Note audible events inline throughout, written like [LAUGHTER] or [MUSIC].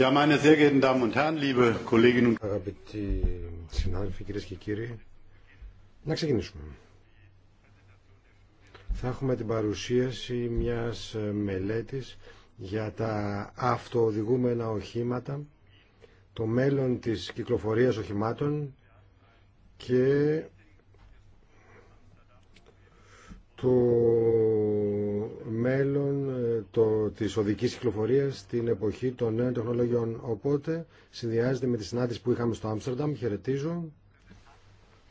Αγαπητοί συνάδελφοι, κυρίε και κύριοι, να ξεκινήσουμε. Θα έχουμε την παρουσίαση μιας μελέτης για τα αυτοοδηγούμενα οχήματα, το μέλλον της κυκλοφορίας οχημάτων και το μέλλον ε, το, της οδικής κυκλοφορίας στην εποχή των νέων τεχνολογιών. Οπότε συνδυάζεται με τη συνάντηση που είχαμε στο Άμστερνταμ. Χαιρετίζω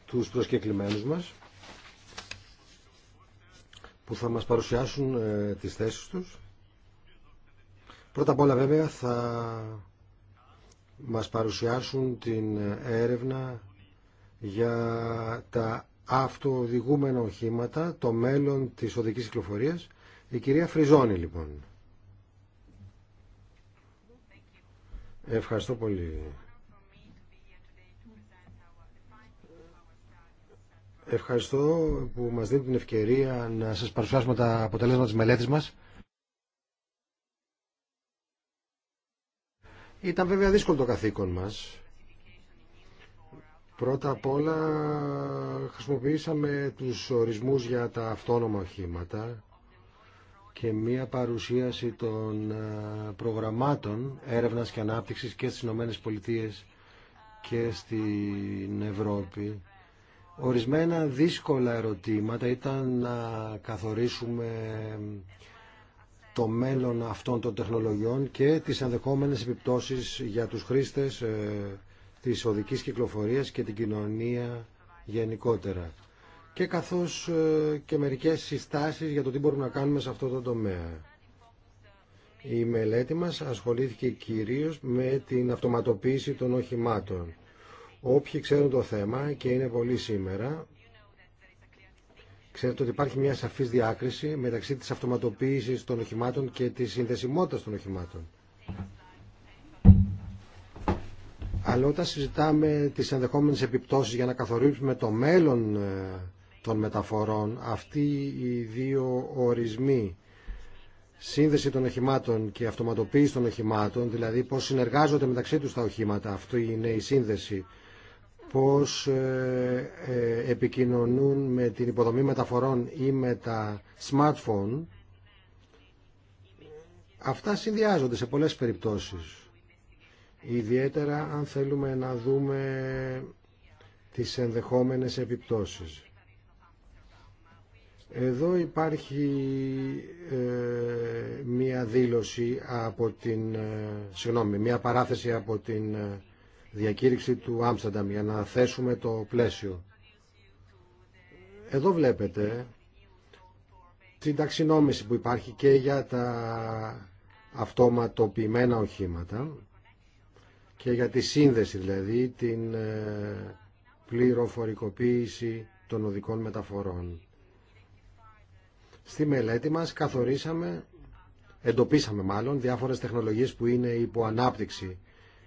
τους προσκεκλημένους μας που θα μας παρουσιάσουν ε, τις θέσεις τους. Πρώτα απ' όλα βέβαια θα μας παρουσιάσουν την έρευνα για τα αυτοοδηγούμενα οχήματα, το μέλλον της οδικής κυκλοφορίας η κυρία Φριζόνη λοιπόν. Ευχαριστώ πολύ. Ευχαριστώ που μας δίνει την ευκαιρία να σας παρουσιάσουμε τα αποτελέσματα της μελέτης μας. Ήταν βέβαια δύσκολο το καθήκον μας. Πρώτα απ' όλα χρησιμοποιήσαμε τους ορισμούς για τα αυτόνομα οχήματα και μία παρουσίαση των ε, προγραμμάτων έρευνας και ανάπτυξης και στις Ηνωμένες Πολιτείες και στην Ευρώπη. Ορισμένα δύσκολα ερωτήματα ήταν να καθορίσουμε το μέλλον αυτών των τεχνολογιών και τις ενδεχόμενες επιπτώσεις για τους χρήστες ε, της οδικής κυκλοφορίας και την κοινωνία γενικότερα και καθώς ε, και μερικές συστάσεις για το τι μπορούμε να κάνουμε σε αυτό το τομέα. Η μελέτη μας ασχολήθηκε κυρίως με την αυτοματοποίηση των οχημάτων. Όποιοι ξέρουν το θέμα και είναι πολύ σήμερα, ξέρετε ότι υπάρχει μια σαφής διάκριση μεταξύ της αυτοματοποίησης των οχημάτων και της συνδεσιμότητας των οχημάτων. Αλλά όταν συζητάμε τις ενδεχόμενες επιπτώσεις για να καθορίσουμε το μέλλον ε, των μεταφορών. Αυτοί οι δύο ορισμοί, σύνδεση των οχημάτων και αυτοματοποίηση των οχημάτων, δηλαδή πώς συνεργάζονται μεταξύ τους τα οχήματα, αυτή είναι η σύνδεση, πώς ε, ε, επικοινωνούν με την υποδομή μεταφορών ή με τα smartphone, αυτά συνδυάζονται σε πολλές περιπτώσεις. Ιδιαίτερα αν θέλουμε να δούμε τις ενδεχόμενες επιπτώσεις. Εδώ υπάρχει ε, μία δήλωση από την, ε, μία παράθεση από την ε, διακήρυξη του Άμστανταμ για να θέσουμε το πλαίσιο. Εδώ βλέπετε την ταξινόμηση που υπάρχει και για τα αυτοματοποιημένα οχήματα και για τη σύνδεση δηλαδή την πληροφορικοποίηση των οδικών μεταφορών. Στη μελέτη μας καθορίσαμε, εντοπίσαμε μάλλον, διάφορες τεχνολογίες που είναι υπό ανάπτυξη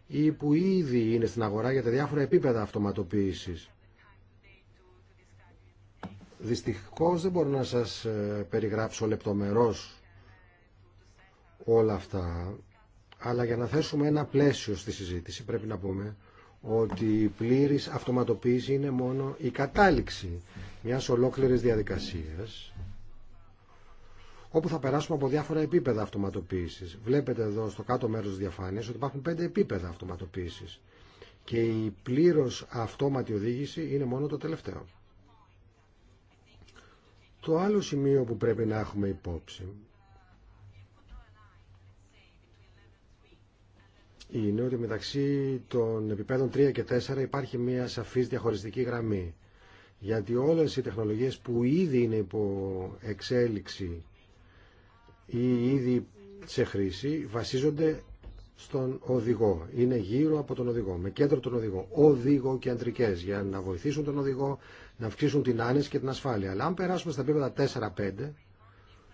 ή που ήδη είναι στην αγορά για τα διάφορα επίπεδα αυτοματοποίησης. Δυστυχώς δεν μπορώ να σας ε, περιγράψω λεπτομερώς όλα αυτά, αλλά για να θέσουμε ένα πλαίσιο στη συζήτηση πρέπει να πούμε ότι η πλήρης αυτοματοποίηση είναι μόνο η κατάληξη μιας ολόκληρης διαδικασίας όπου θα περάσουμε από διάφορα επίπεδα αυτοματοποίηση. Βλέπετε εδώ στο κάτω μέρος τη διαφάνεια ότι υπάρχουν πέντε επίπεδα αυτοματοποίηση. και η πλήρως αυτόματη οδήγηση είναι μόνο το τελευταίο. Το άλλο σημείο που πρέπει να έχουμε υπόψη είναι ότι μεταξύ των επιπέδων 3 και 4 υπάρχει μια σαφής διαχωριστική γραμμή. Γιατί όλες οι τεχνολογίες που ήδη είναι υπό εξέλιξη ή ήδη σε χρήση βασίζονται στον οδηγό. Είναι γύρω από τον οδηγό, με κέντρο τον οδηγό. Οδηγό και αντρικέ για να βοηθήσουν τον οδηγό να αυξήσουν την άνεση και την ασφάλεια. Αλλά αν περάσουμε στα επίπεδα 4-5,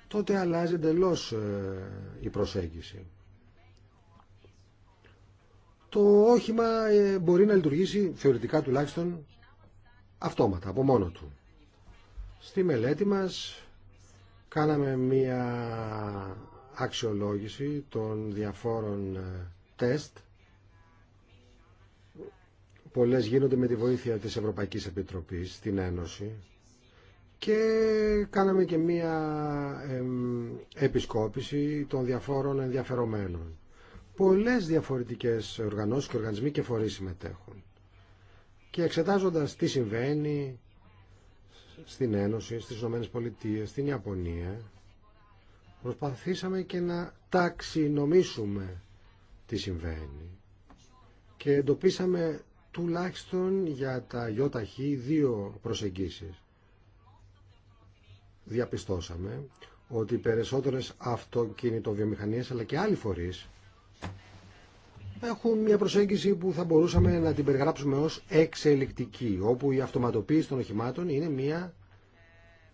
τότε αλλάζει εντελώ ε, η προσέγγιση. Το όχημα ε, μπορεί να λειτουργήσει, θεωρητικά τουλάχιστον, αυτόματα, από μόνο του. Στη μελέτη μας Κάναμε μία αξιολόγηση των διαφόρων ε, τεστ. Πολλές γίνονται με τη βοήθεια της Ευρωπαϊκής Επιτροπής στην Ένωση και κάναμε και μία επισκόπηση των διαφόρων ενδιαφερομένων. Πολλές διαφορετικές οργανώσεις και οργανισμοί και φορείς συμμετέχουν. Και εξετάζοντας τι συμβαίνει, στην Ένωση, στις Ηνωμένες Πολιτείες, στην Ιαπωνία, προσπαθήσαμε και να ταξινομήσουμε τι συμβαίνει και εντοπίσαμε τουλάχιστον για τα ΙΟΤΑΧΗ δύο προσεγγίσεις. Διαπιστώσαμε ότι οι περισσότερες αυτοκινητοβιομηχανίες αλλά και άλλοι φορείς έχουν μια προσέγγιση που θα μπορούσαμε να την περιγράψουμε ως εξελικτική, όπου η αυτοματοποίηση των οχημάτων είναι μια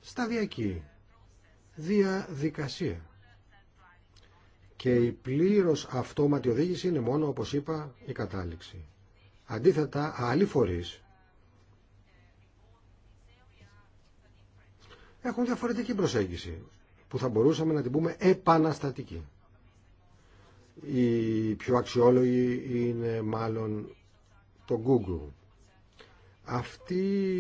σταδιακή διαδικασία. Και η πλήρως αυτόματη οδήγηση είναι μόνο, όπως είπα, η κατάληξη. Αντίθετα, άλλοι φορείς έχουν διαφορετική προσέγγιση, που θα μπορούσαμε να την πούμε επαναστατική οι πιο αξιόλογοι είναι μάλλον το Google. Αυτοί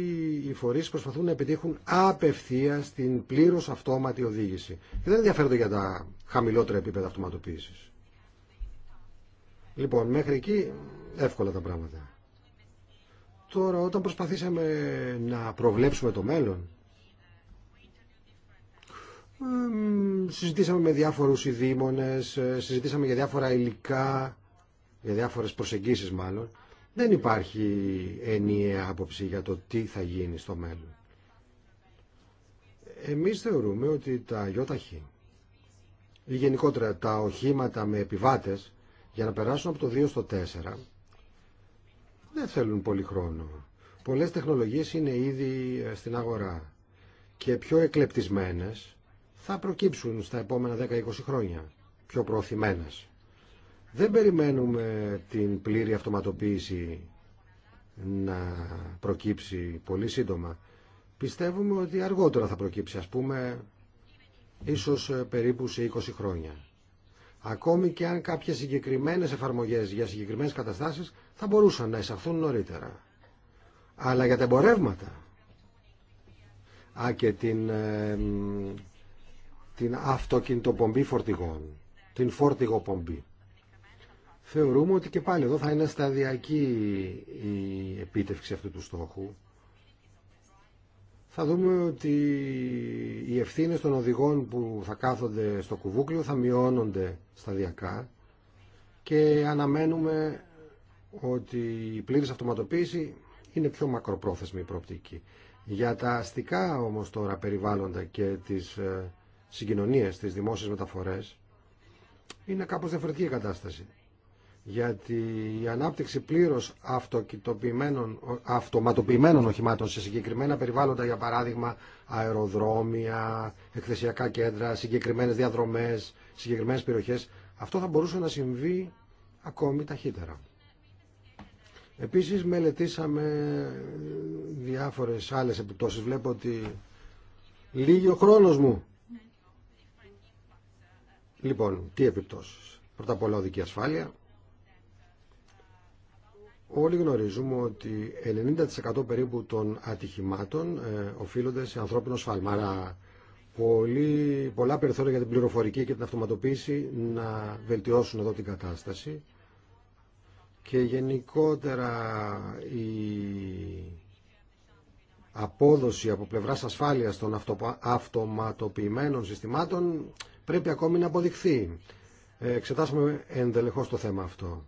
οι φορείς προσπαθούν να επιτύχουν απευθεία την πλήρως αυτόματη οδήγηση. δεν ενδιαφέρονται για τα χαμηλότερα επίπεδα αυτοματοποίησης. Λοιπόν, μέχρι εκεί εύκολα τα πράγματα. Τώρα, όταν προσπαθήσαμε να προβλέψουμε το μέλλον, συζητήσαμε με διάφορους ειδήμονες, ε, συζητήσαμε για διάφορα υλικά, για διάφορες προσεγγίσεις μάλλον. Δεν υπάρχει ενιαία άποψη για το τι θα γίνει στο μέλλον. Εμείς θεωρούμε ότι τα ΙΧ ή γενικότερα τα οχήματα με επιβάτες για να περάσουν από το 2 στο 4 δεν θέλουν πολύ χρόνο. Πολλές τεχνολογίες είναι ήδη ε, στην αγορά και πιο εκλεπτισμένες θα προκύψουν στα επόμενα 10-20 χρόνια πιο προωθημένες. Δεν περιμένουμε την πλήρη αυτοματοποίηση να προκύψει πολύ σύντομα. Πιστεύουμε ότι αργότερα θα προκύψει, ας πούμε, ίσως ε, περίπου σε 20 χρόνια. Ακόμη και αν κάποιες συγκεκριμένες εφαρμογές για συγκεκριμένες καταστάσεις θα μπορούσαν να εισαχθούν νωρίτερα. Αλλά για τα εμπορεύματα, α, και την ε, την αυτοκινητοπομπή φορτηγών, την πομπή. Θεωρούμε ότι και πάλι εδώ θα είναι σταδιακή η επίτευξη αυτού του στόχου. Θα δούμε ότι οι ευθύνες των οδηγών που θα κάθονται στο κουβούκλιο θα μειώνονται σταδιακά και αναμένουμε ότι η πλήρης αυτοματοποίηση είναι πιο μακροπρόθεσμη η προοπτική. Για τα αστικά όμως τώρα περιβάλλοντα και τις ε, συγκοινωνίες, τις δημόσιες μεταφορές, είναι κάπως διαφορετική η κατάσταση. Γιατί η ανάπτυξη πλήρως αυτοματοποιημένων οχημάτων σε συγκεκριμένα περιβάλλοντα, για παράδειγμα αεροδρόμια, εκθεσιακά κέντρα, συγκεκριμένε διαδρομέ, συγκεκριμένες περιοχέ, αυτό θα μπορούσε να συμβεί ακόμη ταχύτερα. Επίσης μελετήσαμε διάφορες άλλες επιπτώσεις. Βλέπω ότι λίγει ο χρόνος μου. Λοιπόν, τι επιπτώσεις. Πρώτα απ' όλα οδική ασφάλεια. Όλοι γνωρίζουμε ότι 90% περίπου των ατυχημάτων ε, οφείλονται σε ανθρώπινο σφάλμα. Άρα πολύ, πολλά περιθώρια για την πληροφορική και την αυτοματοποίηση να βελτιώσουν εδώ την κατάσταση. Και γενικότερα η απόδοση από πλευράς ασφάλειας των αυτοματοποιημένων συστημάτων πρέπει ακόμη να αποδειχθεί. Ε, Εξετάσουμε εντελεχώς το θέμα αυτό.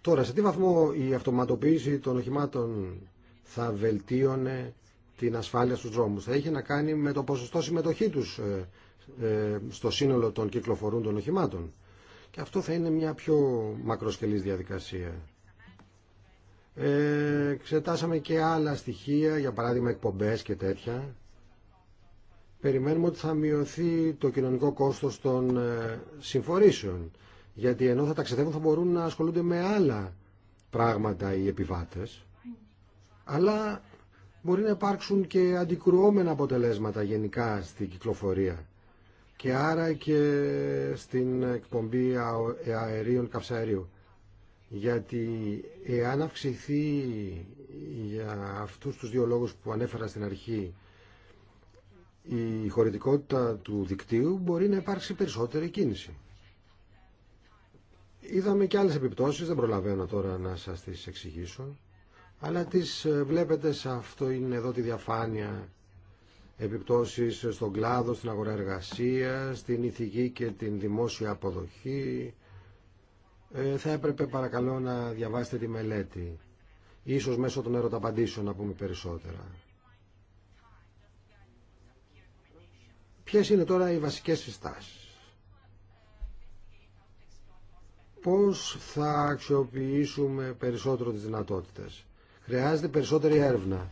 Τώρα, σε τι βαθμό η αυτοματοποίηση των οχημάτων θα βελτίωνε την ασφάλεια στους δρόμους. Θα είχε να κάνει με το ποσοστό συμμετοχή τους ε, ε, στο σύνολο των κυκλοφορούν των οχημάτων. Και αυτό θα είναι μια πιο μακροσκελής διαδικασία. Ε, εξετάσαμε και άλλα στοιχεία, για παράδειγμα εκπομπές και τέτοια περιμένουμε ότι θα μειωθεί το κοινωνικό κόστος των ε, συμφορήσεων. Γιατί ενώ θα ταξιδεύουν θα μπορούν να ασχολούνται με άλλα πράγματα οι επιβάτες. Αλλά μπορεί να υπάρξουν και αντικρουόμενα αποτελέσματα γενικά στην κυκλοφορία. Και άρα και στην εκπομπή ε, αερίων καυσαερίου. Γιατί εάν αυξηθεί για αυτούς τους δύο λόγους που ανέφερα στην αρχή η χωρητικότητα του δικτύου μπορεί να υπάρξει περισσότερη κίνηση. Είδαμε και άλλες επιπτώσεις, δεν προλαβαίνω τώρα να σας τις εξηγήσω, αλλά τις ε, βλέπετε σε αυτό είναι εδώ τη διαφάνεια επιπτώσεις στον κλάδο, στην αγορά εργασία, στην ηθική και την δημόσια αποδοχή. Ε, θα έπρεπε παρακαλώ να διαβάσετε τη μελέτη. Ίσως μέσω των ερωταπαντήσεων να πούμε περισσότερα. Ποιες είναι τώρα οι βασικές συστάσεις. Πώς θα αξιοποιήσουμε περισσότερο τις δυνατότητες. Χρειάζεται περισσότερη έρευνα.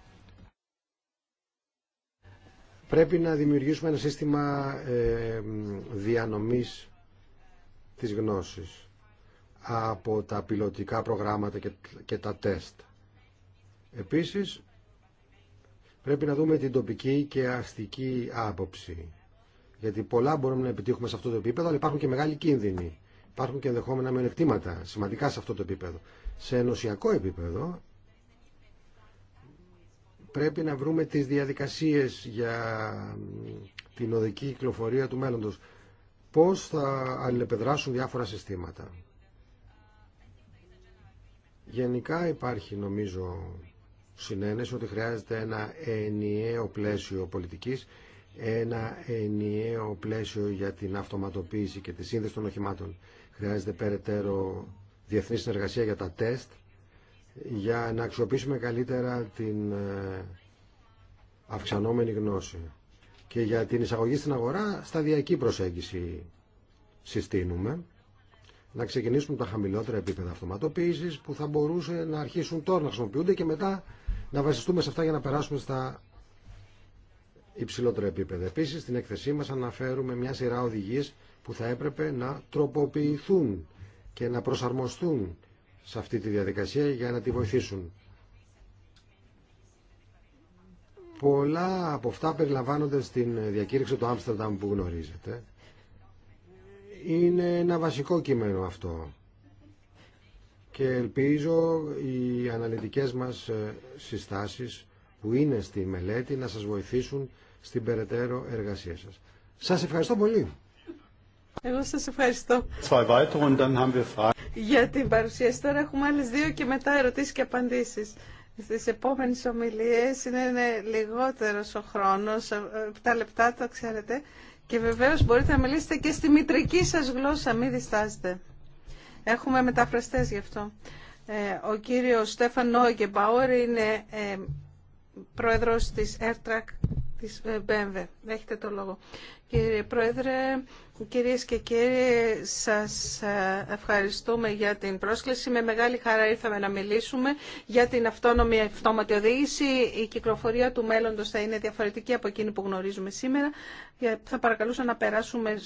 Πρέπει να δημιουργήσουμε ένα σύστημα ε, διανομής της γνώσης από τα πιλωτικά προγράμματα και τα τεστ. Επίσης, πρέπει να δούμε την τοπική και αστική άποψη. Γιατί πολλά μπορούμε να επιτύχουμε σε αυτό το επίπεδο, αλλά υπάρχουν και μεγάλοι κίνδυνοι. Υπάρχουν και ενδεχόμενα μειονεκτήματα σημαντικά σε αυτό το επίπεδο. Σε ενωσιακό επίπεδο πρέπει να βρούμε τις διαδικασίες για την οδική κυκλοφορία του μέλλοντος. Πώς θα αλληλεπεδράσουν διάφορα συστήματα. Γενικά υπάρχει νομίζω συνένεση ότι χρειάζεται ένα ενιαίο πλαίσιο πολιτικής ένα ενιαίο πλαίσιο για την αυτοματοποίηση και τη σύνδεση των οχημάτων. Χρειάζεται περαιτέρω διεθνή συνεργασία για τα τεστ για να αξιοποιήσουμε καλύτερα την ε, αυξανόμενη γνώση και για την εισαγωγή στην αγορά σταδιακή προσέγγιση συστήνουμε να ξεκινήσουμε τα χαμηλότερα επίπεδα αυτοματοποίησης που θα μπορούσε να αρχίσουν τώρα να χρησιμοποιούνται και μετά να βασιστούμε σε αυτά για να περάσουμε στα υψηλότερο επίπεδο. Επίσης, στην έκθεσή μα αναφέρουμε μια σειρά οδηγίες που θα έπρεπε να τροποποιηθούν και να προσαρμοστούν σε αυτή τη διαδικασία για να τη βοηθήσουν. Πολλά από αυτά περιλαμβάνονται στην διακήρυξη του Άμστερνταμ που γνωρίζετε. Είναι ένα βασικό κείμενο αυτό και ελπίζω οι αναλυτικές μας ε, συστάσεις που είναι στη μελέτη να σας βοηθήσουν στην περαιτέρω εργασία σας. Σας ευχαριστώ πολύ. Εγώ σας ευχαριστώ. Για την παρουσίαση τώρα έχουμε άλλες δύο και μετά ερωτήσεις και απαντήσεις. Στις επόμενες ομιλίες είναι, λιγότερο ο χρόνος, 7 ε, λεπτά το ξέρετε. Και βεβαίως μπορείτε να μιλήσετε και στη μητρική σας γλώσσα, μην διστάζετε. Έχουμε μεταφραστές γι' αυτό. Ε, ο κύριος Στέφαν Νόγκεμπαουερ είναι ε, πρόεδρος της ΕΡΤΡΑΚ της ε, ΜΠΕΜΒΕ. Έχετε το λόγο. Κύριε Πρόεδρε, κυρίες και κύριοι, σας ε, ευχαριστούμε για την πρόσκληση. Με μεγάλη χαρά ήρθαμε να μιλήσουμε για την αυτόνομη αυτόματη οδήγηση. Η κυκλοφορία του μέλλοντος θα είναι διαφορετική από εκείνη που γνωρίζουμε σήμερα. Θα παρακαλούσα να περάσουμε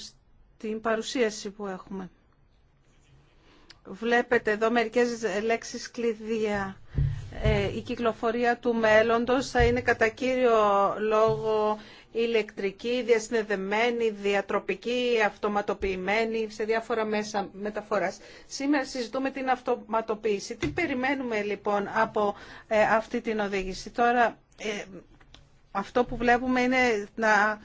στην παρουσίαση που έχουμε. Βλέπετε εδώ μερικές λέξεις κλειδιά. Ε, η κυκλοφορία του μέλλοντος θα είναι κατά κύριο λόγο ηλεκτρική, διασυνδεδεμένη, διατροπική, αυτοματοποιημένη σε διάφορα μέσα μεταφοράς. Σήμερα συζητούμε την αυτοματοποίηση. Τι περιμένουμε λοιπόν από ε, αυτή την οδήγηση. Τώρα ε, αυτό που βλέπουμε είναι να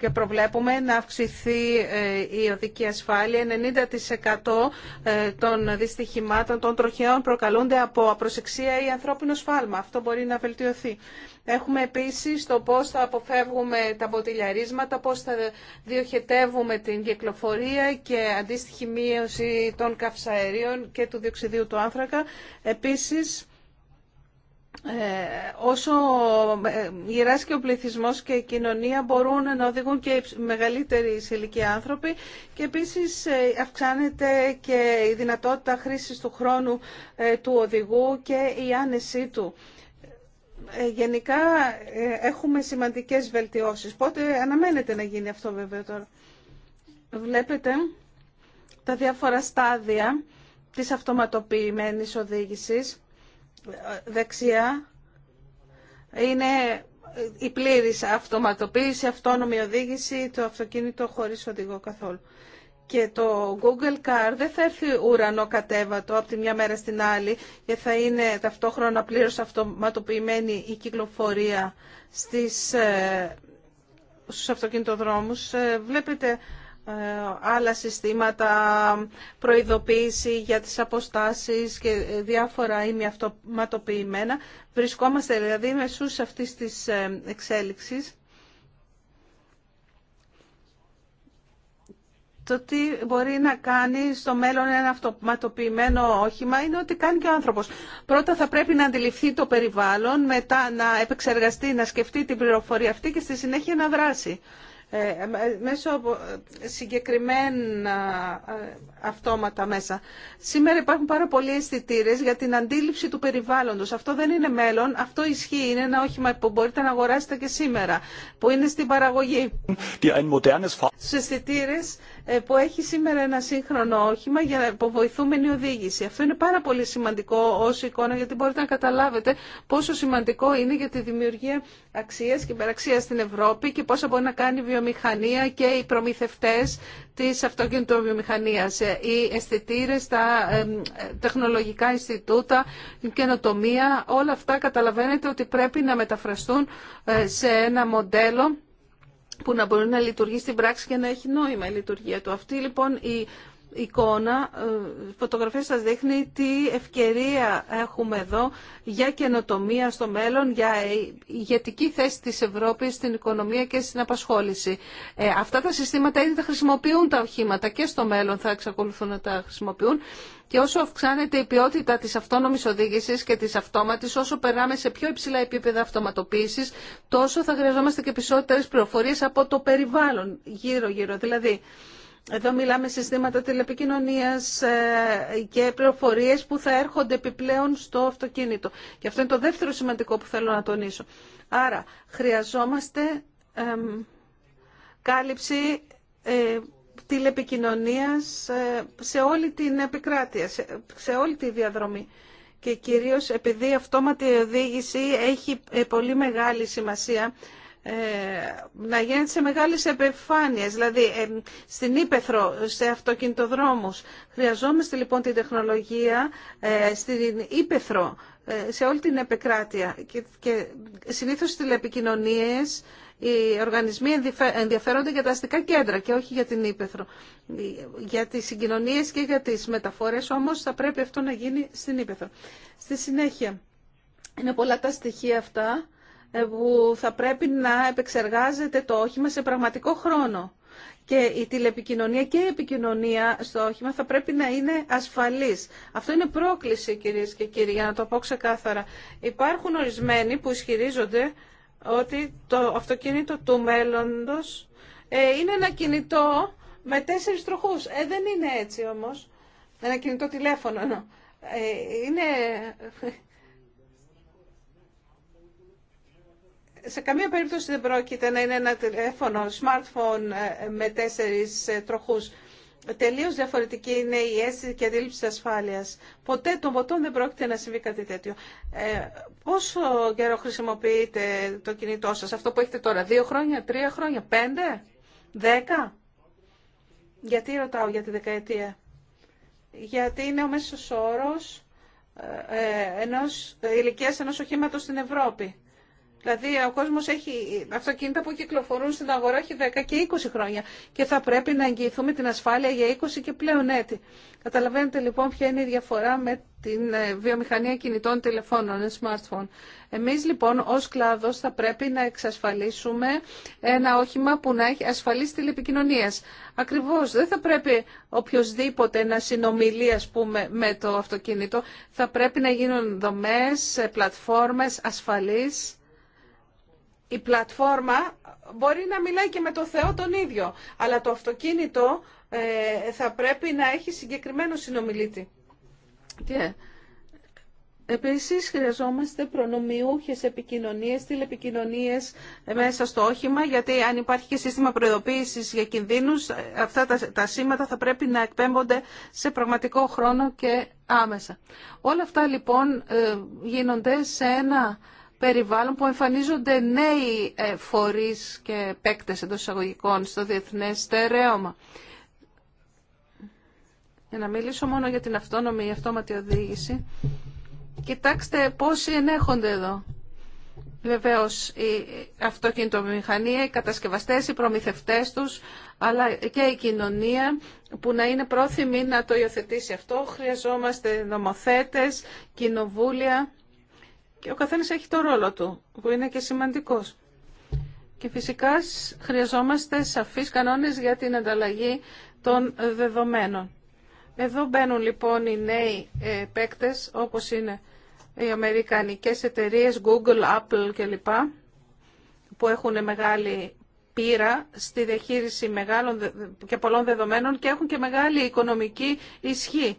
και προβλέπουμε να αυξηθεί ε, η οδική ασφάλεια. 90% ε, των δυστυχημάτων των τροχαίων προκαλούνται από απροσεξία ή ανθρώπινο σφάλμα. Αυτό μπορεί να βελτιωθεί. Έχουμε επίσης το πώς θα αποφεύγουμε τα μποτιλιαρίσματα, πώς θα διοχετεύουμε την κυκλοφορία και αντίστοιχη μείωση των καυσαερίων και του διοξιδίου του άνθρακα. Επίσης, ε, όσο ε, γυράσκει και ο πληθυσμός και η κοινωνία μπορούν να οδηγούν και οι μεγαλύτεροι σε άνθρωποι και επίσης ε, αυξάνεται και η δυνατότητα χρήσης του χρόνου του οδηγού και η άνεσή του. Γενικά έχουμε σημαντικές βελτιώσεις. Πότε αναμένεται να γίνει αυτό βέβαια τώρα. Βλέπετε τα διάφορα στάδια της αυτοματοποιημένης οδήγησης δεξιά είναι η πλήρης αυτοματοποίηση, αυτόνομη οδήγηση, το αυτοκίνητο χωρίς οδηγό καθόλου. Και το Google Car δεν θα έρθει ουρανό κατέβατο από τη μια μέρα στην άλλη και θα είναι ταυτόχρονα πλήρως αυτοματοποιημένη η κυκλοφορία στις, ε, στους αυτοκινητοδρόμους. Ε, βλέπετε ε, άλλα συστήματα προειδοποίηση για τις αποστάσεις και ε, διάφορα αυτοματοποιημένα. Βρισκόμαστε δηλαδή μεσούς αυτής της ε, εξέλιξης. Το τι μπορεί να κάνει στο μέλλον ένα αυτοματοποιημένο όχημα είναι ότι κάνει και ο άνθρωπος. Πρώτα θα πρέπει να αντιληφθεί το περιβάλλον, μετά να επεξεργαστεί, να σκεφτεί την πληροφορία αυτή και στη συνέχεια να δράσει. Ε, μέσω από ε, συγκεκριμένα ε, αυτόματα μέσα. Σήμερα υπάρχουν πάρα πολλοί αισθητήρε για την αντίληψη του περιβάλλοντος. Αυτό δεν είναι μέλλον, αυτό ισχύει. Είναι ένα όχημα που μπορείτε να αγοράσετε και σήμερα, που είναι στην παραγωγή. Στου αισθητήρε ε, που έχει σήμερα ένα σύγχρονο όχημα για υποβοηθούμενη οδήγηση. Αυτό είναι πάρα πολύ σημαντικό ως εικόνα γιατί μπορείτε να καταλάβετε πόσο σημαντικό είναι για τη δημιουργία αξία και υπεραξία στην Ευρώπη και πόσα μπορεί να κάνει η βιομηχανία και οι προμηθευτές της αυτοκινητοβιομηχανίας, ε, οι αισθητήρε, τα ε, τεχνολογικά Ινστιτούτα, η καινοτομία, όλα αυτά καταλαβαίνετε ότι πρέπει να μεταφραστούν σε ένα μοντέλο που να μπορεί να λειτουργεί στην πράξη και να έχει νόημα η λειτουργία του. Αυτή λοιπόν η εικόνα, ε, φωτογραφία σας δείχνει τι ευκαιρία έχουμε εδώ για καινοτομία στο μέλλον, για ε, ηγετική θέση της Ευρώπης στην οικονομία και στην απασχόληση. Ε, αυτά τα συστήματα ήδη τα χρησιμοποιούν τα οχήματα και στο μέλλον θα εξακολουθούν να τα χρησιμοποιούν. Και όσο αυξάνεται η ποιότητα της αυτόνομης οδήγησης και της αυτόματης, όσο περάμε σε πιο υψηλά επίπεδα αυτοματοποίησης, τόσο θα χρειαζόμαστε και περισσότερες πληροφορίες από το περιβάλλον γύρω-γύρω. Δηλαδή, εδώ μιλάμε συστήματα τηλεπικοινωνίας ε, και πληροφορίες που θα έρχονται επιπλέον στο αυτοκίνητο. Και αυτό είναι το δεύτερο σημαντικό που θέλω να τονίσω. Άρα, χρειαζόμαστε κάλυψη ε, τηλεπικοινωνίας ε, σε όλη την επικράτεια, σε, σε όλη τη διαδρομή. Και κυρίως επειδή η αυτόματη οδήγηση έχει πολύ μεγάλη σημασία ε, να γίνεται σε μεγάλες επεφάνειες, δηλαδή ε, στην Ήπεθρο, σε αυτοκινητοδρόμους. Χρειαζόμαστε λοιπόν την τεχνολογία ε, στην Ήπεθρο, σε όλη την επικράτεια και, και συνήθως τηλεπικοινωνίες οι οργανισμοί ενδιαφέρονται για τα αστικά κέντρα και όχι για την Ήπεθρο. Για τις συγκοινωνίες και για τις μεταφορές όμως θα πρέπει αυτό να γίνει στην Ήπεθρο. Στη συνέχεια, είναι πολλά τα στοιχεία αυτά ε, που θα πρέπει να επεξεργάζεται το όχημα σε πραγματικό χρόνο. Και η τηλεπικοινωνία και η επικοινωνία στο όχημα θα πρέπει να είναι ασφαλής. Αυτό είναι πρόκληση κυρίες και κύριοι, για να το πω ξεκάθαρα. Υπάρχουν ορισμένοι που ισχυρίζονται ότι το αυτοκίνητο του μέλλοντος ε, είναι ένα κινητό με τέσσερις τροχούς. Ε, δεν είναι έτσι όμως. Ένα κινητό τηλέφωνο. Ε, είναι σε καμία περίπτωση δεν πρόκειται να είναι ένα τηλέφωνο, smartphone ε, με τέσσερις ε, τροχούς. Τελείως διαφορετική είναι η αίσθηση και αντίληψη ασφάλειας. Ποτέ των ποτών δεν πρόκειται να συμβεί κάτι τέτοιο. Ε, πόσο καιρό χρησιμοποιείτε το κινητό σας, αυτό που έχετε τώρα, δύο χρόνια, τρία χρόνια, πέντε, δέκα. Γιατί ρωτάω για τη δεκαετία. Γιατί είναι ο μέσος όρος ε, ενός, ηλικίας ενός οχήματος στην Ευρώπη. Δηλαδή ο κόσμος έχει αυτοκίνητα που κυκλοφορούν στην αγορά έχει 10 και 20 χρόνια και θα πρέπει να εγγυηθούμε την ασφάλεια για 20 και πλέον έτη. Καταλαβαίνετε λοιπόν ποια είναι η διαφορά με την ε, βιομηχανία κινητών τηλεφώνων, ε, smartphone. Εμείς λοιπόν ως κλάδος θα πρέπει να εξασφαλίσουμε ένα όχημα που να έχει ασφαλής τηλεπικοινωνίας. Ακριβώς δεν θα πρέπει οποιοδήποτε να συνομιλεί ας πούμε με το αυτοκίνητο. Θα πρέπει να γίνουν δομές, ε, πλατφόρμες ασφαλείς η πλατφόρμα μπορεί να μιλάει και με το Θεό τον ίδιο, αλλά το αυτοκίνητο ε, θα πρέπει να έχει συγκεκριμένο συνομιλήτη. Yeah. Επίσης χρειαζόμαστε προνομιούχες επικοινωνίες, τηλεπικοινωνίες ε, μέσα στο όχημα, γιατί αν υπάρχει και σύστημα προειδοποίησης για κινδύνους, ε, αυτά τα, τα σήματα θα πρέπει να εκπέμπονται σε πραγματικό χρόνο και άμεσα. Όλα αυτά λοιπόν γίνονται σε ένα περιβάλλον που εμφανίζονται νέοι ε, φορείς και παίκτες εντό εισαγωγικών στο διεθνές στερέωμα. Για να μιλήσω μόνο για την αυτόνομη ή αυτόματη οδήγηση, κοιτάξτε πόσοι ενέχονται εδώ. Βεβαίως η αυτοκινητομηχανία, οι κατασκευαστές, οι προμηθευτές τους, αλλά και η κοινωνία που να είναι πρόθυμη να το υιοθετήσει αυτό. Χρειαζόμαστε νομοθέτες, κοινοβούλια και ο καθένας έχει το ρόλο του, που είναι και σημαντικός. Και φυσικά χρειαζόμαστε σαφείς κανόνες για την ανταλλαγή των δεδομένων. Εδώ μπαίνουν λοιπόν οι νέοι ε, παίκτες, όπως είναι οι αμερικανικές εταιρείες, Google, Apple κλπ, που έχουν μεγάλη πείρα στη διαχείριση μεγάλων και πολλών δεδομένων και έχουν και μεγάλη οικονομική ισχύ.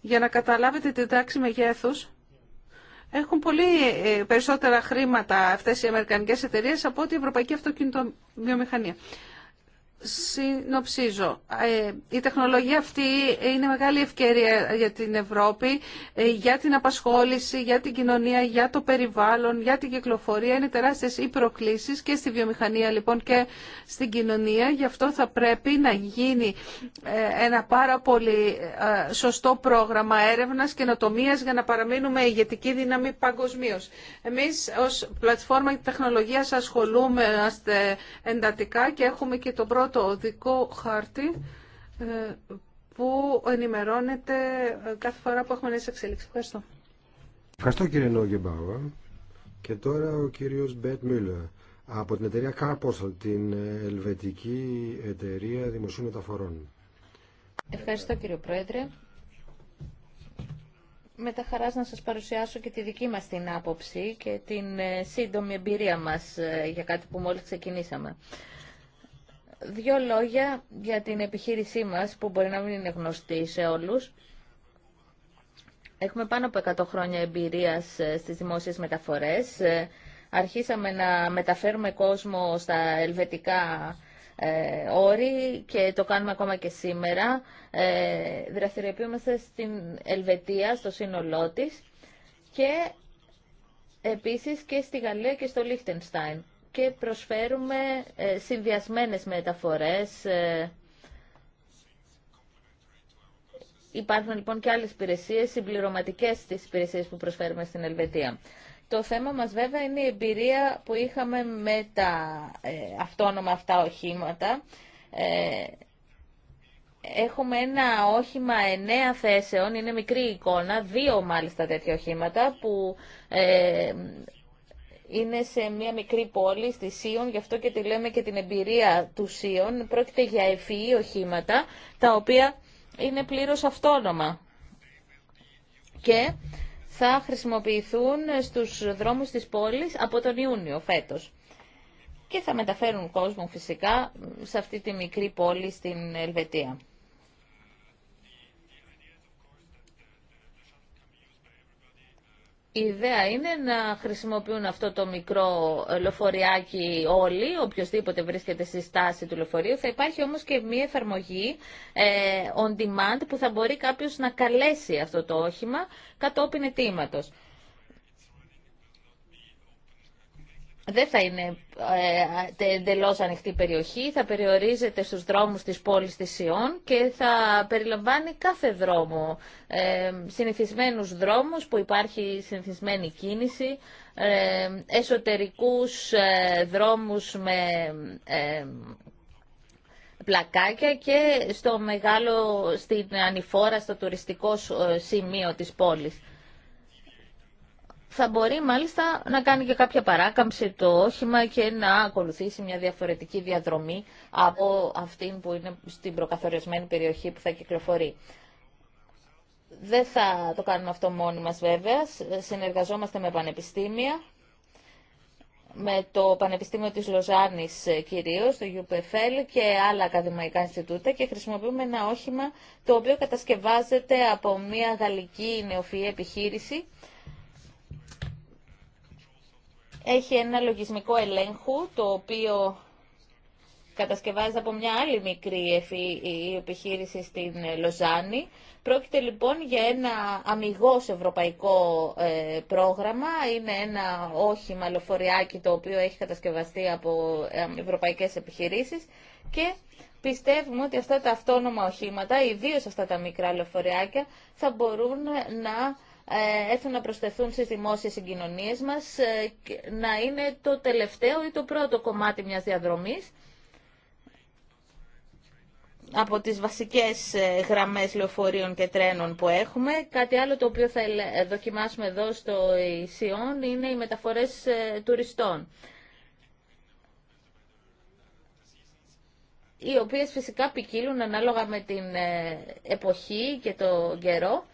Για να καταλάβετε την τάξη μεγέθους, έχουν πολύ ε, περισσότερα χρήματα αυτές οι αμερικανικές εταιρείες από ότι η ευρωπαϊκή αυτοκινητοβιομηχανία. Συνοψίζω, ε, η τεχνολογία αυτή είναι μεγάλη ευκαιρία για την Ευρώπη, ε, για την απασχόληση, για την κοινωνία, για το περιβάλλον, για την κυκλοφορία. Είναι τεράστιες οι προκλήσεις και στη βιομηχανία λοιπόν και στην κοινωνία. Γι' αυτό θα πρέπει να γίνει ε, ένα πάρα πολύ σωστό πρόγραμμα έρευνας και νοτομίας για να παραμείνουμε ηγετική δύναμη παγκοσμίω. Εμείς ως πλατφόρμα τεχνολογίας ασχολούμαστε εντατικά και έχουμε και τον πρώτο το οδικό χάρτη ε, που ενημερώνεται ε, κάθε φορά που έχουμε νέες εξέλιξεις. Ευχαριστώ. Ευχαριστώ κύριε Νόγκεμπάουα. Και τώρα ο κύριος Μπέτ Μίλλερ από την εταιρεία Carpostal, την ελβετική εταιρεία δημοσίου μεταφορών. Ευχαριστώ κύριε Πρόεδρε. Με τα χαράς να σας παρουσιάσω και τη δική μας την άποψη και την ε, σύντομη εμπειρία μας για κάτι που μόλις ξεκινήσαμε. Δύο λόγια για την επιχείρησή μας που μπορεί να μην είναι γνωστή σε όλους. Έχουμε πάνω από 100 χρόνια εμπειρίας ε, στις δημόσιες μεταφορές. Ε, αρχίσαμε να μεταφέρουμε κόσμο στα ελβετικά ε, και το κάνουμε ακόμα και σήμερα. Ε, στην Ελβετία, στο σύνολό της και επίσης και στη Γαλλία και στο Λίχτενστάιν και προσφέρουμε ε, συνδυασμένες μεταφορές. Ε. Υπάρχουν λοιπόν και άλλες υπηρεσίες, συμπληρωματικές στις υπηρεσίες που προσφέρουμε στην Ελβετία. Το θέμα μας βέβαια είναι η εμπειρία που είχαμε με τα ε, αυτόνομα αυτά οχήματα. έχουμε ένα όχημα εννέα θέσεων, είναι μικρή εικόνα, δύο μάλιστα τέτοια οχήματα που είναι σε μια μικρή πόλη στη Σίων, γι' αυτό και τη λέμε και την εμπειρία του Σίων. Πρόκειται για ευφυή οχήματα, τα οποία είναι πλήρως αυτόνομα. Και θα χρησιμοποιηθούν στους δρόμους της πόλης από τον Ιούνιο φέτος. Και θα μεταφέρουν κόσμο φυσικά σε αυτή τη μικρή πόλη στην Ελβετία. η ιδέα είναι να χρησιμοποιούν αυτό το μικρό ε, λεωφοριάκι όλοι, οποιοδήποτε βρίσκεται στη στάση του λεωφορείου. Θα υπάρχει όμως και μία εφαρμογή ε, on demand που θα μπορεί κάποιος να καλέσει αυτό το όχημα κατόπιν ετήματος. δεν θα είναι ε, εντελώ ανοιχτή περιοχή, θα περιορίζεται στους δρόμους της πόλης της Σιών και θα περιλαμβάνει κάθε δρόμο, ε, συνηθισμένους δρόμους που υπάρχει συνηθισμένη κίνηση, ε, εσωτερικούς ε, δρόμους με ε, πλακάκια και στο μεγάλο, στην ανηφόρα, στο τουριστικό σημείο της πόλης θα μπορεί μάλιστα να κάνει και κάποια παράκαμψη το όχημα και να ακολουθήσει μια διαφορετική διαδρομή από αυτήν που είναι στην προκαθορισμένη περιοχή που θα κυκλοφορεί. Δεν θα το κάνουμε αυτό μόνοι μας βέβαια. Συνεργαζόμαστε με πανεπιστήμια, με το Πανεπιστήμιο της Λοζάνης ε, κυρίως, το UPFL και άλλα ακαδημαϊκά Ινστιτούτα και χρησιμοποιούμε ένα όχημα το οποίο κατασκευάζεται από μια γαλλική νεοφυή επιχείρηση έχει ένα λογισμικό ελέγχου, το οποίο κατασκευάζεται από μια άλλη μικρή επιχείρηση στην Λοζάνη. Πρόκειται λοιπόν για ένα αμυγός ευρωπαϊκό ε, πρόγραμμα. Είναι ένα όχημα λοφοριάκι, το οποίο έχει κατασκευαστεί από ε, ευρωπαϊκές επιχειρήσεις και πιστεύουμε ότι αυτά τα αυτόνομα οχήματα, ιδίως αυτά τα μικρά λοφοριάκια, θα μπορούν να ε, έρθουν να προσθεθούν στις δημόσιες συγκοινωνίες μας, ε, να είναι το τελευταίο ή το πρώτο κομμάτι μιας διαδρομής από τις βασικές ε, γραμμές λεωφορείων και τρένων που έχουμε. Κάτι άλλο το οποίο θα δοκιμάσουμε εδώ στο Ισιόν είναι οι μεταφορές τουριστών. Οι οποίες φυσικά ποικίλουν ανάλογα με την εποχή και το καιρό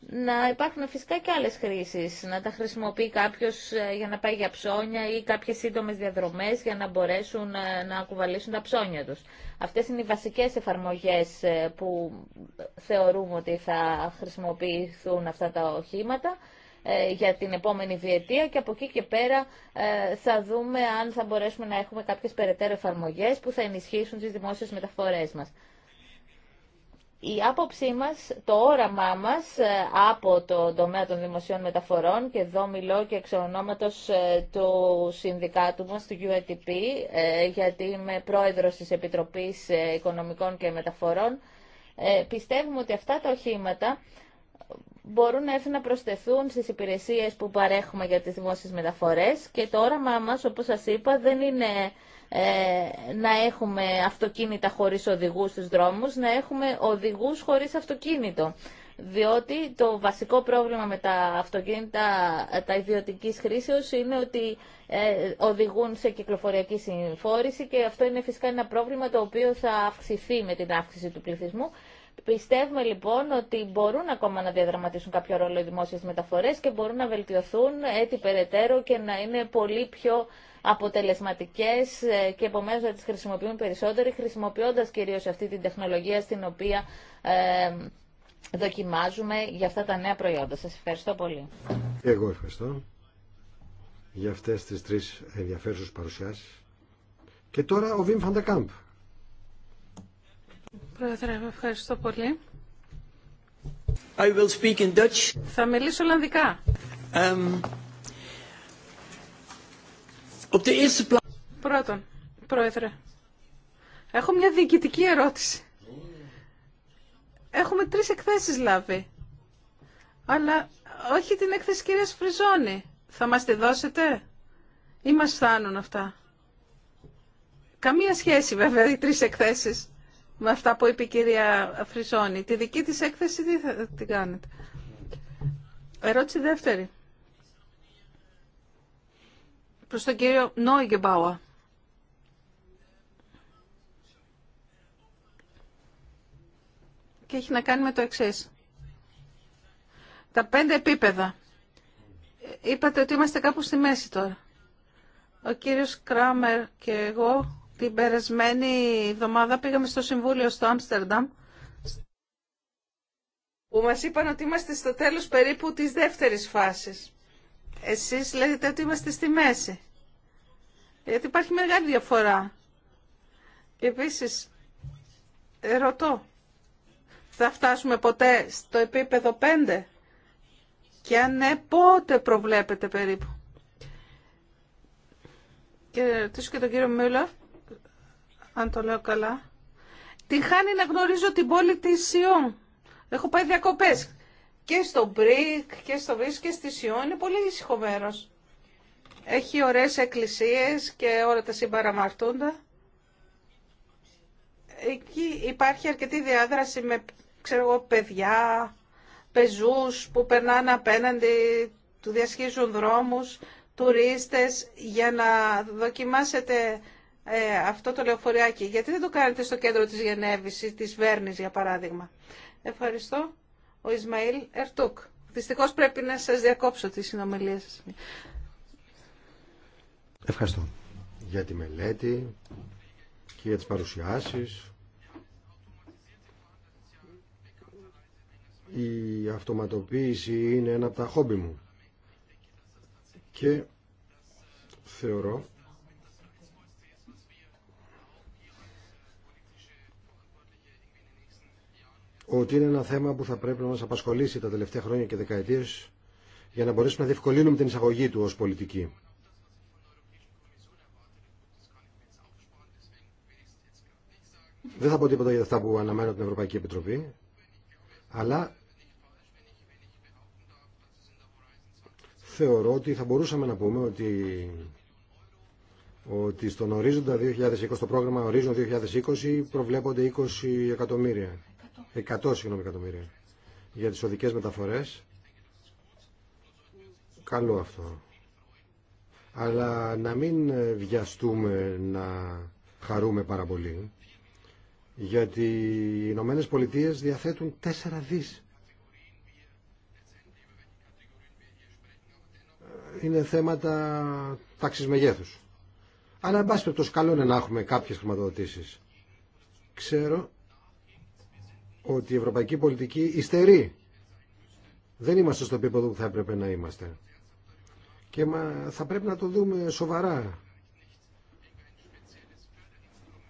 να υπάρχουν φυσικά και άλλες χρήσεις, να τα χρησιμοποιεί κάποιος ε, για να πάει για ψώνια ή κάποιες σύντομες διαδρομές για να μπορέσουν ε, να κουβαλήσουν τα ψώνια τους. Αυτές είναι οι βασικές εφαρμογές ε, που θεωρούμε ότι θα χρησιμοποιηθούν αυτά τα οχήματα για την επόμενη διετία και από εκεί και πέρα θα δούμε αν θα μπορέσουμε να έχουμε κάποιες περαιτέρω εφαρμογές που θα ενισχύσουν τις δημόσιες μεταφορές μας η άποψή μας, το όραμά μας ε, από το τομέα των δημοσίων μεταφορών και εδώ μιλώ και εξ ονόματος ε, του συνδικάτου μας, του UATP, ε, γιατί είμαι πρόεδρος της Επιτροπής Οικονομικών και Μεταφορών, πιστεύουμε ότι αυτά τα οχήματα μπορούν να έρθουν να προσθεθούν στις υπηρεσίες που παρέχουμε για τις δημόσιες μεταφορές και το όραμά μας, όπως σας είπα, δεν είναι ε, να έχουμε αυτοκίνητα χωρίς οδηγούς στους δρόμους, να έχουμε οδηγούς χωρίς αυτοκίνητο. Διότι το βασικό πρόβλημα με τα αυτοκίνητα τα ιδιωτικής χρήσεως είναι ότι ε, οδηγούν σε κυκλοφοριακή συμφόρηση και αυτό είναι φυσικά ένα πρόβλημα το οποίο θα αυξηθεί με την αύξηση του πληθυσμού. Πιστεύουμε λοιπόν ότι μπορούν ακόμα να διαδραματίσουν κάποιο ρόλο οι δημόσιες μεταφορές και μπορούν να βελτιωθούν έτσι περαιτέρω και να είναι πολύ πιο αποτελεσματικές ε, και επομένως να τις χρησιμοποιούν περισσότεροι, χρησιμοποιώντας κυρίως αυτή την τεχνολογία στην οποία ε, δοκιμάζουμε για αυτά τα νέα προϊόντα. Σας ευχαριστώ πολύ. Εγώ ευχαριστώ για αυτές τις τρεις ενδιαφέρουσες παρουσιάσεις. Και τώρα ο Βιμ Φαντακάμπ. Πρόεδρε, ευχαριστώ πολύ. I will speak in Dutch. Θα μιλήσω Ολλανδικά. Um, Πρώτον, Πρόεδρε, έχω μια διοικητική ερώτηση. Έχουμε τρεις εκθέσεις λάβει, αλλά όχι την έκθεση κυρίας Φριζόνη. Θα μας τη δώσετε ή μας φτάνουν αυτά. Καμία σχέση βέβαια οι τρεις εκθέσεις με αυτά που είπε η κυρία Φριζόνη. Τη δική της έκθεση τι θα την κάνετε. Ερώτηση δεύτερη προς τον κύριο Νόιγκεμπάουα. Και έχει να κάνει με το εξής. Τα πέντε επίπεδα. Είπατε ότι είμαστε κάπου στη μέση τώρα. Ο κύριος Κράμερ και εγώ την περασμένη εβδομάδα πήγαμε στο Συμβούλιο στο Άμστερνταμ που μας είπαν ότι είμαστε στο τέλος περίπου της δεύτερης φάσης. Εσείς λέτε ότι είμαστε στη μέση. Γιατί υπάρχει μεγάλη διαφορά. Και επίσης, ρωτώ, θα φτάσουμε ποτέ στο επίπεδο 5 και αν ναι, πότε προβλέπετε περίπου. Και ρωτήσω και τον κύριο Μιούλαφ, αν το λέω καλά. Την χάνει να γνωρίζω την πόλη της Σιών. Έχω πάει διακοπές και στο Μπρίκ και στο βίσκο και στη Σιόν είναι πολύ ήσυχο Έχει ωραίες εκκλησίες και όλα τα συμπαραμαρτούντα. Εκεί υπάρχει αρκετή διάδραση με ξέρω παιδιά, πεζούς που περνάνε απέναντι, του διασχίζουν δρόμους, τουρίστες για να δοκιμάσετε ε, αυτό το λεωφοριάκι. Γιατί δεν το κάνετε στο κέντρο της Γενέβης ή της Βέρνης για παράδειγμα. Ευχαριστώ ο Ισμαήλ Ερτούκ. Δυστυχώ πρέπει να σας διακόψω τη συνομιλία σας. Ευχαριστώ για τη μελέτη και για τις παρουσιάσεις. Η αυτοματοποίηση είναι ένα από τα χόμπι μου και θεωρώ ότι είναι ένα θέμα που θα πρέπει να μας απασχολήσει τα τελευταία χρόνια και δεκαετίες για να μπορέσουμε να διευκολύνουμε την εισαγωγή του ως πολιτική. Δεν θα πω τίποτα για αυτά που αναμένω την Ευρωπαϊκή Επιτροπή, αλλά θεωρώ ότι θα μπορούσαμε να πούμε ότι, ότι στον ορίζοντα 2020, το πρόγραμμα ορίζοντα 2020, προβλέπονται 20 εκατομμύρια 100 συγγνώμη εκατομμύρια για τις οδικές μεταφορές. Καλό αυτό. Αλλά να μην βιαστούμε να χαρούμε πάρα πολύ. Γιατί οι Ηνωμένε Πολιτείε διαθέτουν τέσσερα δις. Είναι θέματα τάξης μεγέθους. Αλλά εν πάση περιπτώσει καλό είναι να έχουμε κάποιες χρηματοδοτήσεις. Ξέρω ότι η ευρωπαϊκή πολιτική υστερεί. Δεν είμαστε στο επίπεδο που θα έπρεπε να είμαστε. Και μα, θα πρέπει να το δούμε σοβαρά.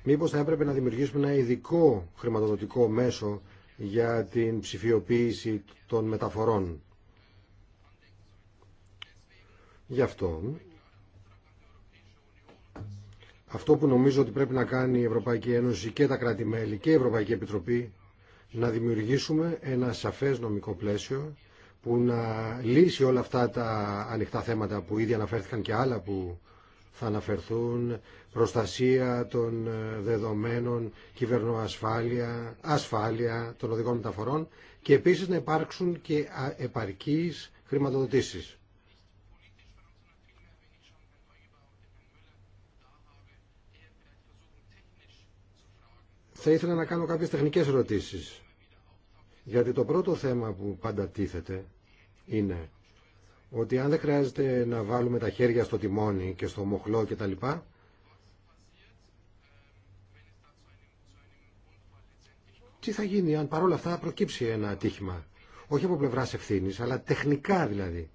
Μήπως θα έπρεπε να δημιουργήσουμε ένα ειδικό χρηματοδοτικό μέσο για την ψηφιοποίηση των μεταφορών. Γι' αυτό, αυτό που νομίζω ότι πρέπει να κάνει η Ευρωπαϊκή Ένωση και τα κράτη-μέλη και η Ευρωπαϊκή Επιτροπή να δημιουργήσουμε ένα σαφές νομικό πλαίσιο που να λύσει όλα αυτά τα ανοιχτά θέματα που ήδη αναφέρθηκαν και άλλα που θα αναφερθούν, προστασία των δεδομένων, κυβερνοασφάλεια, ασφάλεια των οδηγών μεταφορών και επίσης να υπάρξουν και επαρκείς χρηματοδοτήσεις. Θα ήθελα να κάνω κάποιες τεχνικές ερωτήσεις. Γιατί το πρώτο θέμα που πάντα τίθεται είναι ότι αν δεν χρειάζεται να βάλουμε τα χέρια στο τιμόνι και στο μοχλό και τα λοιπά Τι θα γίνει αν παρόλα αυτά προκύψει ένα ατύχημα. Όχι από πλευράς ευθύνη, αλλά τεχνικά δηλαδή.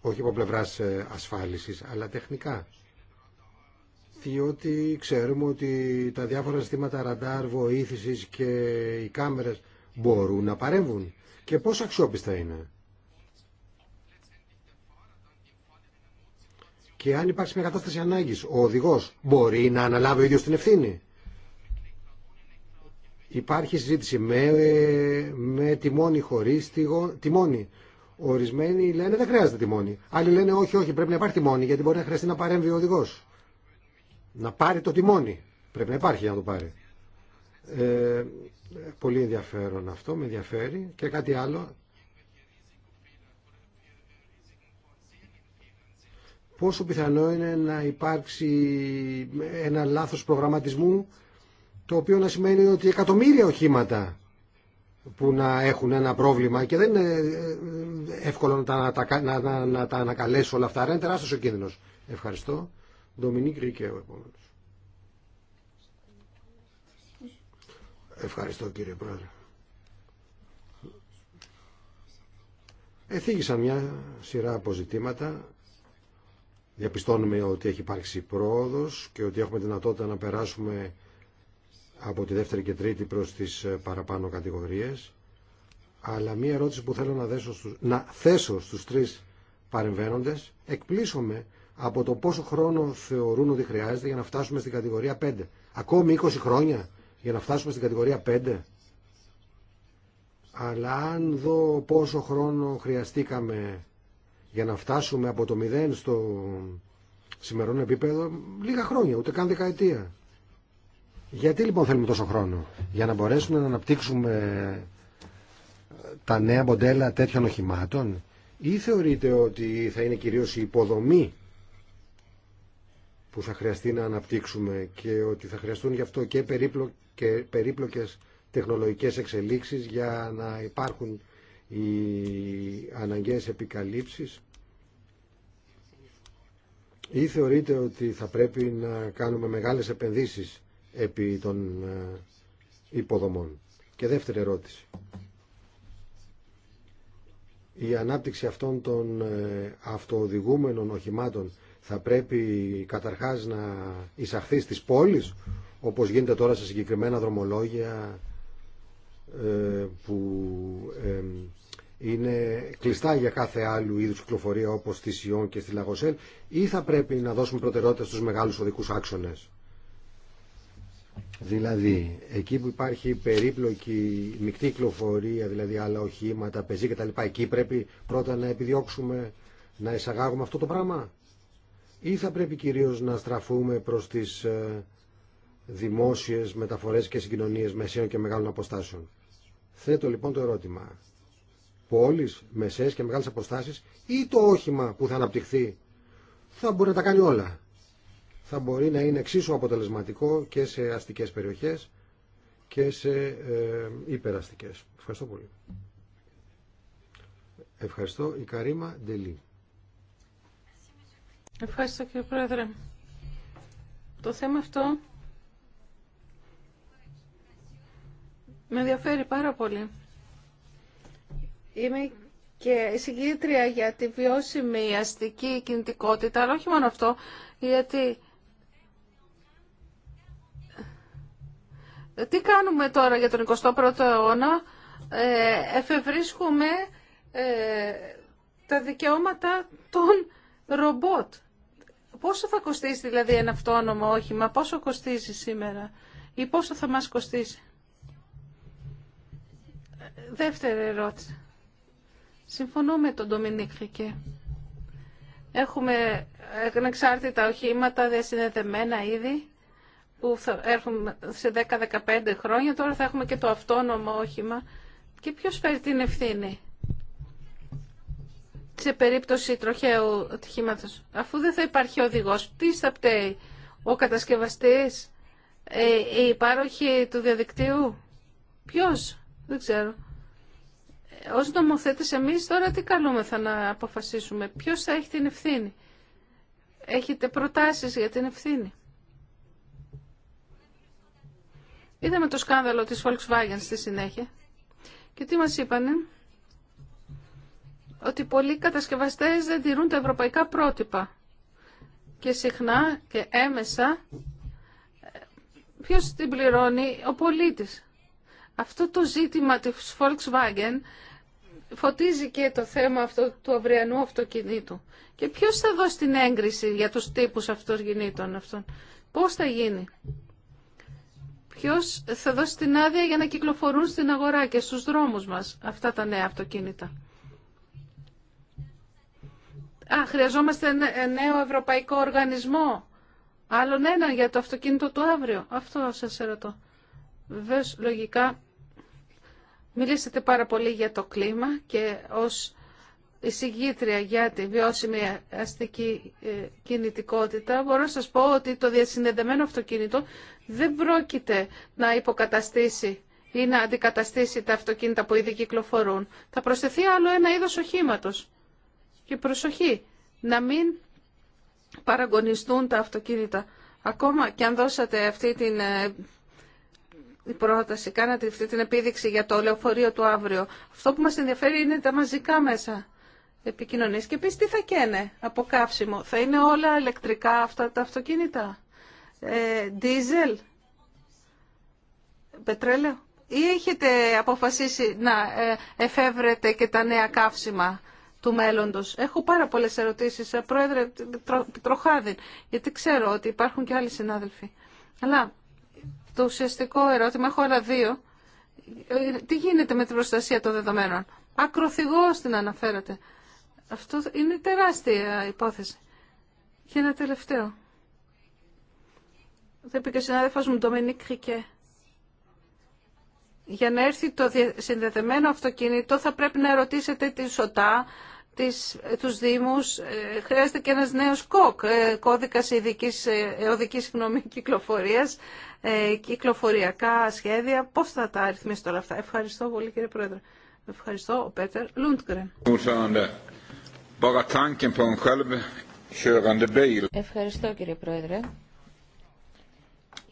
Όχι από πλευράς ε, ασφάλισης αλλά τεχνικά διότι ξέρουμε ότι τα διάφορα συστήματα ραντάρ, βοήθησης και οι κάμερες μπορούν να παρέμβουν. Και πόσο αξιόπιστα είναι. Και αν υπάρξει μια κατάσταση ανάγκης, ο οδηγός μπορεί να αναλάβει ο ίδιος την ευθύνη. Υπάρχει συζήτηση με, με τιμόνι χωρίς τιμόνι. Ορισμένοι λένε δεν χρειάζεται τιμόνι. Άλλοι λένε όχι, όχι, πρέπει να υπάρχει τιμόνι γιατί μπορεί να χρειαστεί να παρέμβει ο οδηγός να πάρει το τιμόνι. Πρέπει να υπάρχει για να το πάρει. Ε, πολύ ενδιαφέρον αυτό, με ενδιαφέρει. Και κάτι άλλο. Πόσο πιθανό είναι να υπάρξει ένα λάθος προγραμματισμού το οποίο να σημαίνει ότι εκατομμύρια οχήματα που να έχουν ένα πρόβλημα και δεν είναι ε, εύκολο να τα, να, να, να τα όλα αυτά. Άρα είναι τεράστιος ο κίνδυνος. Ευχαριστώ. Ντομινίκ Ρικέου επόμενος. Ευχαριστώ κύριε Πρόεδρε. Εθίγησα μια σειρά αποζητήματα. Διαπιστώνουμε ότι έχει υπάρξει πρόοδος και ότι έχουμε δυνατότητα να περάσουμε από τη δεύτερη και τρίτη προς τις παραπάνω κατηγορίες. Αλλά μία ερώτηση που θέλω να, δέσω στους, να θέσω στους τρεις παρεμβαίνοντες εκπλήσωμε από το πόσο χρόνο θεωρούν ότι χρειάζεται για να φτάσουμε στην κατηγορία 5. Ακόμη 20 χρόνια για να φτάσουμε στην κατηγορία 5. Αλλά αν δω πόσο χρόνο χρειαστήκαμε για να φτάσουμε από το 0 στο σημερινό επίπεδο, λίγα χρόνια, ούτε καν δεκαετία. Γιατί λοιπόν θέλουμε τόσο χρόνο, για να μπορέσουμε να αναπτύξουμε ε, τα νέα μοντέλα τέτοιων οχημάτων ή θεωρείτε ότι θα είναι κυρίως η υποδομή που θα χρειαστεί να αναπτύξουμε και ότι θα χρειαστούν γι' αυτό και, περίπλο, και περίπλοκες τεχνολογικές εξελίξεις για να υπάρχουν οι αναγκαίες επικαλύψεις ή θεωρείτε ότι θα πρέπει να κάνουμε μεγάλες επενδύσεις επί των ε, υποδομών. Και δεύτερη ερώτηση. Η ανάπτυξη αυτών των ε, αυτοοδηγούμενων οχημάτων θα πρέπει καταρχάς να εισαχθεί στις πόλεις όπως γίνεται τώρα σε συγκεκριμένα δρομολόγια ε, που είναι κλειστά για κάθε άλλου είδους κυκλοφορία όπως στη Σιόν και στη Λαγοσέλ ή θα πρέπει να δώσουμε προτεραιότητα στους μεγάλους οδικούς άξονες. Δηλαδή, εκεί που υπάρχει περίπλοκη μεικτή κυκλοφορία, δηλαδή άλλα οχήματα, πεζή κτλ. Εκεί πρέπει πρώτα να επιδιώξουμε να εισαγάγουμε αυτό το πράγμα ή θα πρέπει κυρίως να στραφούμε προς τις ε, δημόσιες μεταφορές και συγκοινωνίες μεσαίων και μεγάλων αποστάσεων. Θέτω λοιπόν το ερώτημα. Πόλεις, μεσαίες και μεγάλες αποστάσεις ή το όχημα που θα αναπτυχθεί θα μπορεί να τα κάνει όλα. Θα μπορεί να είναι εξίσου αποτελεσματικό και σε αστικές περιοχές και σε ε, υπεραστικές. Ευχαριστώ πολύ. Ευχαριστώ. Η Καρίμα Ντελή. Ευχαριστώ κύριε Πρόεδρε. Το θέμα αυτό με ενδιαφέρει πάρα πολύ. Είμαι και συγκίτρια για τη βιώσιμη αστική κινητικότητα, αλλά όχι μόνο αυτό, γιατί τι κάνουμε τώρα για τον 21ο αιώνα, ε, εφευρίσκουμε ε, τα δικαιώματα των ρομπότ. Πόσο θα κοστίσει δηλαδή ένα αυτόνομο όχημα, πόσο κοστίζει σήμερα ή πόσο θα μας κοστίσει. Δεύτερη ερώτηση. Συμφωνώ με τον Ντομινίκ και Έχουμε εξάρτητα οχήματα, διασυνδεδεμένα ήδη, που θα έρχονται σε 10-15 χρόνια. Τώρα θα έχουμε και το αυτόνομο όχημα. Και ποιος φέρει την ευθύνη σε περίπτωση τροχαίου ατυχήματο. Αφού δεν θα υπάρχει οδηγό, τι θα πταίει, ο κατασκευαστή, η ε, υπάροχη του διαδικτύου, ποιο, δεν ξέρω. Ε, Ω νομοθέτες εμεί τώρα τι καλούμεθα να αποφασίσουμε, Ποιο θα έχει την ευθύνη. Έχετε προτάσεις για την ευθύνη. Είδαμε το σκάνδαλο της Volkswagen στη συνέχεια. Και τι μας είπανε ότι πολλοί κατασκευαστές δεν τηρούν τα ευρωπαϊκά πρότυπα. Και συχνά και έμεσα ποιος την πληρώνει, ο πολίτης. Αυτό το ζήτημα της Volkswagen φωτίζει και το θέμα αυτό του αυριανού αυτοκινήτου. Και ποιος θα δώσει την έγκριση για τους τύπους αυτοκινήτων αυτών. Πώς θα γίνει. Ποιος θα δώσει την άδεια για να κυκλοφορούν στην αγορά και στους δρόμους μας αυτά τα νέα αυτοκίνητα. Α, χρειαζόμαστε ε, νέο ευρωπαϊκό οργανισμό. Άλλον ένα για το αυτοκίνητο του αύριο. Αυτό σας ερωτώ. Βεβαίω, λογικά, μιλήσατε πάρα πολύ για το κλίμα και ως εισηγήτρια για τη βιώσιμη αστική ε, κινητικότητα, μπορώ να σας πω ότι το διασυνδεδεμένο αυτοκίνητο δεν πρόκειται να υποκαταστήσει ή να αντικαταστήσει τα αυτοκίνητα που ήδη κυκλοφορούν. Θα προσθεθεί άλλο ένα είδος οχήματος. Και προσοχή, να μην παραγωνιστούν τα αυτοκίνητα. Ακόμα και αν δώσατε αυτή την ε, η πρόταση, κάνατε αυτή την επίδειξη για το λεωφορείο του αύριο. Αυτό που μας ενδιαφέρει είναι τα μαζικά μέσα επικοινωνίας. Και επίσης τι θα καίνε από καύσιμο. Θα είναι όλα ηλεκτρικά αυτά τα αυτοκίνητα. Ε, δίζελ. Πετρέλαιο. Ή έχετε αποφασίσει να ε, εφεύρετε και τα νέα καύσιμα του μέλλοντος. Έχω πάρα πολλές ερωτήσεις, ε, πρόεδρε τρο, Τροχάδη, γιατί ξέρω ότι υπάρχουν και άλλοι συνάδελφοι. Αλλά το ουσιαστικό ερώτημα, έχω άλλα δύο, τι γίνεται με την προστασία των δεδομένων. Ακροθυγός την αναφέρατε. Αυτό είναι τεράστια υπόθεση. Και ένα τελευταίο. Θα είπε και ο συνάδελφος μου, Ντομινίκ Χρικέ. Για να έρθει το συνδεδεμένο αυτοκίνητο θα πρέπει να ερωτήσετε τη ΣΟΤΑ, τις, ε, τους Δήμους ε, χρειάζεται και ένας νέος κόκ, ε, κώδικας ειδικής, οδικής συγγνώμη, [LAUGHS] κυκλοφορίας, κυκλοφοριακά σχέδια. Πώς θα τα αριθμίσετε όλα αυτά. Ευχαριστώ πολύ κύριε Πρόεδρε. Ευχαριστώ ο Πέτερ Λούντγκρεν. Ευχαριστώ κύριε Πρόεδρε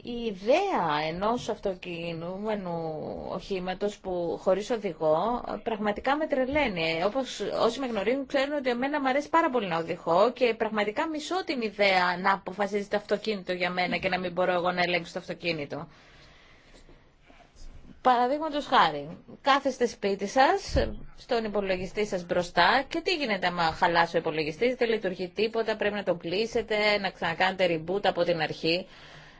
η ιδέα ενός αυτοκινούμενου οχήματος που χωρίς οδηγό ε, πραγματικά με τρελαίνει. Ε, όπως όσοι με γνωρίζουν ξέρουν ότι εμένα μου αρέσει πάρα πολύ να οδηγώ και πραγματικά μισώ την ιδέα να αποφασίζει το αυτοκίνητο για μένα και να μην μπορώ εγώ να ελέγξω το αυτοκίνητο. Παραδείγματο χάρη, κάθεστε σπίτι σα στον υπολογιστή σα μπροστά και τι γίνεται άμα χαλάσει ο υπολογιστή, δεν λειτουργεί τίποτα, πρέπει να τον κλείσετε, να ξανακάνετε reboot από την αρχή.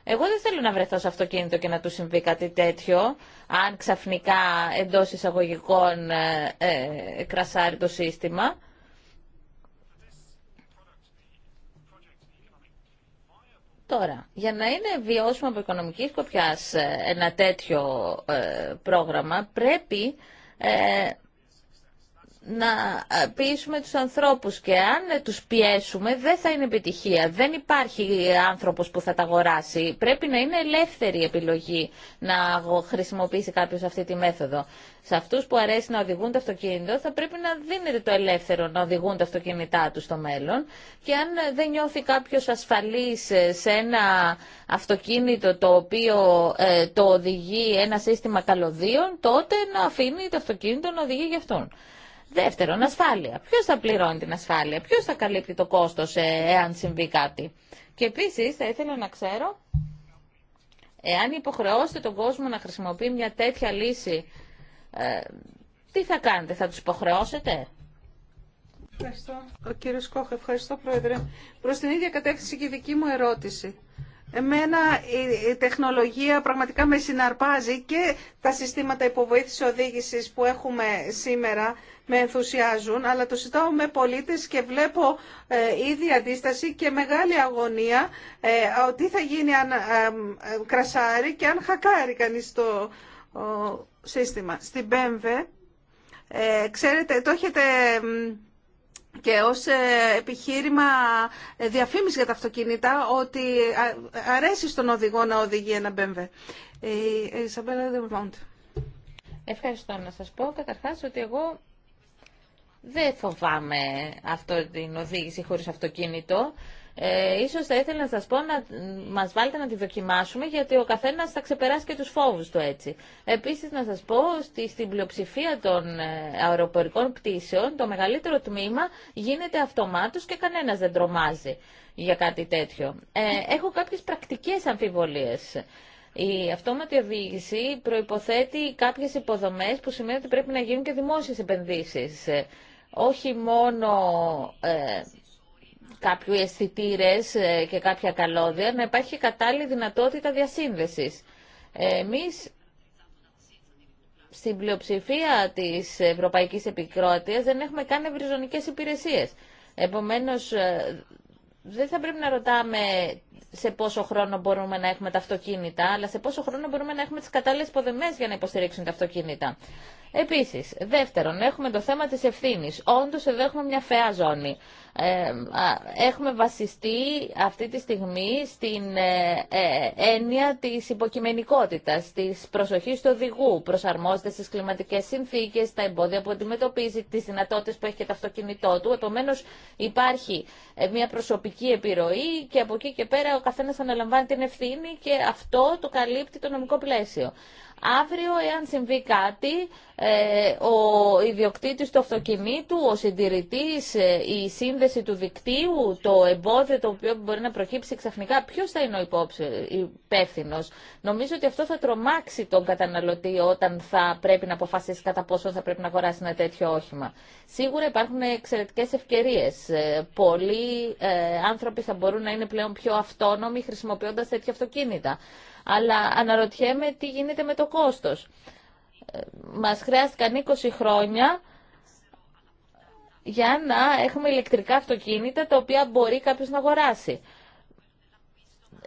Εγώ δεν θέλω να βρεθώ σε αυτοκίνητο και να του συμβεί κάτι τέτοιο, αν ξαφνικά εντό εισαγωγικών ε, ε, κρασάρει το σύστημα. Τώρα, για να είναι βιώσιμο από οικονομική σκοπιά ε, ένα τέτοιο ε, πρόγραμμα, πρέπει ε, να ε, πείσουμε τους ανθρώπους και αν ε, τους πιέσουμε δεν θα είναι επιτυχία. Δεν υπάρχει άνθρωπος που θα τα αγοράσει. Πρέπει να είναι ελεύθερη επιλογή να χρησιμοποιήσει κάποιος αυτή τη μέθοδο. Σε αυτούς που αρέσει να οδηγούν το αυτοκίνητο θα πρέπει να δίνεται το ελεύθερο να οδηγούν τα αυτοκίνητά τους στο μέλλον και αν ε, δεν νιώθει κάποιος ασφαλής σε ένα αυτοκίνητο το οποίο το οδηγεί ένα σύστημα καλωδίων τότε να αφήνει το αυτοκίνητο να οδηγεί γι' αυτόν. Δεύτερον, ασφάλεια. Ποιο θα πληρώνει την ασφάλεια, ποιο θα καλύπτει το κόστο ε, εάν συμβεί κάτι. Και επίση θα ήθελα να ξέρω εάν υποχρεώσετε τον κόσμο να χρησιμοποιεί μια τέτοια λύση, ε, τι θα κάνετε, θα του υποχρεώσετε. Ευχαριστώ. Ο κύριος Κόχ, ευχαριστώ Πρόεδρε. Προς την ίδια κατεύθυνση και η δική μου ερώτηση. Εμένα η τεχνολογία πραγματικά με συναρπάζει και τα συστήματα υποβοήθησης οδήγησης που έχουμε σήμερα με ενθουσιάζουν, αλλά το συζητάω με πολίτες και βλέπω ε, ήδη αντίσταση και μεγάλη αγωνία ε, ότι θα γίνει αν ε, κρασάρει και αν χακάρει κανείς το σύστημα. Στην ΠΕΜΒΕ, ξέρετε, το έχετε και ως επιχείρημα διαφήμιση για τα αυτοκίνητα ότι αρέσει στον οδηγό να οδηγεί ένα BMW. Ευχαριστώ να σας πω καταρχάς ότι εγώ δεν φοβάμαι αυτό την οδήγηση χωρίς αυτοκίνητο. Ε, ίσως θα ήθελα να σας πω να μας βάλετε να τη δοκιμάσουμε γιατί ο καθένας θα ξεπεράσει και τους φόβους του έτσι. Επίσης να σας πω ότι στην πλειοψηφία των ε, αεροπορικών πτήσεων το μεγαλύτερο τμήμα γίνεται αυτομάτως και κανένας δεν τρομάζει για κάτι τέτοιο. Ε, έχω κάποιες πρακτικές αμφιβολίες. Η αυτόματη οδήγηση προϋποθέτει κάποιες υποδομές που σημαίνει ότι πρέπει να γίνουν και δημόσιες επενδύσεις. Ε, όχι μόνο ε, κάποιου αισθητήρε ε, και κάποια καλώδια, να υπάρχει κατάλληλη δυνατότητα διασύνδεσης. Εμείς στην πλειοψηφία της Ευρωπαϊκής Επικρότειας δεν έχουμε καν ευρυζωνικές υπηρεσίες. Επομένως, ε, δεν θα πρέπει να ρωτάμε σε πόσο χρόνο μπορούμε να έχουμε τα αυτοκίνητα, αλλά σε πόσο χρόνο μπορούμε να έχουμε τις κατάλληλες υποδομές για να υποστηρίξουν τα αυτοκίνητα. Επίση, δεύτερον, έχουμε το θέμα τη ευθύνη. Όντω εδώ έχουμε μια φαιά ζώνη. Ε, έχουμε βασιστεί αυτή τη στιγμή στην ε, ε, έννοια της υποκειμενικότητας, της προσοχής του οδηγού. Προσαρμόζεται στις κλιματικές συνθήκες, τα εμπόδια που αντιμετωπίζει, τις δυνατότητες που έχει και το αυτοκίνητό του. Επομένως υπάρχει μια προσωπική επιρροή και από εκεί και πέρα ο καθένας αναλαμβάνει την ευθύνη και αυτό το καλύπτει το νομικό πλαίσιο. Αύριο, εάν συμβεί κάτι, ε, ο ιδιοκτήτης του αυτοκινήτου, ο συντηρητής, ε, η σύνδεση του δικτύου, το εμπόδιο το οποίο μπορεί να προκύψει ξαφνικά, ποιος θα είναι ο υπεύθυνο. Νομίζω ότι αυτό θα τρομάξει τον καταναλωτή όταν θα πρέπει να αποφασίσει κατά πόσο θα πρέπει να αγοράσει ένα τέτοιο όχημα. Σίγουρα υπάρχουν εξαιρετικές ευκαιρίες. Ε, πολλοί άνθρωποι θα μπορούν να είναι πλέον πιο αυτόνομοι χρησιμοποιώντας τέτοια αυτοκίνητα αλλά αναρωτιέμαι τι γίνεται με το κόστος. Ε, μας χρειάστηκαν 20 χρόνια για να έχουμε ηλεκτρικά αυτοκίνητα τα οποία μπορεί κάποιος να αγοράσει.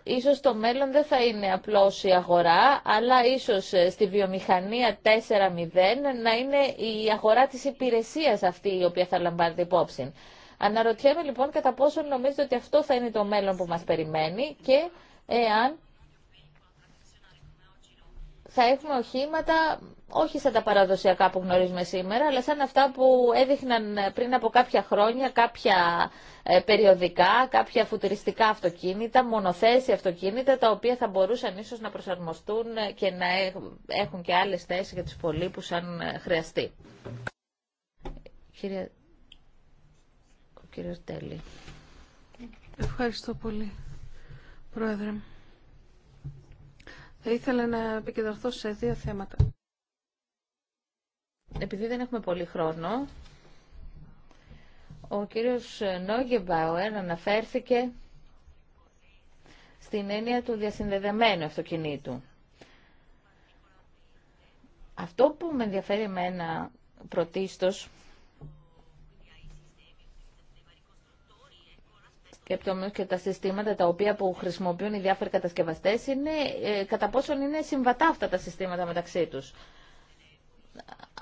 Ίσως το μέλλον δεν θα είναι απλώς η αγορά, αλλά ίσως ε, στη βιομηχανία 4.0 να είναι η αγορά της υπηρεσίας αυτή η οποία θα λαμβάνεται υπόψη. Αναρωτιέμαι λοιπόν κατά πόσο νομίζετε ότι αυτό θα είναι το μέλλον που μας περιμένει και εάν θα έχουμε οχήματα όχι σαν τα παραδοσιακά που γνωρίζουμε σήμερα, αλλά σαν αυτά που έδειχναν πριν από κάποια χρόνια κάποια ε, περιοδικά, κάποια φουτουριστικά αυτοκίνητα, μονοθέσει αυτοκίνητα, τα οποία θα μπορούσαν ίσως να προσαρμοστούν ε, και να έχουν και άλλες θέσεις για τους που σαν ε, χρειαστεί. Κύριε... Ευχαριστώ πολύ, Πρόεδρε. Θα ήθελα να επικεντρωθώ σε δύο θέματα. Επειδή δεν έχουμε πολύ χρόνο, ο κύριος Νόγεμπάουερ αναφέρθηκε στην έννοια του διασυνδεδεμένου αυτοκινήτου. Αυτό που με ενδιαφέρει ένα πρωτίστως σκεπτόμενος και τα συστήματα τα οποία που χρησιμοποιούν οι διάφοροι κατασκευαστέ είναι ε, κατά πόσον είναι συμβατά αυτά τα συστήματα μεταξύ τους.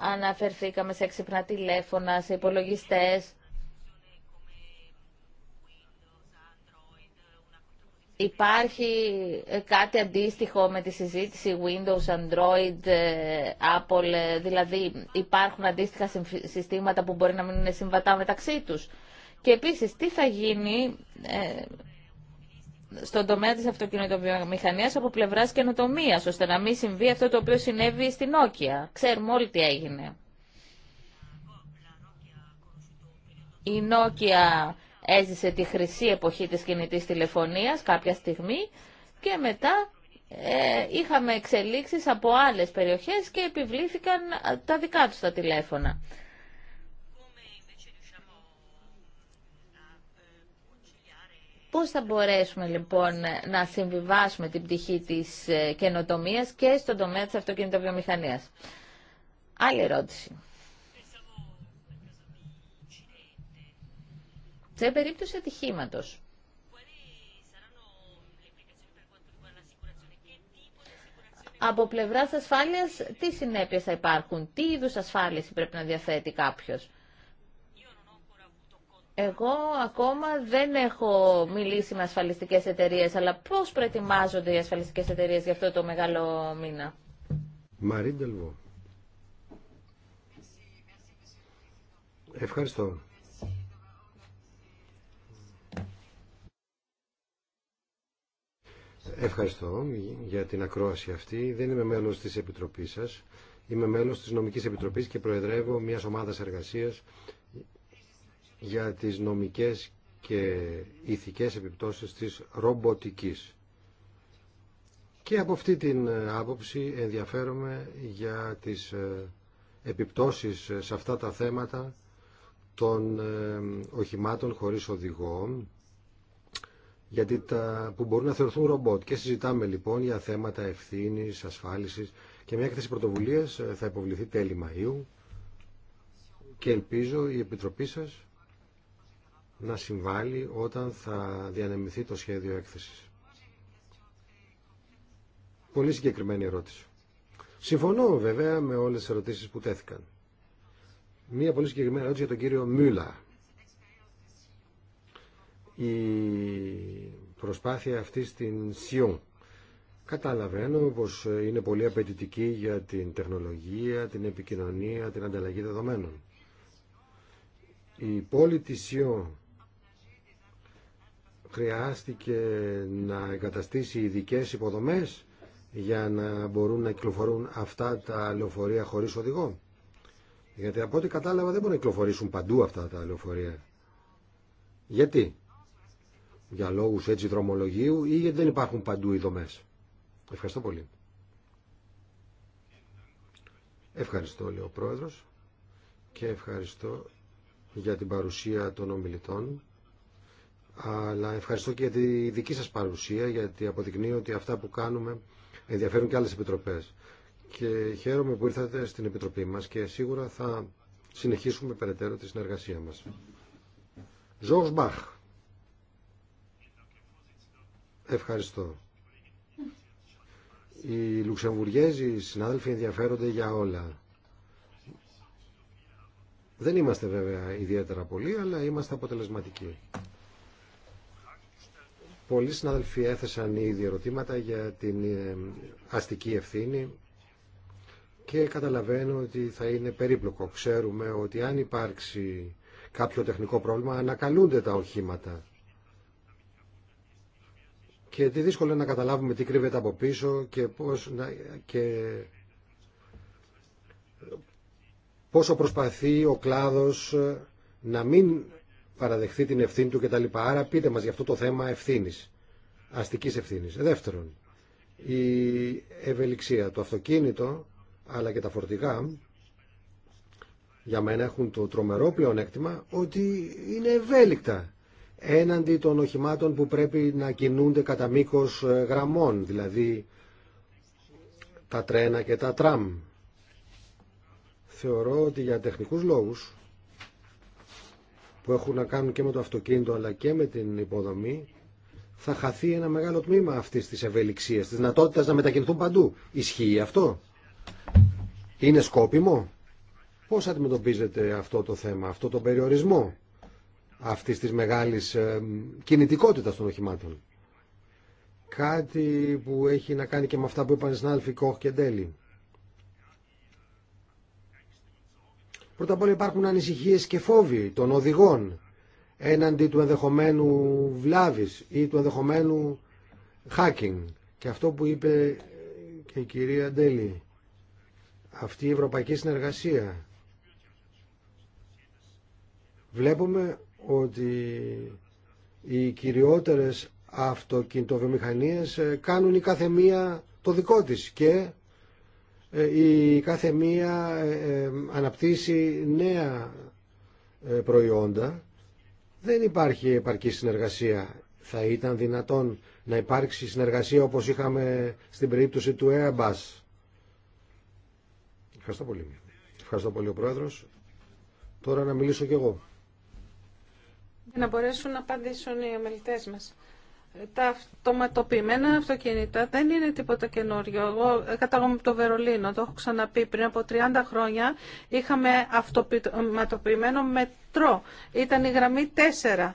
Αναφερθήκαμε σε έξυπνα τηλέφωνα, σε υπολογιστές. Υπάρχει ε, κάτι αντίστοιχο με τη συζήτηση Windows, Android, ε, Apple, δηλαδή υπάρχουν αντίστοιχα συστήματα που μπορεί να μην είναι συμβατά μεταξύ τους. Και επίσης, τι θα γίνει ε, στον τομέα της αυτοκινητοβιομηχανίας από πλευράς καινοτομία, ώστε να μην συμβεί αυτό το οποίο συνέβη στην Νόκια. Ξέρουμε όλοι τι έγινε. Η Νόκια έζησε τη χρυσή εποχή της κινητής τηλεφωνίας κάποια στιγμή και μετά ε, είχαμε εξελίξεις από άλλες περιοχές και επιβλήθηκαν τα δικά τους τα τηλέφωνα. Πώς θα μπορέσουμε λοιπόν να συμβιβάσουμε την πτυχή της ε, καινοτομίας και στον τομέα της αυτοκινητοβιομηχανίας. Άλλη ερώτηση. Σε περίπτωση ατυχήματος, από πλευράς ασφάλειας τι συνέπειες θα υπάρχουν, τι είδους ασφάλιση πρέπει να διαθέτει κάποιος. Εγώ ακόμα δεν έχω μιλήσει με ασφαλιστικές εταιρείες, αλλά πώς προετοιμάζονται οι ασφαλιστικές εταιρείες για αυτό το μεγάλο μήνα. Μαρίντελβο. Ευχαριστώ. Ευχαριστώ για την ακρόαση αυτή. Δεν είμαι μέλος της Επιτροπής σας. Είμαι μέλος της Νομικής Επιτροπής και προεδρεύω μιας ομάδας εργασίας για τις νομικές και ηθικές επιπτώσεις της ρομποτικής. Και από αυτή την ε, άποψη ενδιαφέρομαι για τις ε, επιπτώσεις ε, σε αυτά τα θέματα των οχημάτων χωρίς οδηγό γιατί τα, που μπορούν να θεωρηθούν ρομπότ. Και συζητάμε λοιπόν για θέματα ευθύνης, ασφάλισης και μια έκθεση πρωτοβουλίας θα υποβληθεί τέλη Μαΐου και ελπίζω η Επιτροπή σας να συμβάλλει όταν θα διανεμηθεί το σχέδιο έκθεσης. Πολύ συγκεκριμένη ερώτηση. Συμφωνώ βέβαια με όλες τις ερωτήσεις που τέθηκαν. Μία πολύ συγκεκριμένη ερώτηση για τον κύριο Μούλα. Η προσπάθεια αυτή στην Σιόν. Καταλαβαίνω πως είναι πολύ απαιτητική για την τεχνολογία, την επικοινωνία, την ανταλλαγή δεδομένων. Η πόλη της Σιόν χρειάστηκε να εγκαταστήσει ειδικέ υποδομές για να μπορούν να κυκλοφορούν αυτά τα λεωφορεία χωρίς οδηγό. Γιατί από ό,τι κατάλαβα δεν μπορούν να κυκλοφορήσουν παντού αυτά τα λεωφορεία. Γιατί? Για λόγους έτσι δρομολογίου ή γιατί δεν υπάρχουν παντού οι δομές. Ευχαριστώ πολύ. Ευχαριστώ, λέει ο Πρόεδρος, και ευχαριστώ για την παρουσία των ομιλητών αλλά ευχαριστώ και για τη δική σας παρουσία γιατί αποδεικνύει ότι αυτά που κάνουμε ενδιαφέρουν και άλλες επιτροπές και χαίρομαι που ήρθατε στην επιτροπή μας και σίγουρα θα συνεχίσουμε περαιτέρω τη συνεργασία μας. Ζωγς Μπαχ Ευχαριστώ. Οι Λουξεμβουργέζοι συνάδελφοι ενδιαφέρονται για όλα. Δεν είμαστε βέβαια ιδιαίτερα πολλοί, αλλά είμαστε αποτελεσματικοί. Πολλοί συναδελφοί έθεσαν ήδη ερωτήματα για την ε, αστική ευθύνη και καταλαβαίνω ότι θα είναι περίπλοκο. Ξέρουμε ότι αν υπάρξει κάποιο τεχνικό πρόβλημα ανακαλούνται τα οχήματα και τι δύσκολο να καταλάβουμε τι κρύβεται από πίσω και, πώς να, και πόσο προσπαθεί ο κλάδος να μην παραδεχθεί την ευθύνη του κτλ. Άρα πείτε μας για αυτό το θέμα ευθύνης, αστικής ευθύνης. Δεύτερον, η ευελιξία. Το αυτοκίνητο αλλά και τα φορτηγά για μένα έχουν το τρομερό πλεονέκτημα ότι είναι ευέλικτα έναντι των οχημάτων που πρέπει να κινούνται κατά μήκο ε, γραμμών, δηλαδή τα τρένα και τα τραμ. Θεωρώ ότι για τεχνικούς λόγους που έχουν να κάνουν και με το αυτοκίνητο αλλά και με την υποδομή, θα χαθεί ένα μεγάλο τμήμα αυτή τη ευελιξία, τη δυνατότητα να μετακινηθούν παντού. Ισχύει αυτό. Είναι σκόπιμο. Πώ αντιμετωπίζετε αυτό το θέμα, αυτό το περιορισμό αυτή τη μεγάλη ε, κινητικότητα των οχημάτων. Κάτι που έχει να κάνει και με αυτά που είπαν οι συνάδελφοι Κόχ και Ντέλη. Πρώτα απ' όλα υπάρχουν ανησυχίες και φόβοι των οδηγών έναντι του ενδεχομένου βλάβης ή του ενδεχομένου hacking. Και αυτό που είπε και η κυρία Ντέλη, αυτή η ευρωπαϊκή συνεργασία. Βλέπουμε ότι οι κυριότερες αυτοκινητοβιομηχανίες ε, κάνουν η κάθε μία το δικό της και ε, η κάθε μία ε, ε, αναπτύσσει νέα προϊόντα. Δεν υπάρχει επαρκή συνεργασία. Θα ήταν δυνατόν να υπάρξει συνεργασία όπως είχαμε στην περίπτωση του Airbus. Ευχαριστώ πολύ. Ευχαριστώ πολύ ο Πρόεδρος. Τώρα να μιλήσω κι εγώ. να μπορέσουν να απαντήσουν οι ομιλητές μας τα αυτοματοποιημένα αυτοκίνητα δεν είναι τίποτα καινούριο. Εγώ ε, κατάγομαι από το Βερολίνο, το έχω ξαναπεί. Πριν από 30 χρόνια είχαμε αυτοματοποιημένο μετρό. Ήταν η γραμμή 4. Ε,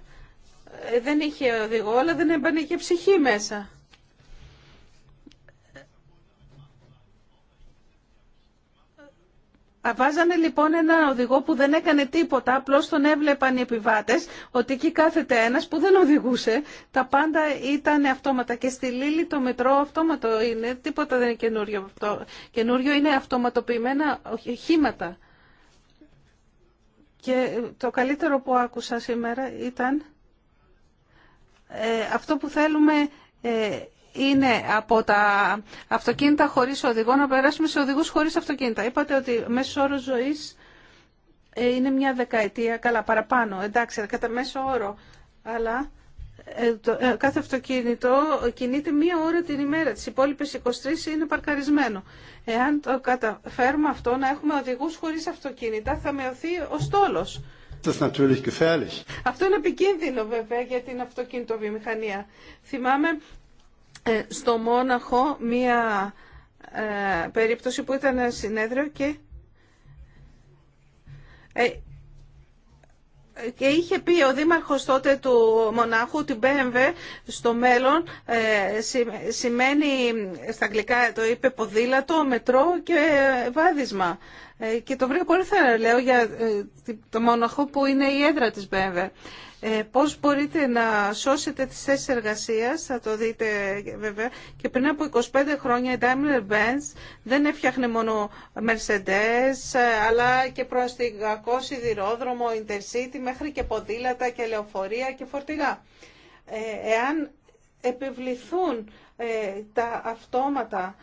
δεν είχε οδηγό, αλλά δεν έμπανε και ψυχή μέσα. Βάζανε λοιπόν ένα οδηγό που δεν έκανε τίποτα, απλώς τον έβλεπαν οι επιβάτες, ότι εκεί κάθεται ένας που δεν οδηγούσε. Τα πάντα ήταν αυτόματα και στη Λίλη το μετρό αυτόματο είναι, τίποτα δεν είναι καινούριο. Το καινούριο είναι αυτοματοποιημένα οχήματα. Και ε, το καλύτερο που άκουσα σήμερα ήταν ε, αυτό που θέλουμε ε, είναι από τα αυτοκίνητα χωρίς οδηγό να περάσουμε σε οδηγούς χωρίς αυτοκίνητα. Είπατε ότι μέσο όρο ζωής ε, είναι μια δεκαετία, καλά παραπάνω, εντάξει, κατά μέσο όρο, αλλά ε, ε, κάθε αυτοκίνητο κινείται μία ώρα την ημέρα. Τις υπόλοιπες 23 είναι παρκαρισμένο. Εάν το καταφέρουμε αυτό να έχουμε οδηγούς χωρίς αυτοκίνητα θα μειωθεί ο στόλος. Αυτό είναι επικίνδυνο βέβαια για την αυτοκινητοβιομηχανία. Θυμάμαι ε, στο Μόναχο μία ε, περίπτωση που ήταν συνέδριο και ε, και είχε πει ο δήμαρχος τότε του Μονάχου ότι BMW στο μέλλον σημαίνει στα αγγλικά το είπε ποδήλατο, μετρό και βάδισμα. Ε, και το βρήκα πολύ θέρα, λέω, για ε, το Μόναχο που είναι η έδρα της BMW. Ε, πώς μπορείτε να σώσετε τις θέσεις εργασίας, θα το δείτε βέβαια. Και πριν από 25 χρόνια η Daimler-Benz δεν έφτιαχνε μόνο Mercedes, ε, αλλά και προαστηγακό σιδηρόδρομο, Intercity, μέχρι και ποδήλατα και λεωφορεία και φορτηγά. εάν επιβληθούν ε, τα αυτόματα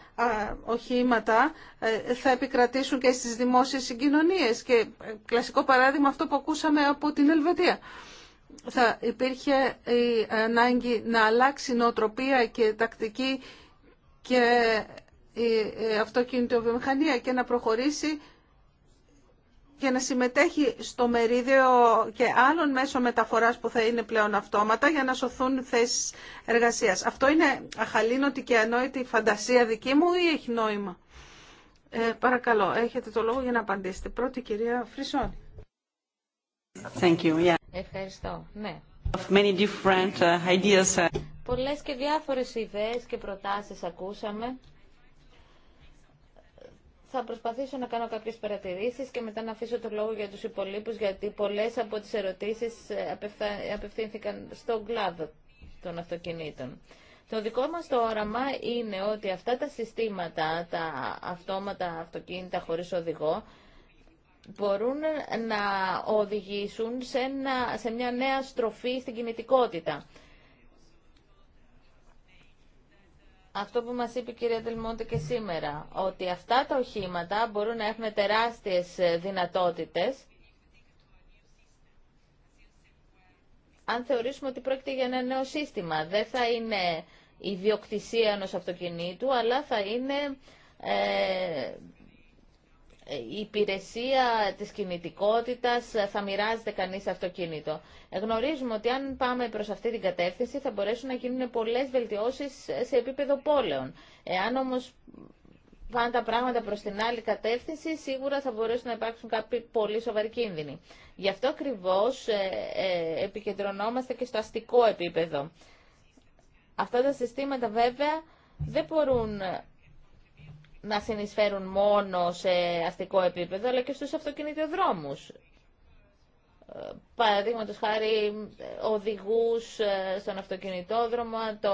οχήματα ε, θα επικρατήσουν και στις δημόσιες συγκοινωνίες και ε, κλασικό παράδειγμα αυτό που ακούσαμε από την Ελβετία. Θα υπήρχε η ανάγκη να αλλάξει νοοτροπία και τακτική και η αυτοκινητοβιομηχανία και να προχωρήσει για να συμμετέχει στο μερίδιο και άλλων μέσων μεταφοράς που θα είναι πλέον αυτόματα για να σωθούν θέσεις εργασίας. Αυτό είναι αχαλήνοτη και ανόητη φαντασία δική μου ή έχει νόημα. Ε, παρακαλώ, έχετε το λόγο για να απαντήσετε. Πρώτη κυρία Φρυσόνη. Thank you. Yeah. Ευχαριστώ. Ναι. Many different uh, ideas. Uh, Πολλές και διάφορες ιδέες και προτάσεις ακούσαμε θα προσπαθήσω να κάνω κάποιες παρατηρήσεις και μετά να αφήσω το λόγο για τους υπολείπους, γιατί πολλές από τις ερωτήσεις ε, απευθύνθηκαν στον κλάδο των αυτοκινήτων. Το δικό μας το όραμα είναι ότι αυτά τα συστήματα, τα αυτόματα αυτοκίνητα χωρίς οδηγό, μπορούν να οδηγήσουν σε, σε μια νέα στροφή στην κινητικότητα. αυτό που μας είπε η κυρία Τελμόντε και σήμερα, ότι αυτά τα οχήματα μπορούν να έχουν τεράστιες ε, δυνατότητες αν θεωρήσουμε ότι πρόκειται για ένα νέο σύστημα. Δεν θα είναι ιδιοκτησία ενός αυτοκινήτου, αλλά θα είναι ε, ε, η υπηρεσία της κινητικότητας, ε, θα μοιράζεται κανείς αυτοκίνητο. Ε, γνωρίζουμε ότι αν πάμε προς αυτή την κατεύθυνση θα μπορέσουν να γίνουν πολλές βελτιώσεις σε επίπεδο πόλεων. Εάν όμως πάνε τα πράγματα προς την άλλη κατεύθυνση, σίγουρα θα μπορέσουν να υπάρξουν κάποιοι πολύ σοβαροί κίνδυνοι. Γι' αυτό ακριβώς επικεντρωνόμαστε και στο αστικό επίπεδο. Αυτά τα συστήματα βέβαια δεν μπορούν να συνεισφέρουν μόνο σε αστικό επίπεδο, αλλά και στους αυτοκινητοδρόμους. Παραδείγματο χάρη οδηγούς ε, στον αυτοκινητόδρομο, το,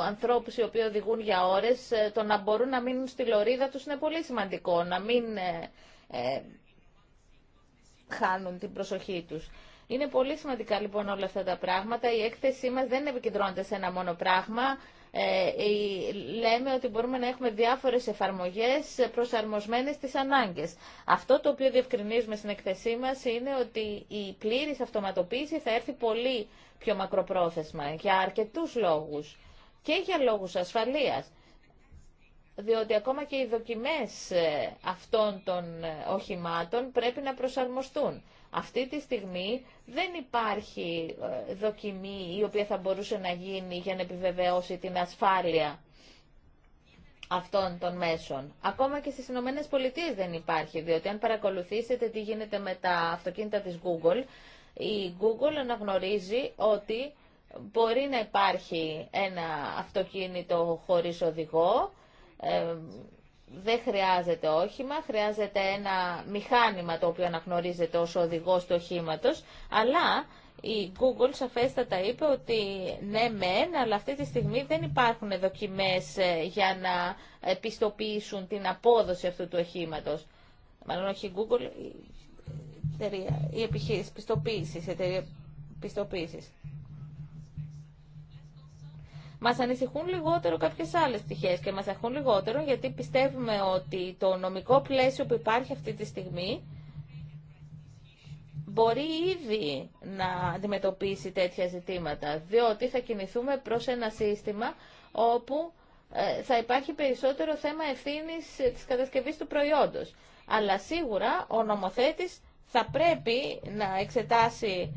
ανθρώπους οι οποίοι οδηγούν για ώρες, ε, το να μπορούν να μείνουν στη λωρίδα τους είναι πολύ σημαντικό, να μην ε, χάνουν την προσοχή τους. Είναι πολύ σημαντικά λοιπόν όλα αυτά τα πράγματα. Η έκθεσή μας δεν επικεντρώνεται σε ένα μόνο πράγμα. Ε, λέμε ότι μπορούμε να έχουμε διάφορες εφαρμογές προσαρμοσμένες στις ανάγκες. Αυτό το οποίο διευκρινίζουμε στην εκθεσή μας είναι ότι η πλήρης αυτοματοποίηση θα έρθει πολύ πιο μακροπρόθεσμα για αρκετούς λόγους και για λόγους ασφαλείας διότι ακόμα και οι δοκιμές ε, αυτών των ε, οχημάτων πρέπει να προσαρμοστούν. Αυτή τη στιγμή δεν υπάρχει ε, δοκιμή η οποία θα μπορούσε να γίνει για να επιβεβαιώσει την ασφάλεια αυτών των μέσων. Ακόμα και στις Ηνωμένε Πολιτείε δεν υπάρχει, διότι αν παρακολουθήσετε τι γίνεται με τα αυτοκίνητα της Google, η Google αναγνωρίζει ότι μπορεί να υπάρχει ένα αυτοκίνητο χωρίς οδηγό, ε, δεν χρειάζεται όχημα, χρειάζεται ένα μηχάνημα το οποίο αναγνωρίζεται ως οδηγός του οχήματος, αλλά η Google σαφέστατα είπε ότι ναι μεν, αλλά αυτή τη στιγμή δεν υπάρχουν δοκιμές ε, για να επιστοποιήσουν την απόδοση αυτού του οχήματος. Μάλλον όχι η Google, η εταιρεία, η επιχείρηση πιστοποίησης, η εταιρεία Μα ανησυχούν λιγότερο κάποιε άλλε πτυχέ και μα ανησυχούν λιγότερο γιατί πιστεύουμε ότι το νομικό πλαίσιο που υπάρχει αυτή τη στιγμή μπορεί ήδη να αντιμετωπίσει τέτοια ζητήματα, διότι θα κινηθούμε προς ένα σύστημα όπου ε, θα υπάρχει περισσότερο θέμα ευθύνης της κατασκευής του προϊόντος. Αλλά σίγουρα ο νομοθέτης θα πρέπει να εξετάσει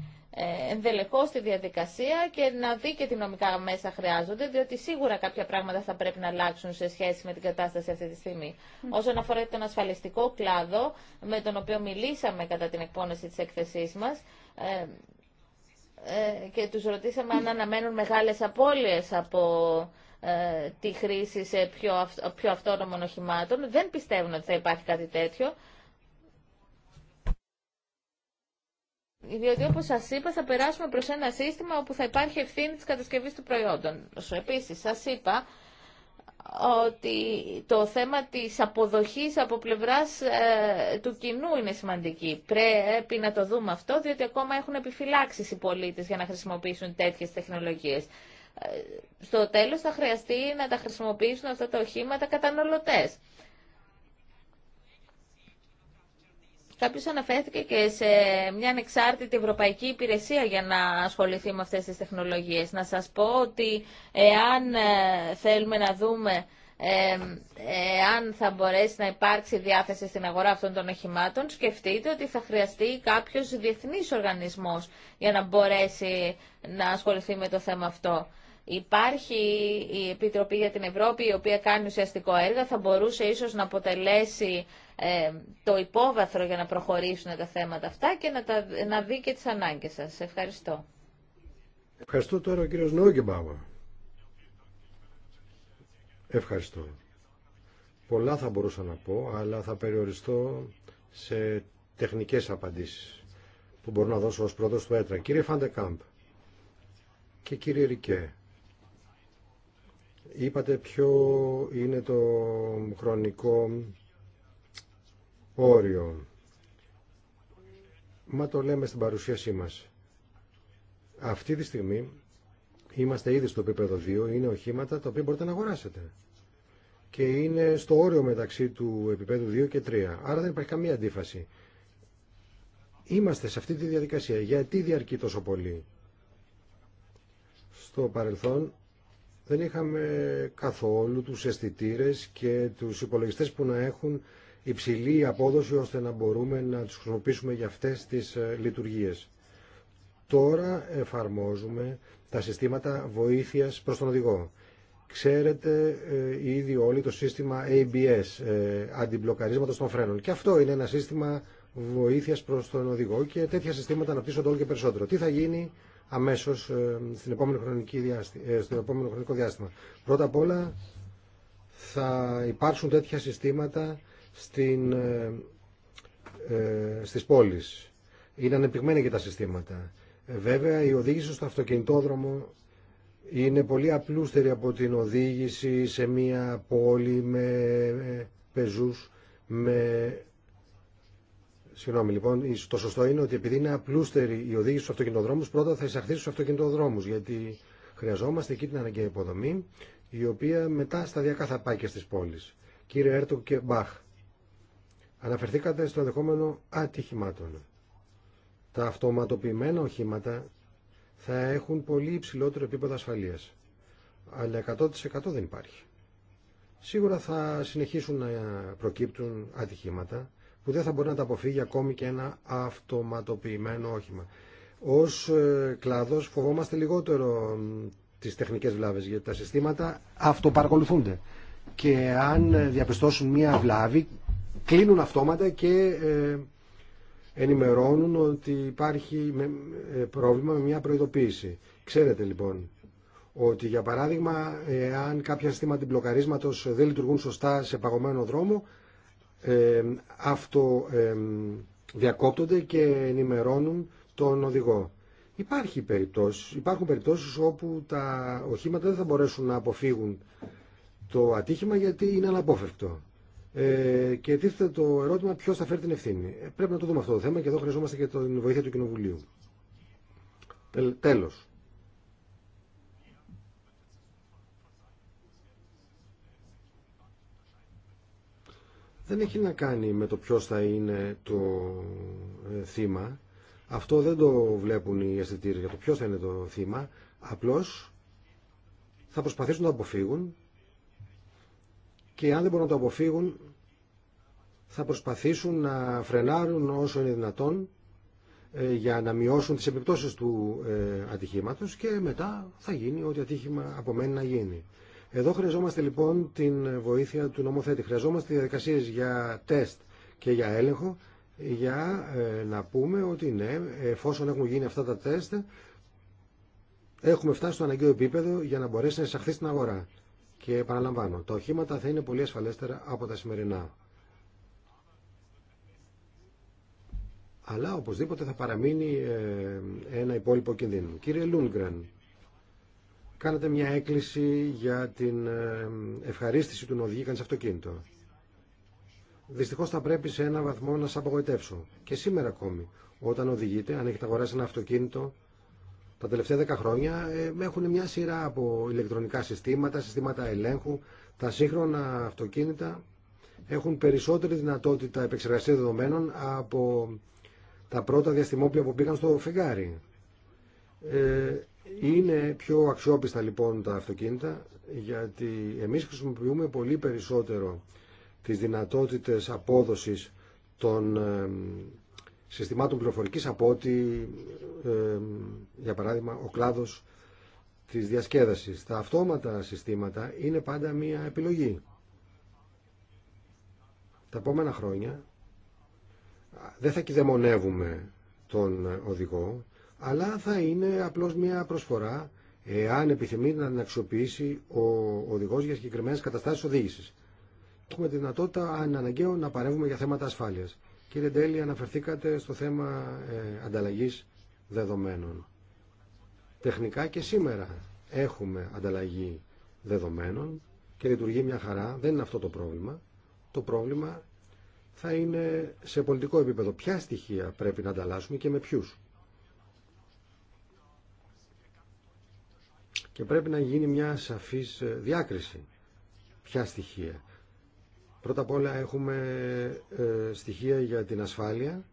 ενδελεχώς τη διαδικασία και να δει και τι νομικά μέσα χρειάζονται, διότι σίγουρα κάποια πράγματα θα πρέπει να αλλάξουν σε σχέση με την κατάσταση αυτή τη στιγμή. Όσον αφορά τον ασφαλιστικό κλάδο, με τον οποίο μιλήσαμε κατά την εκπόνηση τη εκθεσή μα, ε, ε, και τους ρωτήσαμε αν αναμένουν μεγάλες απώλειες από ε, τη χρήση σε πιο, αυ... πιο αυτόνομων οχημάτων. Δεν πιστεύουν ότι θα υπάρχει κάτι τέτοιο. Διότι όπως σας είπα θα περάσουμε προς ένα σύστημα όπου θα υπάρχει ευθύνη της κατασκευής του προϊόντος. Επίσης σας είπα ότι το θέμα της αποδοχής από πλευράς ε, του κοινού είναι σημαντική. Πρέπει να το δούμε αυτό, διότι ακόμα έχουν επιφυλάξεις οι πολίτες για να χρησιμοποιήσουν τέτοιες τεχνολογίες. Ε, στο τέλος θα χρειαστεί να τα χρησιμοποιήσουν αυτά τα οχήματα καταναλωτές. Κάποιο αναφέρθηκε και σε μια ανεξάρτητη ευρωπαϊκή υπηρεσία για να ασχοληθεί με αυτές τις τεχνολογίες. Να σας πω ότι εάν ε, θέλουμε να δούμε αν ε, θα μπορέσει να υπάρξει διάθεση στην αγορά αυτών των οχημάτων, σκεφτείτε ότι θα χρειαστεί κάποιος διεθνής οργανισμός για να μπορέσει να ασχοληθεί με το θέμα αυτό. Υπάρχει η Επιτροπή για την Ευρώπη, η οποία κάνει ουσιαστικό έργο, θα μπορούσε ίσως να αποτελέσει ε, το υπόβαθρο για να προχωρήσουν τα θέματα αυτά και να, τα, να δει και τις ανάγκες σας. Ευχαριστώ. Ευχαριστώ τώρα ο κύριος Νόγκεμπάμα. Ευχαριστώ. Πολλά θα μπορούσα να πω, αλλά θα περιοριστώ σε τεχνικές απαντήσεις που μπορώ να δώσω ως πρόεδρος του έτρα. Κύριε Φαντεκάμπ και κύριε Ρικέ, Είπατε ποιο είναι το χρονικό όριο. Μα το λέμε στην παρουσίασή μας. Αυτή τη στιγμή είμαστε ήδη στο επίπεδο 2, είναι οχήματα τα οποία μπορείτε να αγοράσετε. Και είναι στο όριο μεταξύ του επίπεδου 2 και 3. Άρα δεν υπάρχει καμία αντίφαση. Είμαστε σε αυτή τη διαδικασία. Γιατί διαρκεί τόσο πολύ. Στο παρελθόν δεν είχαμε καθόλου τους αισθητήρε και τους υπολογιστές που να έχουν υψηλή απόδοση ώστε να μπορούμε να τους χρησιμοποιήσουμε για αυτές τις ε, λειτουργίες. Τώρα εφαρμόζουμε τα συστήματα βοήθειας προς τον οδηγό. Ξέρετε ε, ήδη όλοι το σύστημα ABS, ε, των φρένων. Και αυτό είναι ένα σύστημα βοήθειας προς τον οδηγό και τέτοια συστήματα αναπτύσσονται όλο και περισσότερο. Τι θα γίνει αμέσως ε, στην επόμενη χρονική ε, στο επόμενο χρονικό διάστημα. Πρώτα απ' όλα θα υπάρξουν τέτοια συστήματα στην, ε, ε στις πόλεις. Είναι ανεπτυγμένα και τα συστήματα. Βέβαια η οδήγηση στο αυτοκινητόδρομο είναι πολύ απλούστερη από την οδήγηση σε μια πόλη με πεζούς, με Συγγνώμη, λοιπόν, το σωστό είναι ότι επειδή είναι απλούστερη η οδήγηση στου αυτοκινητοδρόμου, πρώτα θα εισαχθεί στου αυτοκινητοδρόμου. Γιατί χρειαζόμαστε εκεί την αναγκαία υποδομή, η οποία μετά σταδιακά θα πάει και στι πόλει. Κύριε Έρτογκ και Μπαχ, αναφερθήκατε στο ενδεχόμενο ατυχημάτων. Τα αυτοματοποιημένα οχήματα θα έχουν πολύ υψηλότερο επίπεδο ασφαλεία. Αλλά 100% δεν υπάρχει. Σίγουρα θα συνεχίσουν να προκύπτουν ατυχήματα που δεν θα μπορεί να τα αποφύγει ακόμη και ένα αυτοματοποιημένο όχημα. Ως ε, κλάδος φοβόμαστε λιγότερο τις τεχνικές βλάβες γιατί τα συστήματα αυτοπαρακολουθούνται και αν ε, διαπιστώσουν μία βλάβη κλείνουν αυτόματα και ε, ενημερώνουν ότι υπάρχει πρόβλημα με μία προειδοποίηση. Ξέρετε λοιπόν ότι για παράδειγμα αν κάποια συστήματα μπλοκαρίσματος δεν λειτουργούν σωστά σε παγωμένο δρόμο ε, αυτό διακόπτονται και ενημερώνουν τον οδηγό. Υπάρχει περιπτώσεις, υπάρχουν περιπτώσεις όπου τα οχήματα δεν θα μπορέσουν να αποφύγουν το ατύχημα γιατί είναι αναπόφευκτο. Ε, και τίθεται το ερώτημα ποιο θα φέρει την ευθύνη. Ε, πρέπει να το δούμε αυτό το θέμα και εδώ χρειαζόμαστε και την βοήθεια του Κοινοβουλίου. Τέλος. δεν έχει να κάνει με το ποιος θα είναι το ε, θύμα. Αυτό δεν το βλέπουν οι αισθητήρες για το ποιος θα είναι το θύμα. Απλώς θα προσπαθήσουν να το αποφύγουν και αν δεν μπορούν να το αποφύγουν θα προσπαθήσουν να φρενάρουν όσο είναι δυνατόν ε, για να μειώσουν τις επιπτώσεις του ε, ατυχήματος και μετά θα γίνει ό,τι ατύχημα απομένει να γίνει. Εδώ χρειαζόμαστε λοιπόν την βοήθεια του νομοθέτη. Χρειαζόμαστε διαδικασίε για τεστ και για έλεγχο για ε, να πούμε ότι ναι, εφόσον έχουν γίνει αυτά τα τεστ, έχουμε φτάσει στο αναγκαίο επίπεδο για να μπορέσει να εισαχθεί στην αγορά. Και επαναλαμβάνω, τα οχήματα θα είναι πολύ ασφαλέστερα από τα σημερινά. Αλλά οπωσδήποτε θα παραμείνει ε, ένα υπόλοιπο κίνδυνο. Κύριε Λούνγκραν κάνατε μια έκκληση για την ε, ευχαρίστηση του να οδηγεί σε αυτοκίνητο. Δυστυχώ θα πρέπει σε ένα βαθμό να σα απογοητεύσω. Και σήμερα ακόμη, όταν οδηγείτε, αν έχετε αγοράσει ένα αυτοκίνητο, τα τελευταία 10 χρόνια ε, έχουν μια σειρά από ηλεκτρονικά συστήματα, συστήματα ελέγχου. Τα σύγχρονα αυτοκίνητα έχουν περισσότερη δυνατότητα επεξεργασία δεδομένων από τα πρώτα διαστημόπλια που πήγαν στο φεγγάρι. Ε, είναι πιο αξιόπιστα λοιπόν τα αυτοκίνητα γιατί εμείς χρησιμοποιούμε πολύ περισσότερο τις δυνατότητες απόδοσης των συστημάτων πληροφορικής από ότι για παράδειγμα ο κλάδος της διασκέδασης. Τα αυτόματα συστήματα είναι πάντα μία επιλογή. Τα επόμενα χρόνια δεν θα κυδεμονεύουμε τον οδηγό αλλά θα είναι απλώς μια προσφορά εάν επιθυμεί να την αξιοποιήσει ο οδηγός για συγκεκριμένες καταστάσεις οδήγησης. Έχουμε τη δυνατότητα, αν αναγκαίο, να παρεύουμε για θέματα ασφάλειας. Κύριε Ντέλη, αναφερθήκατε στο θέμα ε, ανταλλαγής δεδομένων. Τεχνικά και σήμερα έχουμε ανταλλαγή δεδομένων και λειτουργεί μια χαρά. Δεν είναι αυτό το πρόβλημα. Το πρόβλημα θα είναι σε πολιτικό επίπεδο. Ποια στοιχεία πρέπει να ανταλλάσσουμε και με ποιου. και πρέπει να γίνει μια σαφής ε, διάκριση. Ποια στοιχεία. Πρώτα απ' όλα έχουμε ε, στοιχεία για την ασφάλεια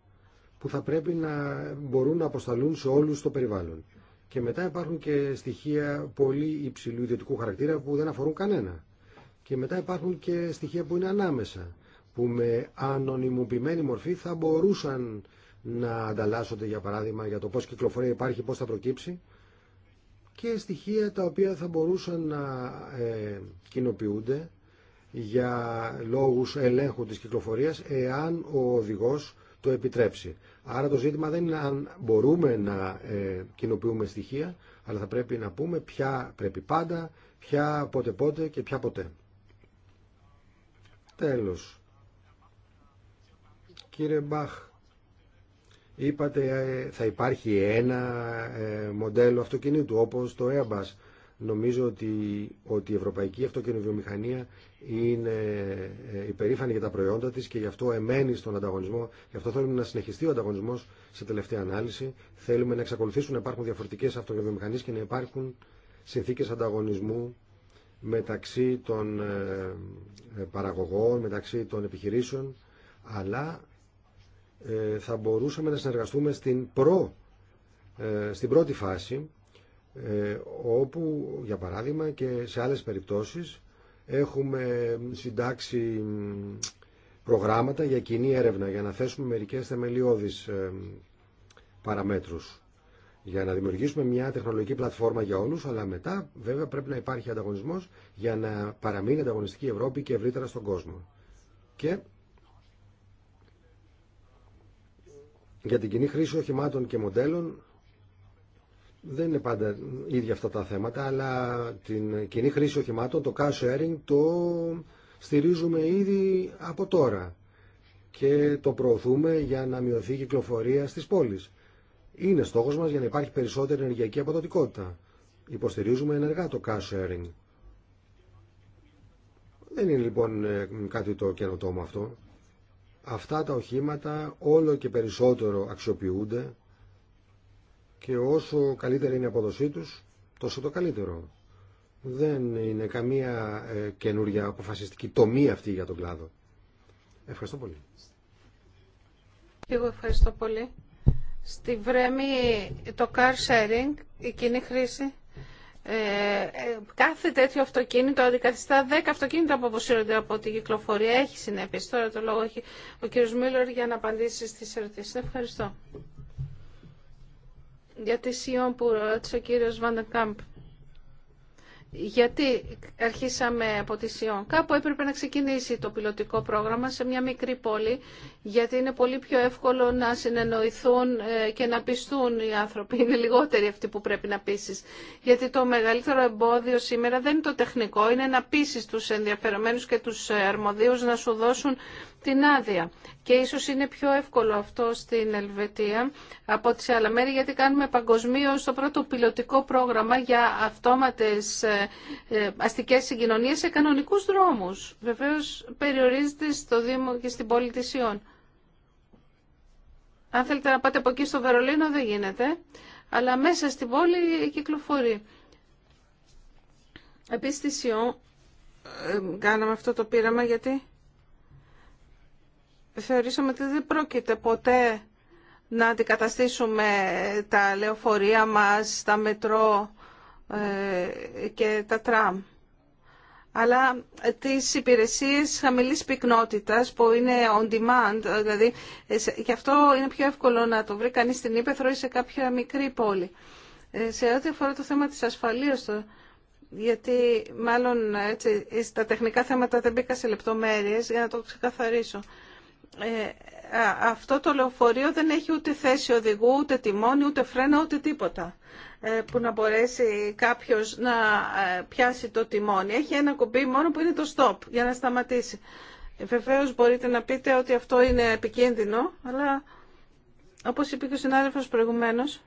που θα πρέπει να μπορούν να αποσταλούν σε όλους το περιβάλλον. Και μετά υπάρχουν και στοιχεία πολύ υψηλού ιδιωτικού χαρακτήρα που δεν αφορούν κανένα. Και μετά υπάρχουν και στοιχεία που είναι ανάμεσα, που με ανωνυμοποιημένη μορφή θα μπορούσαν να ανταλλάσσονται, για παράδειγμα, για το πώς κυκλοφορία υπάρχει, πώς θα προκύψει, και στοιχεία τα οποία θα μπορούσαν να ε, κοινοποιούνται για λόγους ελέγχου της κυκλοφορίας εάν ο οδηγός το επιτρέψει. Άρα το ζήτημα δεν είναι αν μπορούμε να ε, κοινοποιούμε στοιχεία, αλλά θα πρέπει να πούμε ποια πρέπει πάντα, ποια πότε πότε και ποια ποτέ. Τέλος. Κύριε Μπαχ, Είπατε ε, θα υπάρχει ένα ε, μοντέλο αυτοκινήτου όπως το Airbus. Νομίζω ότι, ότι η ευρωπαϊκή αυτοκινητοβιομηχανία είναι ε, υπερήφανη για τα προϊόντα της και γι' αυτό εμένει στον ανταγωνισμό. Γι' αυτό θέλουμε να συνεχιστεί ο ανταγωνισμός σε τελευταία ανάλυση. Θέλουμε να εξακολουθήσουν να υπάρχουν διαφορετικές αυτοκινητοβιομηχανίες και να υπάρχουν συνθήκες ανταγωνισμού μεταξύ των παραγωγών, μεταξύ των επιχειρήσεων, αλλά ε, θα μπορούσαμε να συνεργαστούμε στην, ε, στην πρώτη φάση ε, όπου για παράδειγμα και σε άλλες περιπτώσεις έχουμε συντάξει προγράμματα για κοινή έρευνα για να θέσουμε μερικές θεμελιώδεις παραμέτρους για να δημιουργήσουμε μια τεχνολογική πλατφόρμα για όλους αλλά μετά βέβαια πρέπει να υπάρχει ανταγωνισμός για να παραμείνει ανταγωνιστική η Ευρώπη και ευρύτερα στον κόσμο. Και για την κοινή χρήση οχημάτων και μοντέλων δεν είναι πάντα ίδια αυτά τα θέματα, αλλά την κοινή χρήση οχημάτων, το car sharing, το στηρίζουμε ήδη από τώρα και το προωθούμε για να μειωθεί η κυκλοφορία στις πόλεις. Είναι στόχος μας για να υπάρχει περισσότερη ενεργειακή αποδοτικότητα. Υποστηρίζουμε ενεργά το car sharing. Δεν είναι λοιπόν ε, κάτι το καινοτόμο αυτό αυτά τα οχήματα όλο και περισσότερο αξιοποιούνται και όσο καλύτερη είναι η αποδοσή τους, τόσο το καλύτερο. Δεν είναι καμία ε, καινούρια αποφασιστική τομή αυτή για τον κλάδο. Ευχαριστώ πολύ. Εγώ ευχαριστώ πολύ. Στη Βρέμη το car sharing, η κοινή χρήση, ε, ε, κάθε τέτοιο αυτοκίνητο αντικαθιστά 10 αυτοκίνητα που αποσύρονται από την κυκλοφορία. Έχει συνέπειε. Τώρα το λόγο έχει ο κύριος Μίλλορ για να απαντήσει στις ερωτήσεις. Ευχαριστώ. Για τη Σιόν που ρώτησε ο κύριος Βαντεκάμπ. Γιατί αρχίσαμε από τη Σιόν. Κάπου έπρεπε να ξεκινήσει το πιλωτικό πρόγραμμα σε μια μικρή πόλη, γιατί είναι πολύ πιο εύκολο να συνεννοηθούν ε, και να πιστούν οι άνθρωποι. Είναι λιγότεροι αυτοί που πρέπει να πείσει. Γιατί το μεγαλύτερο εμπόδιο σήμερα δεν είναι το τεχνικό, είναι να πείσει τους ενδιαφερομένους και τους αρμοδίους να σου δώσουν την άδεια. Και ίσως είναι πιο εύκολο αυτό στην Ελβετία από τις άλλα μέρη, γιατί κάνουμε παγκοσμίω το πρώτο πιλωτικό πρόγραμμα για αυτόματες ε, ε, αστικές συγκοινωνίες σε κανονικούς δρόμους. Βεβαίως περιορίζεται στο Δήμο και στην πόλη της Ιών. Αν θέλετε να πάτε από εκεί στο Βερολίνο δεν γίνεται, αλλά μέσα στην πόλη κυκλοφορεί. Επίσης στη Ιών, ε, κάναμε αυτό το πείραμα γιατί θεωρήσαμε ότι δεν πρόκειται ποτέ να αντικαταστήσουμε τα λεωφορεία μας, τα μετρό ε, και τα τραμ. Αλλά τις υπηρεσίες χαμηλής πυκνότητας που είναι on demand, δηλαδή ε, γι' αυτό είναι πιο εύκολο να το βρει κανείς στην Ήπεθρο ή σε κάποια μικρή πόλη. Ε, σε ό,τι αφορά το θέμα της ασφαλείας, γιατί μάλλον έτσι, στα τεχνικά θέματα δεν μπήκα σε λεπτομέρειες για να το ξεκαθαρίσω. Ε, αυτό το λεωφορείο δεν έχει ούτε θέση οδηγού, ούτε τιμόνι, ούτε φρένα, ούτε τίποτα ε, που να μπορέσει κάποιος να ε, πιάσει το τιμόνι. Έχει ένα κουμπί μόνο που είναι το stop για να σταματήσει. Βεβαίως μπορείτε να πείτε ότι αυτό είναι επικίνδυνο, αλλά όπως είπε και ο συνάδελφος προηγουμένως,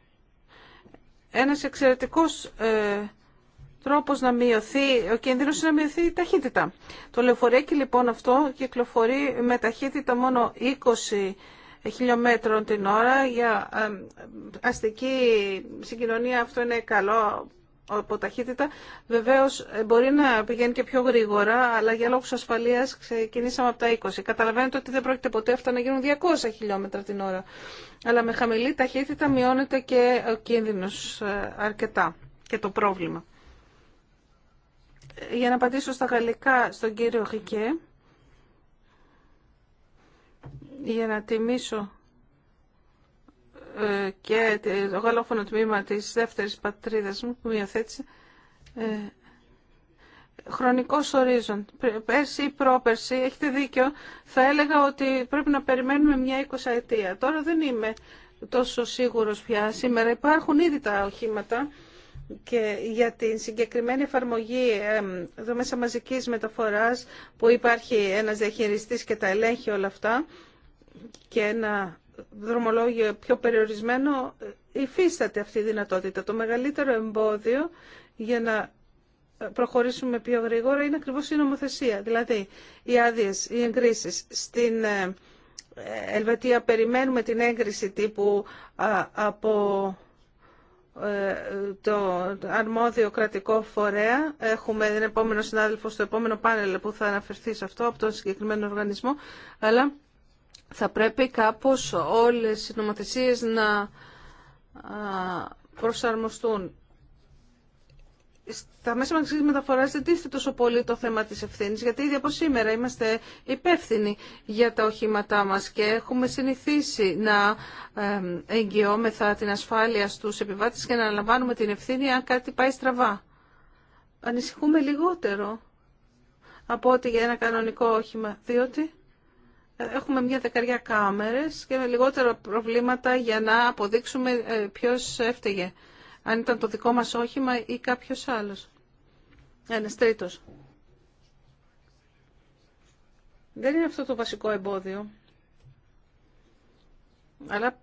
ένας εξαιρετικός ε, να μειωθεί, ο κίνδυνο είναι να μειωθεί η ταχύτητα. Το λεωφορέκι λοιπόν αυτό κυκλοφορεί με ταχύτητα μόνο 20 χιλιόμετρων την ώρα. Για αστική συγκοινωνία αυτό είναι καλό από ταχύτητα. Βεβαίως ε, μπορεί να πηγαίνει και πιο γρήγορα, αλλά για λόγους ασφαλείας ξεκινήσαμε από τα 20. Καταλαβαίνετε ότι δεν πρόκειται ποτέ αυτά να γίνουν 200 χιλιόμετρα την ώρα. Αλλά με χαμηλή ταχύτητα μειώνεται και ο κίνδυνος ε, αρκετά και το πρόβλημα για να πατήσω στα γαλλικά στον κύριο Χικέ, για να τιμήσω ε, και το γαλλόφωνο τμήμα της δεύτερης πατρίδας μου που μειοθέτησε, ε, χρονικός ορίζον. Πέρσι ή πρόπερσι, έχετε δίκιο, θα έλεγα ότι πρέπει να περιμένουμε μια εικοσαετία. Τώρα δεν είμαι τόσο σίγουρος πια. Σήμερα υπάρχουν ήδη τα οχήματα και για την συγκεκριμένη εφαρμογή εδώ μέσα μαζικής μεταφοράς που υπάρχει ένας διαχειριστής και τα ελέγχει όλα αυτά και ένα δρομολόγιο πιο περιορισμένο ε, υφίσταται αυτή η δυνατότητα. Το μεγαλύτερο εμπόδιο για να ε, προχωρήσουμε πιο γρήγορα είναι ακριβώς η νομοθεσία. Δηλαδή οι άδειε, οι εγκρίσει στην ε, Ελβετία περιμένουμε την έγκριση τύπου από ε, το αρμόδιο κρατικό φορέα. Έχουμε την επόμενο συνάδελφο στο επόμενο πάνελ που θα αναφερθεί σε αυτό από τον συγκεκριμένο οργανισμό. Αλλά θα πρέπει κάπως όλες οι νομοθεσίες να προσαρμοστούν στα μέσα μας μεταφορά δεν τίθεται τόσο πολύ το θέμα της ευθύνη, γιατί ήδη από σήμερα είμαστε υπεύθυνοι για τα οχήματά μας και έχουμε συνηθίσει να εγγυόμεθα την ασφάλεια στου επιβάτε και να αναλαμβάνουμε την ευθύνη αν κάτι πάει στραβά. Ανησυχούμε λιγότερο από ότι για ένα κανονικό όχημα, διότι ε, έχουμε μια δεκαριά κάμερες και με λιγότερα προβλήματα για να αποδείξουμε ε, ποιος έφταιγε αν ήταν το δικό μας όχημα ή κάποιος άλλος. Ένας τρίτος. Δεν είναι αυτό το βασικό εμπόδιο. Αλλά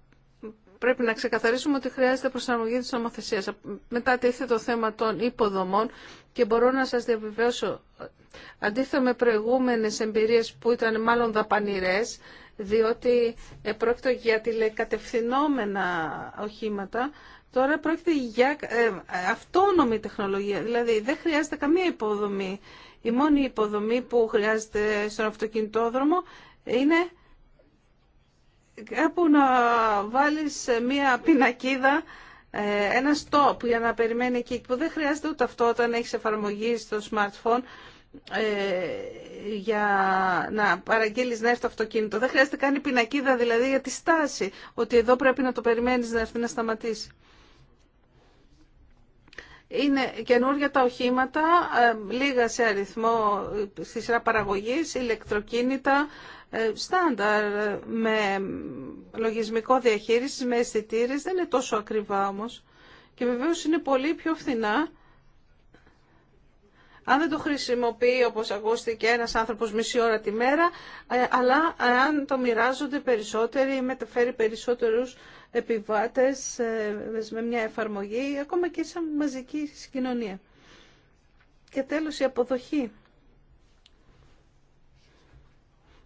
πρέπει να ξεκαθαρίσουμε ότι χρειάζεται προσαρμογή της νομοθεσίας. Μετά τίθεται το θέμα των υποδομών και μπορώ να σας διαβεβαιώσω, αντίθετα με προηγούμενες εμπειρίες που ήταν μάλλον δαπανηρές, διότι πρόκειται για τηλεκατευθυνόμενα οχήματα, Τώρα πρόκειται για ε, αυτόνομη τεχνολογία, δηλαδή δεν χρειάζεται καμία υποδομή. Η μόνη υποδομή που χρειάζεται στον αυτοκινητόδρομο είναι κάπου να βάλεις μία πινακίδα, ε, ένα stop για να περιμένει εκεί, που δεν χρειάζεται ούτε αυτό όταν έχεις εφαρμογή στο smartphone ε, για να παραγγείλεις να έρθει το αυτοκίνητο. Δεν χρειάζεται καν η πινακίδα δηλαδή για τη στάση, ότι εδώ πρέπει να το περιμένεις να έρθει να σταματήσει είναι καινούργια τα οχήματα, λίγα σε αριθμό στη σειρά παραγωγής, ηλεκτροκίνητα, ε, στάνταρ ε, με λογισμικό διαχείριση, με αισθητήρε, δεν είναι τόσο ακριβά όμως. Και βεβαίως είναι πολύ πιο φθηνά. Αν δεν το χρησιμοποιεί, όπως ακούστηκε, ένας άνθρωπος μισή ώρα τη μέρα, ε, αλλά αν το μοιράζονται περισσότεροι ή μεταφέρει περισσότερους επιβάτες ε, με μια εφαρμογή, ακόμα και σαν μαζική συγκοινωνία. Και τέλος η αποδοχή.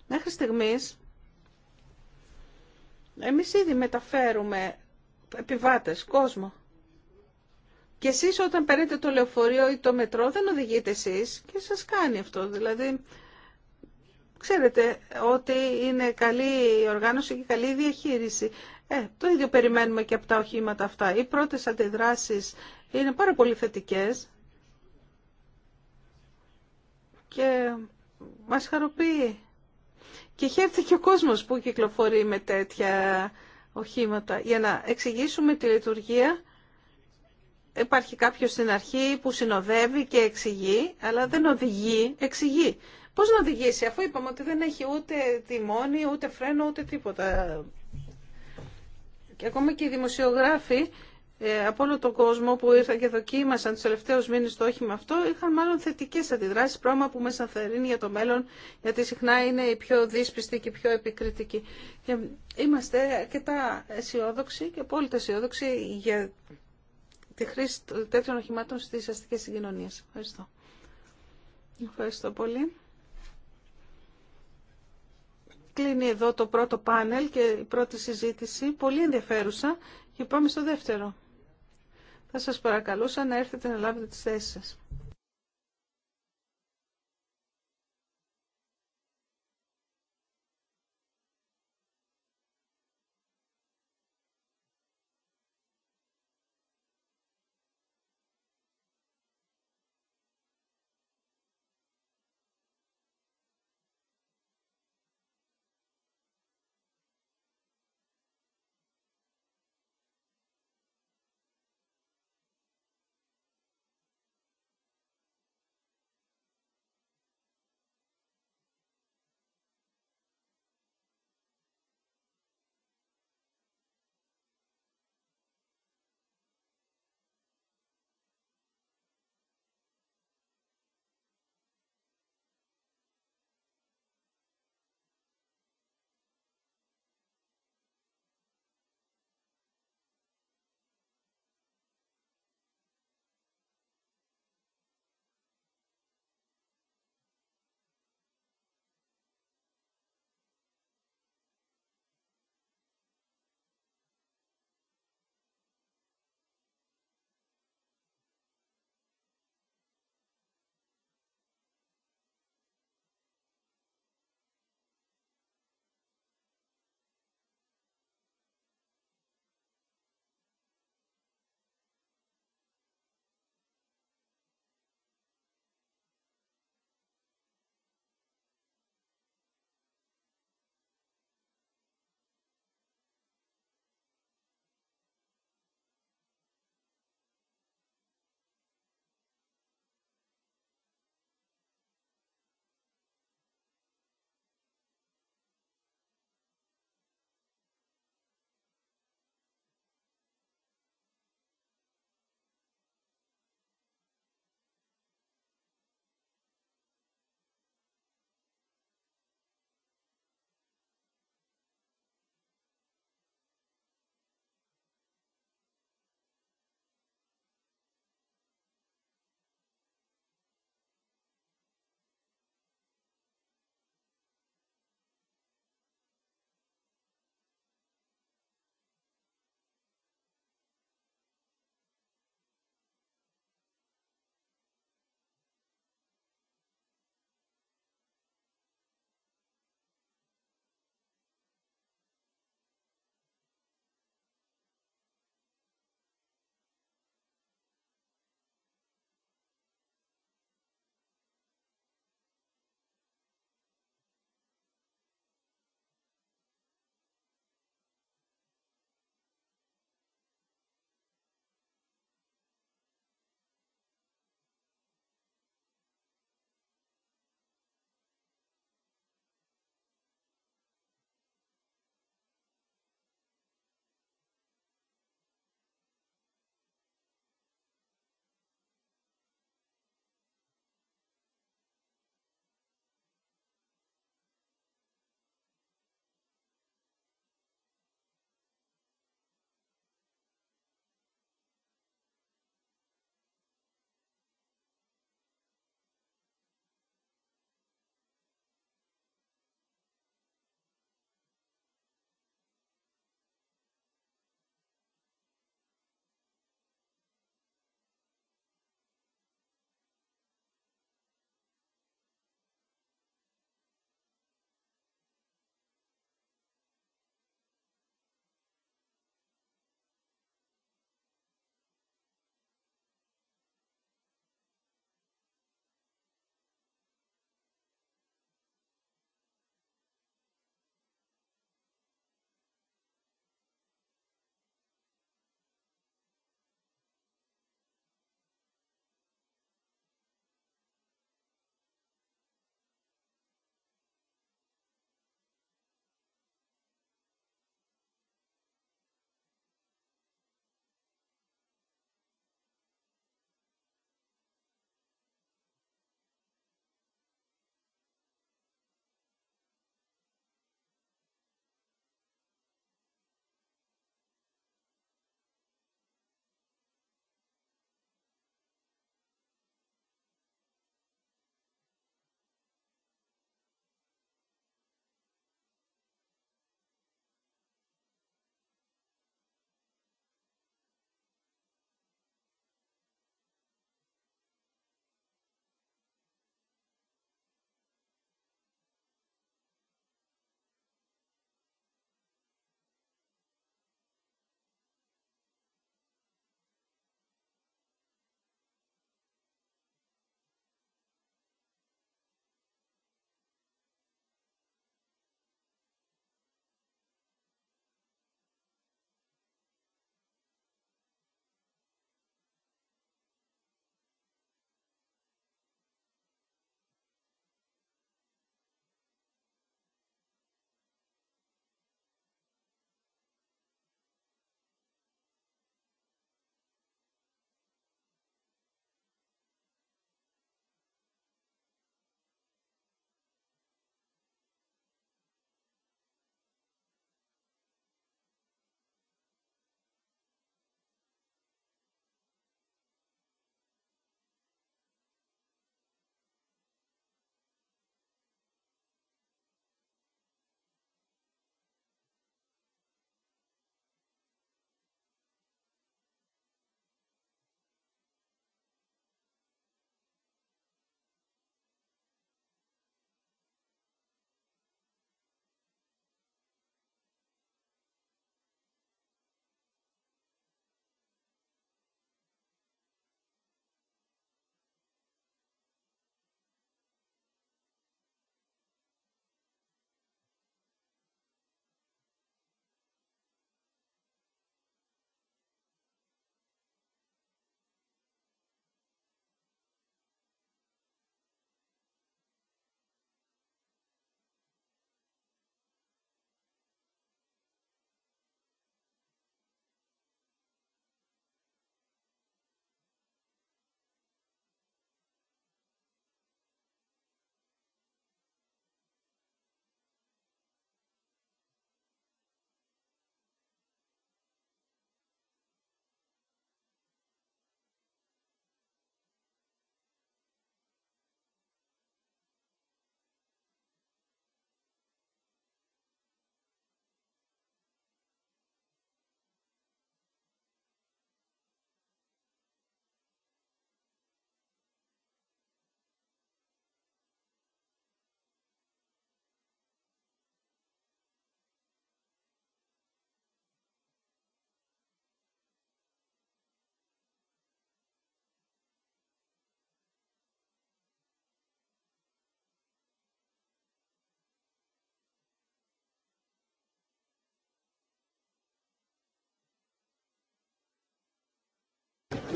Μέχρι στιγμής, εμείς ήδη μεταφέρουμε επιβάτες, κόσμο. Και εσείς όταν παίρνετε το λεωφορείο ή το μετρό δεν οδηγείτε εσείς και σας κάνει αυτό. Δηλαδή, ξέρετε ότι είναι καλή οργάνωση και καλή διαχείριση. Ε, το ίδιο περιμένουμε και από τα οχήματα αυτά. Οι πρώτες αντιδράσεις είναι πάρα πολύ θετικές και μας χαροποιεί. Και χαίρεται και ο κόσμος που κυκλοφορεί με τέτοια οχήματα. Για να εξηγήσουμε τη λειτουργία υπάρχει κάποιος στην αρχή που συνοδεύει και εξηγεί, αλλά δεν οδηγεί, εξηγεί. Πώς να οδηγήσει, αφού είπαμε ότι δεν έχει ούτε τιμόνι, ούτε φρένο, ούτε τίποτα και ακόμα και οι δημοσιογράφοι ε, από όλο τον κόσμο που ήρθαν και δοκίμασαν του τελευταίους μήνες το όχημα αυτό είχαν μάλλον θετικές αντιδράσεις, πράγμα που με σανθερίνει για το μέλλον γιατί συχνά είναι η πιο δύσπιστοι και οι πιο επικρίτικη Και είμαστε αρκετά αισιόδοξοι και απόλυτα αισιόδοξοι για τη χρήση τέτοιων οχημάτων στι αστικές συγκοινωνίε. Ευχαριστώ. Ευχαριστώ πολύ. Κλείνει εδώ το πρώτο πάνελ και η πρώτη συζήτηση, πολύ ενδιαφέρουσα, και πάμε στο δεύτερο. Θα σας παρακαλούσα να έρθετε να λάβετε τις θέσεις σας.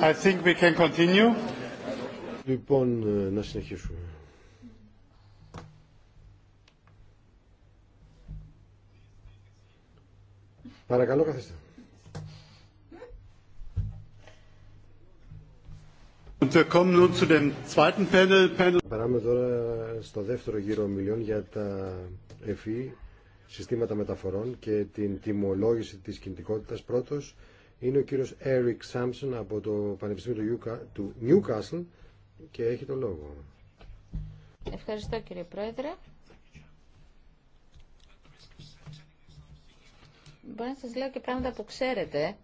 I think we can continue. Λοιπόν, ε, να συνεχίσουμε. Παρακαλώ, καθίστε. Περάμε τώρα στο δεύτερο γύρο ομιλιών για τα ΕΦΗ, e, συστήματα μεταφορών και την τιμολόγηση της κινητικότητας πρώτος είναι ο κύριος Eric Sampson από το Πανεπιστήμιο του Newcastle και έχει το λόγο. Ευχαριστώ κύριε Πρόεδρε. Μπορεί να σας λέω και πράγματα που ξέρετε,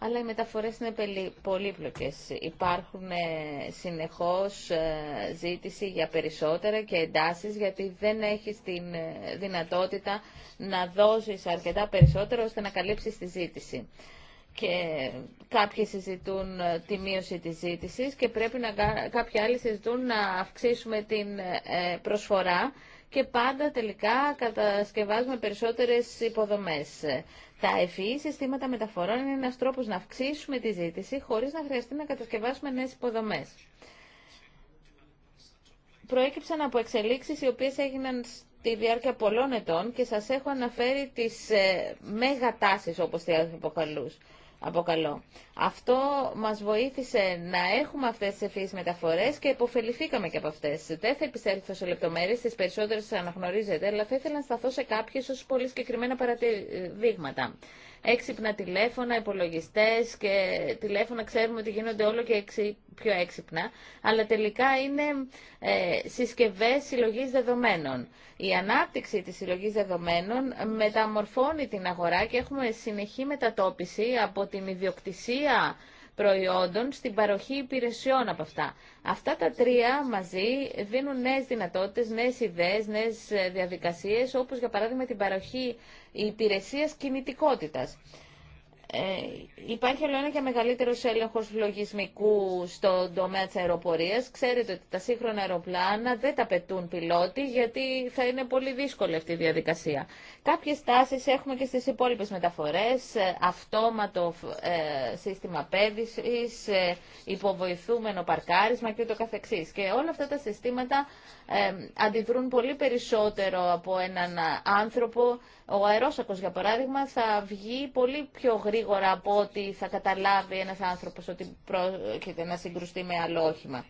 αλλά οι μεταφορές είναι πολύπλοκες. Υπάρχουν ε, συνεχώς ε, ζήτηση για περισσότερα και εντάσεις, γιατί δεν έχεις τη ε, δυνατότητα να δώσεις αρκετά περισσότερο ώστε να καλύψεις τη ζήτηση και κάποιοι συζητούν ε, τη μείωση της ζήτησης και πρέπει να, κάποιοι άλλοι συζητούν να αυξήσουμε την ε, προσφορά και πάντα τελικά κατασκευάζουμε περισσότερες υποδομές. Τα ευφυή e συστήματα μεταφορών είναι ένας τρόπος να αυξήσουμε τη ζήτηση χωρίς να χρειαστεί να κατασκευάσουμε νέες υποδομές. Προέκυψαν από εξελίξεις οι οποίες έγιναν τη διάρκεια πολλών ετών και σας έχω αναφέρει τις ε, όπω όπως αποκαλώ. Αυτό μας βοήθησε να έχουμε αυτές τις ευφύ μεταφορές και υποφεληθήκαμε και από αυτές. Δεν θα επιστρέψω σε λεπτομέρειες, τις περισσότερες αναγνωρίζετε, αλλά θα ήθελα να σταθώ σε κάποιες ως πολύ συγκεκριμένα παραδείγματα έξυπνα τηλέφωνα, υπολογιστέ και τηλέφωνα ξέρουμε ότι γίνονται όλο και πιο έξυπνα, αλλά τελικά είναι ε, συσκευές συλλογής δεδομένων. Η ανάπτυξη τη συλλογή δεδομένων μεταμορφώνει την αγορά και έχουμε συνεχή μετατόπιση από την ιδιοκτησία προϊόντων στην παροχή υπηρεσιών από αυτά. Αυτά τα τρία μαζί δίνουν νέες δυνατότητες, νέες ιδέες, νέες ε, διαδικασίες, όπως για παράδειγμα την παροχή Υπηρεσίας κινητικότητας. Ε, υπάρχει όλο ένα και μεγαλύτερος έλεγχος λογισμικού στον τομέα της αεροπορίας. Ξέρετε ότι τα σύγχρονα αεροπλάνα δεν τα πετούν πιλότοι γιατί θα είναι πολύ δύσκολη αυτή η διαδικασία. Κάποιες τάσεις έχουμε και στις υπόλοιπες μεταφορές, ε, αυτόματο ε, σύστημα πέδησης, ε, υποβοηθούμενο παρκάρισμα και το καθεξής. Και όλα αυτά τα συστήματα ε, αντιδρούν πολύ περισσότερο από έναν άνθρωπο ο αερόσακος, για παράδειγμα, θα βγει πολύ πιο γρήγορα από ότι θα καταλάβει ένας άνθρωπος ότι πρόκειται να συγκρουστεί με άλλο όχημα.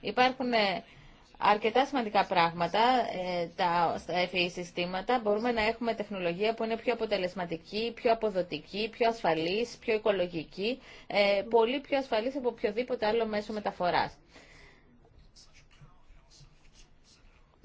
Υπάρχουν ε, αρκετά σημαντικά πράγματα ε, τα, στα συστήματα. Μπορούμε να έχουμε τεχνολογία που είναι πιο αποτελεσματική, πιο αποδοτική, πιο ασφαλής, πιο οικολογική, ε, πολύ πιο ασφαλής από οποιοδήποτε άλλο μέσο μεταφοράς.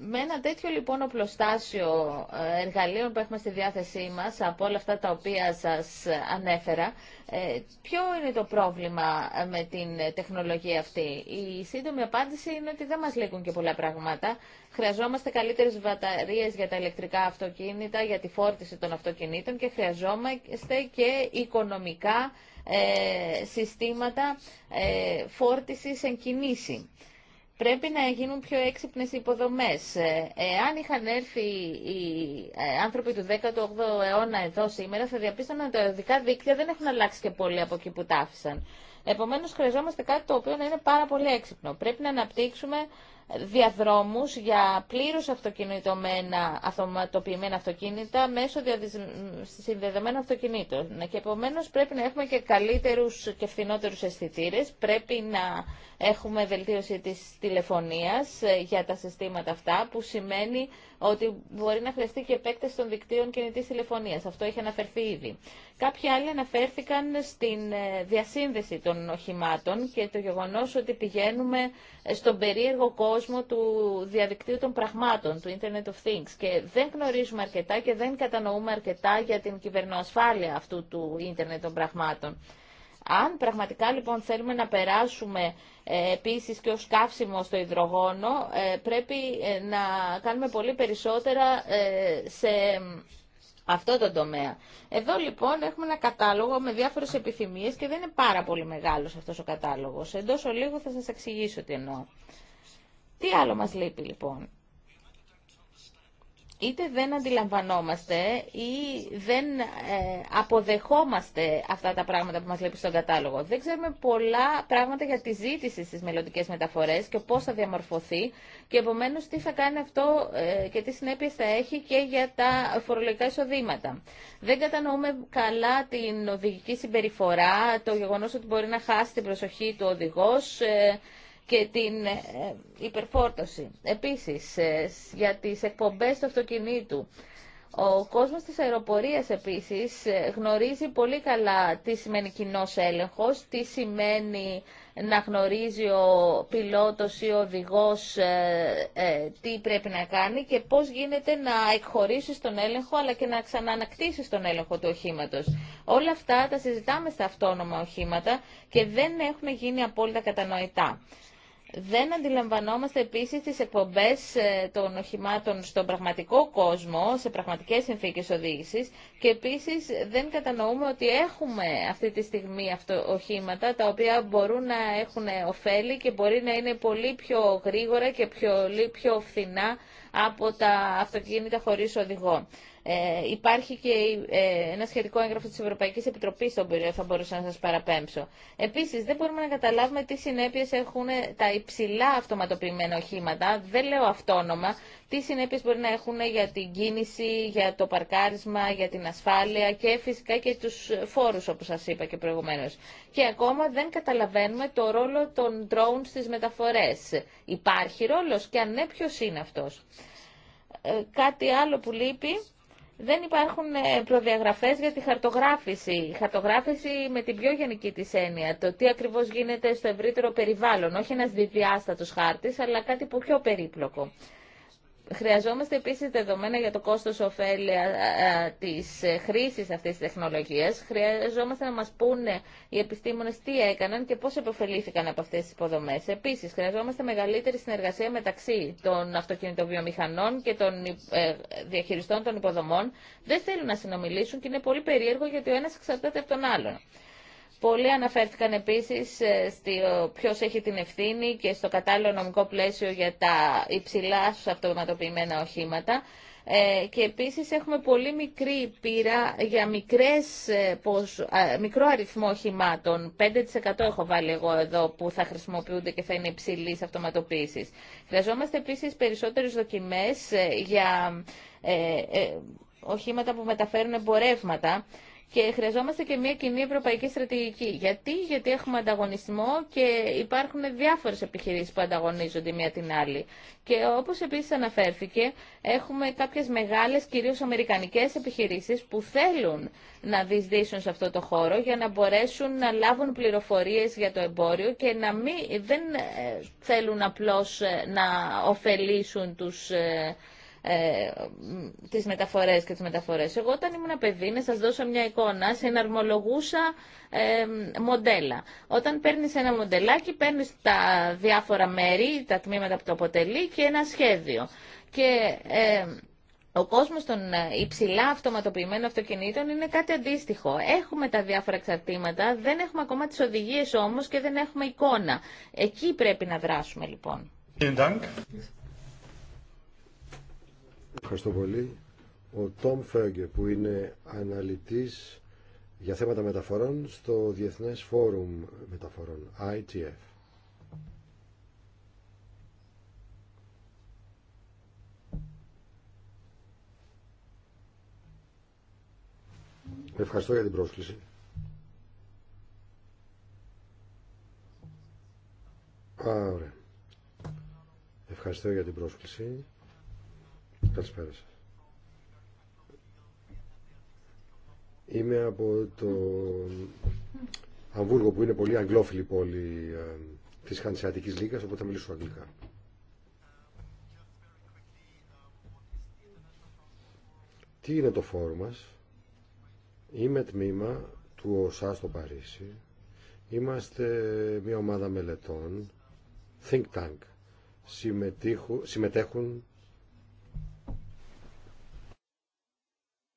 Με ένα τέτοιο λοιπόν οπλοστάσιο ε, εργαλείων που έχουμε στη διάθεσή μας από όλα αυτά τα οποία σας ανέφερα, ε, ποιο είναι το πρόβλημα ε, με την τεχνολογία αυτή. Η σύντομη απάντηση είναι ότι δεν μας λείπουν και πολλά πράγματα. Χρειαζόμαστε καλύτερες βαταρίες για τα ηλεκτρικά αυτοκίνητα, για τη φόρτιση των αυτοκινήτων και χρειαζόμαστε και οικονομικά συστήματα φόρτισης εν κινήσει. Πρέπει να γίνουν πιο έξυπνες οι υποδομές. Ε, εάν είχαν έρθει οι ε, άνθρωποι του 18ου αιώνα εδώ σήμερα, θα διαπίστωναν ότι τα δικά δίκτυα δεν έχουν αλλάξει και πολύ από εκεί που τα άφησαν. Επομένως, χρειαζόμαστε κάτι το οποίο να είναι πάρα πολύ έξυπνο. Πρέπει να αναπτύξουμε διαδρόμους για πλήρως αυτοκινητωμένα, αυτοματοποιημένα αυτοκίνητα μέσω συνδεδεμένων αυτοκινήτων. Και επομένως πρέπει να έχουμε και καλύτερους και φθηνότερους αισθητήρε, πρέπει να έχουμε βελτίωση της τηλεφωνίας ε, για τα συστήματα αυτά, που σημαίνει ότι μπορεί να χρειαστεί και επέκταση των δικτύων κινητή τηλεφωνίας. Αυτό έχει αναφερθεί ήδη. Κάποιοι άλλοι αναφέρθηκαν στην ε, διασύνδεση των οχημάτων και το γεγονός ότι πηγαίνουμε ε, στον περίεργο κόσμο του διαδικτύου των πραγμάτων, του Internet of Things και δεν γνωρίζουμε αρκετά και δεν κατανοούμε αρκετά για την κυβερνοασφάλεια αυτού του Internet των πραγμάτων. Αν πραγματικά λοιπόν θέλουμε να περάσουμε ε, επίσης και ως καύσιμο στο υδρογόνο, ε, πρέπει ε, να κάνουμε πολύ περισσότερα σε αυτό το τομέα. Εδώ λοιπόν έχουμε ένα κατάλογο με διάφορες επιθυμίες και δεν είναι πάρα πολύ μεγάλος αυτός ο κατάλογος. Εντός λίγο θα σας εξηγήσω τι εννοώ. Τι άλλο μας λείπει λοιπόν είτε δεν αντιλαμβανόμαστε ή δεν ε, αποδεχόμαστε αυτά τα πράγματα που μας βλέπει στον κατάλογο. Δεν ξέρουμε πολλά πράγματα για τη ζήτηση στις μελλοντικέ μεταφορές και πώς θα διαμορφωθεί και επομένως τι θα κάνει αυτό ε, και τι συνέπειες θα έχει και για τα φορολογικά εισοδήματα. Δεν κατανοούμε καλά την οδηγική συμπεριφορά, το γεγονός ότι μπορεί να χάσει την προσοχή του οδηγός, ε, και την ε, υπερφόρτωση. Επίσης, ε, για τις εκπομπές του αυτοκινήτου, ο κόσμος της αεροπορίας επίσης ε, γνωρίζει πολύ καλά τι σημαίνει κοινό έλεγχος, τι σημαίνει να γνωρίζει ο πιλότος ή ο οδηγός τι πρέπει να κάνει και πώς γίνεται να εκχωρήσει τον έλεγχο αλλά και να ξαναανακτήσεις τον έλεγχο του οχήματος. Όλα αυτά τα συζητάμε στα αυτόνομα οχήματα και δεν έχουν γίνει απόλυτα κατανοητά. Δεν αντιλαμβανόμαστε επίση τις εκπομπέ ε, των οχημάτων στον πραγματικό κόσμο, σε πραγματικές συνθήκες οδήγησης και επίσης δεν κατανοούμε ότι έχουμε αυτή τη στιγμή αυτό, οχήματα τα οποία μπορούν να έχουν ωφέλη και μπορεί να είναι πολύ πιο γρήγορα και πολύ πιο φθηνά από τα αυτοκίνητα χωρίς οδηγό. Ε, υπάρχει και ε, ένα σχετικό έγγραφο της Ευρωπαϊκής Επιτροπής στον οποίο θα μπορούσα να σας παραπέμψω. Επίσης, δεν μπορούμε να καταλάβουμε τι συνέπειες έχουν τα υψηλά αυτοματοποιημένα οχήματα, δεν λέω αυτόνομα, τι συνέπειες μπορεί να έχουν για την κίνηση, για το παρκάρισμα, για την ασφάλεια και φυσικά και τους φόρους όπως σας είπα και προηγουμένως. Και ακόμα δεν καταλαβαίνουμε το ρόλο των drones στις μεταφορές. Υπάρχει ρόλος και αν ναι ποιος είναι αυτός. Ε, κάτι άλλο που λείπει δεν υπάρχουν ε, προδιαγραφές για τη χαρτογράφηση. Η χαρτογράφηση με την πιο γενική της έννοια, το τι ακριβώς γίνεται στο ευρύτερο περιβάλλον, όχι ένας διδιάστατος χάρτης, αλλά κάτι που πιο περίπλοκο. Χρειαζόμαστε επίσης δεδομένα για το κόστος ωφέλεια ε, της ε, χρήσης αυτής της τεχνολογίας. Χρειαζόμαστε να μας πούνε οι επιστήμονες τι έκαναν και πώς επωφελήθηκαν από αυτές τις υποδομές. Επίσης, χρειαζόμαστε μεγαλύτερη συνεργασία μεταξύ των αυτοκινητοβιομηχανών και των ε, διαχειριστών των υποδομών. Δεν θέλουν να συνομιλήσουν και είναι πολύ περίεργο γιατί ο ένας εξαρτάται από τον άλλον. Πολλοί αναφέρθηκαν επίσης ε, στο ποιος έχει την ευθύνη και στο κατάλληλο νομικό πλαίσιο για τα υψηλά στους αυτοματοποιημένα οχήματα. Ε, και επίσης έχουμε πολύ μικρή πείρα για μικρές, ε, μικρό αριθμό οχημάτων. 5% έχω βάλει εγώ εδώ που θα χρησιμοποιούνται και θα είναι υψηλής αυτοματοποίησης. Χρειαζόμαστε επίσης περισσότερες δοκιμές για οχήματα που μεταφέρουν εμπορεύματα και χρειαζόμαστε και μια κοινή ευρωπαϊκή στρατηγική. Γιατί, Γιατί έχουμε ανταγωνισμό και υπάρχουν διάφορε επιχειρήσει που ανταγωνίζονται μία την άλλη. Και όπω επίση αναφέρθηκε, έχουμε κάποιε μεγάλε, κυρίω αμερικανικέ επιχειρήσει που θέλουν να διεισδύσουν σε αυτό το χώρο για να μπορέσουν να λάβουν πληροφορίε για το εμπόριο και να μην, δεν ε, θέλουν απλώ ε, να ωφελήσουν του ε, ε, τις μεταφορές και τις μεταφορές. Εγώ όταν ήμουν παιδί, να σας δώσω μια εικόνα, σε εναρμολογούσα ε, μοντέλα. Όταν παίρνεις ένα μοντελάκι, παίρνεις τα διάφορα μέρη, τα τμήματα που το αποτελεί και ένα σχέδιο. Και ε, ο κόσμο των ε, υψηλά αυτοματοποιημένων αυτοκινήτων είναι κάτι αντίστοιχο. Έχουμε τα διάφορα εξαρτήματα, δεν έχουμε ακόμα τι οδηγίε όμω και δεν έχουμε εικόνα. Εκεί πρέπει να δράσουμε λοιπόν. Ευχαριστώ πολύ. Ο Τόμ Φέγκε που είναι αναλυτής για θέματα μεταφορών στο Διεθνές Φόρουμ Μεταφορών, ITF. Ευχαριστώ για την πρόσκληση. Α, ωραία. Ευχαριστώ για την πρόσκληση. Καλησπέρα σας. Είμαι από το Αμβούργο που είναι πολύ αγγλόφιλη πόλη ε, της Χανσιατικής Λίγας, οπότε θα μιλήσω αγγλικά. Τι είναι το φόρο μας. Είμαι τμήμα του ΟΣΑ στο Παρίσι. Είμαστε μια ομάδα μελετών, think tank. Συμμετέχουν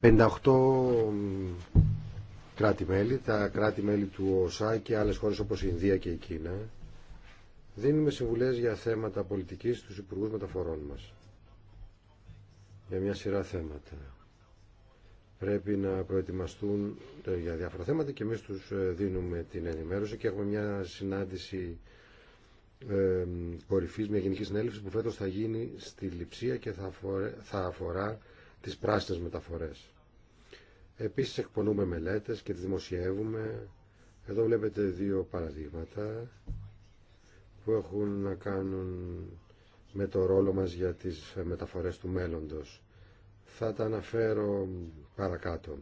58 κράτη-μέλη, τα κράτη-μέλη του ΟΣΑ και άλλες χώρες όπως η Ινδία και η Κίνα, δίνουμε συμβουλές για θέματα πολιτικής στους Υπουργούς Μεταφορών μας. Για μια σειρά θέματα. Πρέπει να προετοιμαστούν ε, για διάφορα θέματα και εμείς τους ε, δίνουμε την ενημέρωση και έχουμε μια συνάντηση ε, κορυφής, μια γενική συνέλευση που φέτος θα γίνει στη Λιψία και θα αφορά, θα αφορά τις πράσινες μεταφορές. Επίσης εκπονούμε μελέτες και τις δημοσιεύουμε. Εδώ βλέπετε δύο παραδείγματα που έχουν να κάνουν με το ρόλο μας για τις μεταφορές του μέλλοντος. Θα τα αναφέρω παρακάτω.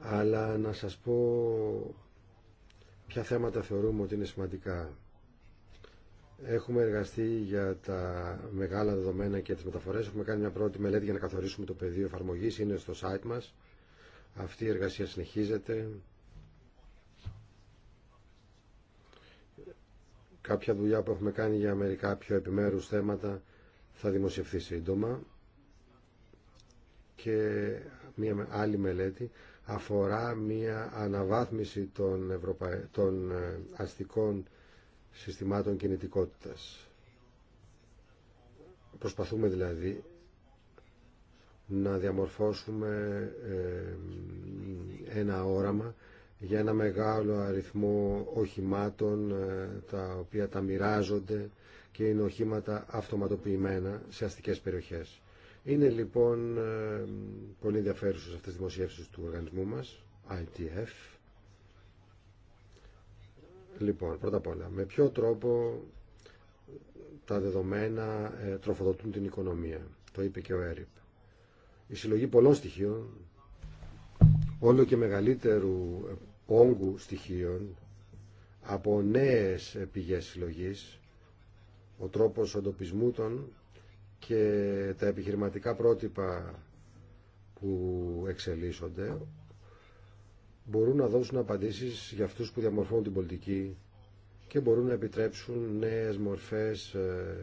Αλλά να σας πω ποια θέματα θεωρούμε ότι είναι σημαντικά. Έχουμε εργαστεί για τα μεγάλα δεδομένα και τις μεταφορές. Έχουμε κάνει μια πρώτη μελέτη για να καθορίσουμε το πεδίο εφαρμογής. Είναι στο site μας. Αυτή η εργασία συνεχίζεται. Κάποια δουλειά που έχουμε κάνει για μερικά πιο επιμέρους θέματα θα δημοσιευθεί σύντομα και μια άλλη μελέτη αφορά μια αναβάθμιση των, Ευρωπα... των ε, αστικών συστημάτων κινητικότητας. Προσπαθούμε δηλαδή να διαμορφώσουμε ε, ένα όραμα για ένα μεγάλο αριθμό οχημάτων ε, τα οποία τα μοιράζονται και είναι οχήματα αυτοματοποιημένα σε αστικές περιοχές. Είναι λοιπόν ε, πολύ ενδιαφέρουσε αυτές τις δημοσιεύσεις του οργανισμού μας, ITF. Λοιπόν, πρώτα απ' όλα, με ποιο τρόπο τα δεδομένα τροφοδοτούν την οικονομία. Το είπε και ο Έρη η συλλογή πολλών στοιχείων, όλο και μεγαλύτερου όγκου στοιχείων από νέες πηγές συλλογής, ο τρόπος οντοπισμού των και τα επιχειρηματικά πρότυπα που εξελίσσονται μπορούν να δώσουν απαντήσεις για αυτούς που διαμορφώνουν την πολιτική και μπορούν να επιτρέψουν νέες μορφές ε,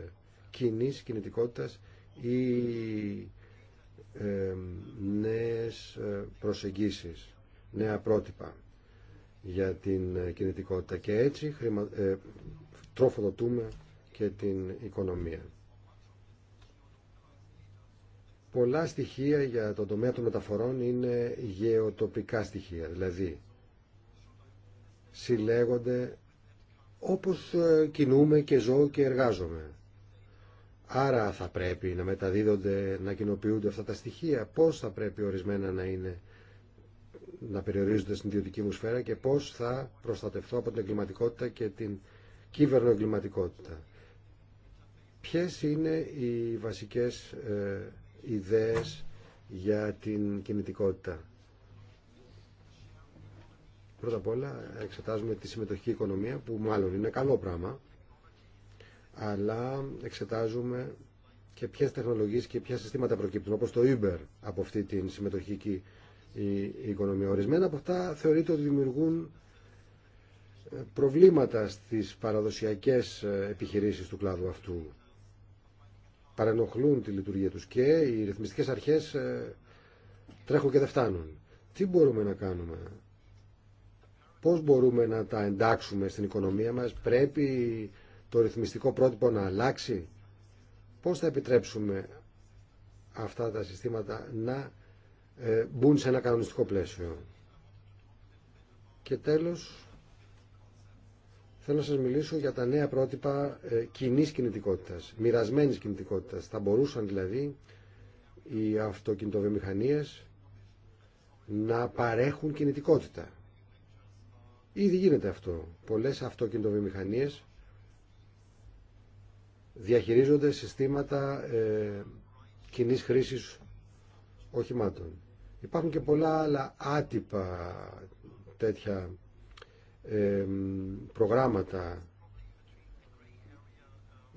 κίνης, κινητικότητας ή νέες ε, προσεγγίσεις, νέα πρότυπα για την ε, κινητικότητα και έτσι ε, τροφοδοτούμε και την οικονομία. Πολλά στοιχεία για τον τομέα των μεταφορών είναι γεωτοπικά στοιχεία, δηλαδή συλλέγονται όπως κινούμε και ζω και εργάζομαι. Άρα θα πρέπει να μεταδίδονται, να κοινοποιούνται αυτά τα στοιχεία, πώς θα πρέπει ορισμένα να είναι να περιορίζονται στην ιδιωτική μου σφαίρα και πώς θα προστατευτώ από την εγκληματικότητα και την εγκληματικότητα. Ποιες είναι οι βασικές ε, ιδέες για την κινητικότητα. Πρώτα απ' όλα εξετάζουμε τη συμμετοχική οικονομία που μάλλον είναι καλό πράγμα αλλά εξετάζουμε και ποιε τεχνολογίε και ποια συστήματα προκύπτουν, όπω το Uber από αυτή την συμμετοχική οικονομία. Ορισμένα από αυτά θεωρείται ότι δημιουργούν ε, προβλήματα στις παραδοσιακές ε, επιχειρήσεις του κλάδου αυτού. Παρενοχλούν τη λειτουργία τους και οι ρυθμιστικές αρχές ε, τρέχουν και δεν φτάνουν. Τι μπορούμε να κάνουμε, πώς μπορούμε να τα εντάξουμε στην οικονομία μας, πρέπει το ρυθμιστικό πρότυπο να αλλάξει. Πώς θα επιτρέψουμε αυτά τα συστήματα να ε, μπουν σε ένα κανονιστικό πλαίσιο. Και τέλος, θέλω να σας μιλήσω για τα νέα πρότυπα ε, κοινή κινητικότητας, μοιρασμένη κινητικότητας. Θα μπορούσαν δηλαδή οι αυτοκινητοβιομηχανίες να παρέχουν κινητικότητα. Ήδη γίνεται αυτό. Πολλές αυτοκινητοβιομηχανίες διαχειρίζονται συστήματα ε, κοινή χρήση οχημάτων. Υπάρχουν και πολλά άλλα άτυπα τέτοια ε, προγράμματα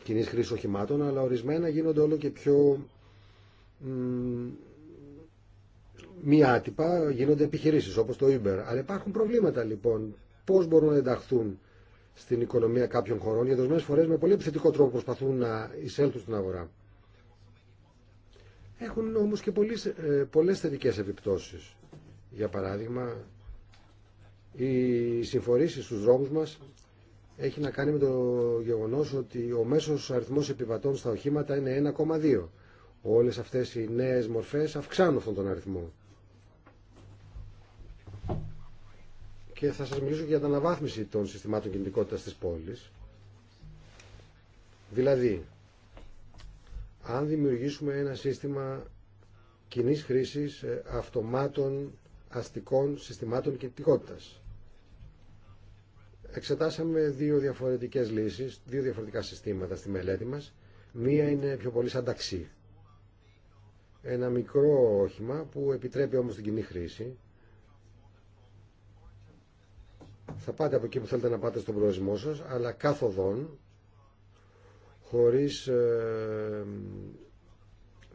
κοινή χρήση οχημάτων, αλλά ορισμένα γίνονται όλο και πιο μη άτυπα γίνονται επιχειρήσεις όπως το Uber. Αλλά υπάρχουν προβλήματα λοιπόν. Πώς μπορούν να ενταχθούν στην οικονομία κάποιων χωρών, γιατί ορισμένε φορέ με πολύ επιθετικό τρόπο προσπαθούν να εισέλθουν στην αγορά. Έχουν όμω και πολλέ ε, θετικέ επιπτώσει. Για παράδειγμα, οι συμφορήσει στου δρόμου μα έχει να κάνει με το γεγονό ότι ο μέσο αριθμό επιβατών στα οχήματα είναι 1,2. Όλε αυτέ οι νέε μορφέ αυξάνουν αυτόν τον αριθμό. και θα σας μιλήσω για την αναβάθμιση των συστημάτων κινητικότητας της πόλης. Δηλαδή, αν δημιουργήσουμε ένα σύστημα κοινής χρήσης ε, αυτομάτων αστικών συστημάτων κινητικότητας. Εξετάσαμε δύο διαφορετικές λύσεις, δύο διαφορετικά συστήματα στη μελέτη μας. Μία είναι πιο πολύ σαν ταξί. Ένα μικρό όχημα που επιτρέπει όμως την κοινή χρήση θα πάτε από εκεί που θέλετε να πάτε στον προορισμό σας, αλλά κάθοδον, χωρίς ε,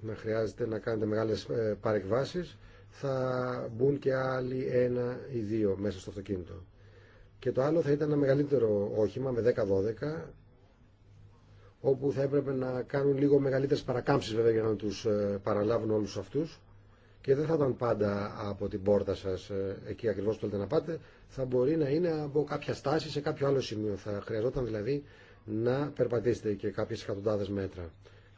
να χρειάζεται να κάνετε μεγάλες ε, παρεκβάσεις, θα μπουν και άλλοι ένα ή δύο μέσα στο αυτοκίνητο. Και το άλλο θα ήταν ένα μεγαλύτερο όχημα με 10-12, όπου θα έπρεπε να κάνουν λίγο μεγαλύτερες παρακάμψεις βέβαια για να τους ε, παραλάβουν όλους αυτούς και δεν θα ήταν πάντα από την πόρτα σα ε, εκεί ακριβώ που θέλετε να πάτε θα μπορεί να είναι από κάποια στάση σε κάποιο άλλο σημείο θα χρειαζόταν δηλαδή να περπατήσετε και κάποιε εκατοντάδε μέτρα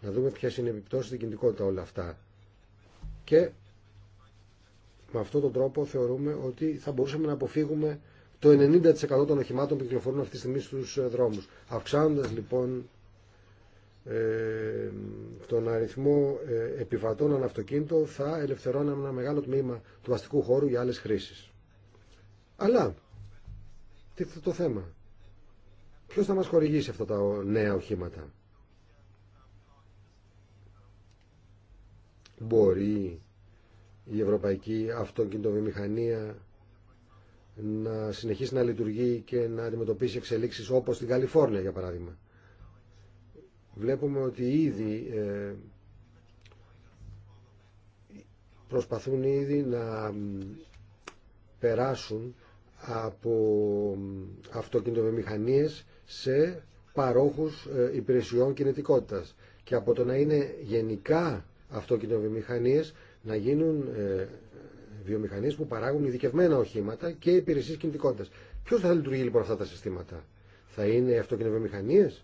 να δούμε ποιε είναι οι επιπτώσει στην κινητικότητα όλα αυτά και με αυτόν τον τρόπο θεωρούμε ότι θα μπορούσαμε να αποφύγουμε το 90% των οχημάτων που κυκλοφορούν αυτή τη στιγμή στου ε, δρόμου. Αυξάνοντα λοιπόν ε, τον αριθμό ε, επιβατών αν αυτοκίνητο θα ελευθερώναμε ένα μεγάλο τμήμα του αστικού χώρου για άλλες χρήσεις. Αλλά, τι θα το θέμα. Ποιος θα μας χορηγήσει αυτά τα νέα οχήματα. Μπορεί η ευρωπαϊκή αυτοκινητοβιομηχανία να συνεχίσει να λειτουργεί και να αντιμετωπίσει εξελίξεις όπως στην Καλιφόρνια για παράδειγμα βλέπουμε ότι ήδη ε, προσπαθούν ήδη να περάσουν από αυτοκινητοβιομηχανίες σε παρόχους ε, υπηρεσιών κινητικότητας και από το να είναι γενικά αυτοκινητοβιομηχανίες να γίνουν ε, βιομηχανίες που παράγουν ειδικευμένα οχήματα και υπηρεσίες κινητικότητας. Ποιος θα λειτουργεί λοιπόν αυτά τα συστήματα. Θα είναι αυτοκινητοβιομηχανίες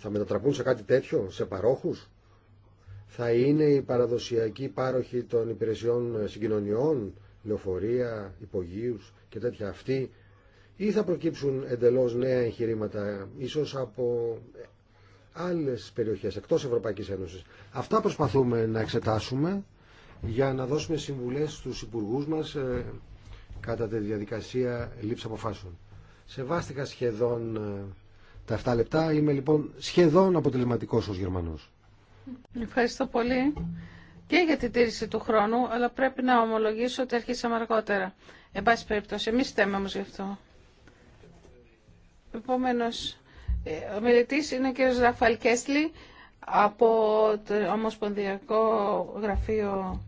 θα μετατραπούν σε κάτι τέτοιο, σε παρόχους. Θα είναι οι παραδοσιακοί πάροχοι των υπηρεσιών συγκοινωνιών, λεωφορεία, υπογείους και τέτοια αυτοί ή θα προκύψουν εντελώς νέα εγχειρήματα, ίσως από άλλες περιοχές εκτός Ευρωπαϊκής Ένωσης. Αυτά προσπαθούμε να εξετάσουμε για να δώσουμε συμβουλές στους υπουργούς μας ε, κατά τη διαδικασία λήψη αποφάσεων. Σεβάστηκα σχεδόν ε, τα 7 λεπτά. Είμαι λοιπόν σχεδόν αποτελεσματικός ως Γερμανός. Ευχαριστώ πολύ και για την τήρηση του χρόνου, αλλά πρέπει να ομολογήσω ότι αρχίσαμε αργότερα. Εν πάση περιπτώσει, εμείς θέμε όμως γι' αυτό. Επόμενος, ε, ο μιλητής είναι ο κ. Ραφαλ Κέσλι από το Ομοσπονδιακό Γραφείο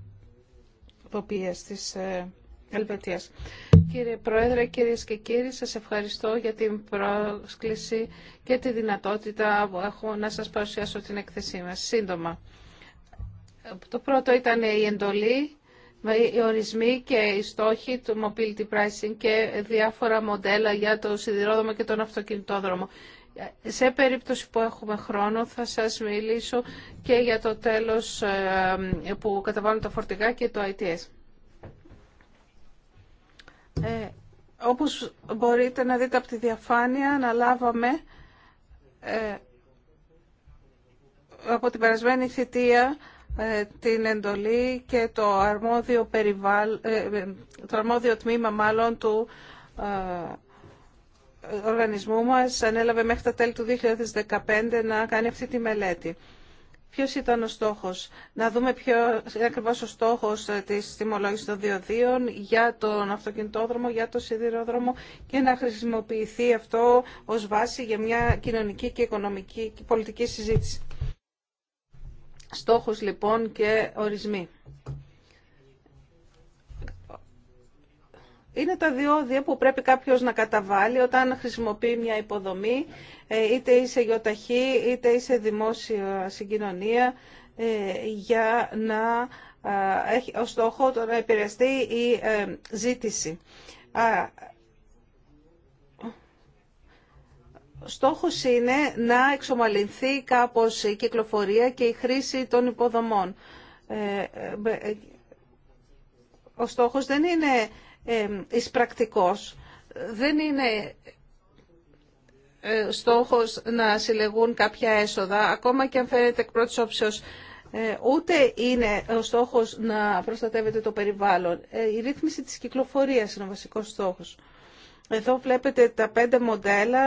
Τοπίας της ε, Ελβετίας. Κύριε Πρόεδρε, κυρίες και κύριοι, σας ευχαριστώ για την πρόσκληση και τη δυνατότητα που έχω να σας παρουσιάσω την εκθεσή μας. Σύντομα. Το πρώτο ήταν η εντολή, οι ορισμοί και οι στόχοι του mobility pricing και διάφορα μοντέλα για το σιδηρόδρομο και τον αυτοκινητόδρομο. Σε περίπτωση που έχουμε χρόνο θα σας μιλήσω και για το τέλος ε, που καταβάλουν τα φορτηγά και το ITS. Ε, όπως μπορείτε να δείτε από τη διαφάνεια, αναλάβαμε ε, από την περασμένη θητεία ε, την εντολή και το αρμόδιο, περιβάλ, ε, το αρμόδιο τμήμα μάλλον του ε, οργανισμού μας ανέλαβε μέχρι τα τέλη του 2015 να κάνει αυτή τη μελέτη. Ποιο ήταν ο στόχος. Να δούμε ποιο είναι ακριβώς ο στόχο ε, της τιμολόγηση των διοδίων για τον αυτοκινητόδρομο, για το σιδηρόδρομο και να χρησιμοποιηθεί αυτό ως βάση για μια κοινωνική και οικονομική και πολιτική συζήτηση. Στόχος λοιπόν και ορισμοί. είναι τα διόδια που πρέπει κάποιος να καταβάλει όταν χρησιμοποιεί μια υποδομή, ε, είτε είσαι γεωταχή, είτε είσαι δημόσια συγκοινωνία, ε, για να έχει ως στόχο το να επηρεαστεί η ε, ζήτηση. Στόχος είναι να εξομαλυνθεί κάπως η κυκλοφορία και η χρήση των υποδομών. Ο στόχος δεν είναι πρακτικός δεν είναι ε, στόχος να συλλεγούν κάποια έσοδα, ακόμα και αν φαίνεται εκ πρώτης όψεως ε, ούτε είναι ο στόχος να προστατεύεται το περιβάλλον. Ε, η ρύθμιση της κυκλοφορίας είναι ο βασικός στόχος. Εδώ βλέπετε τα πέντε μοντέλα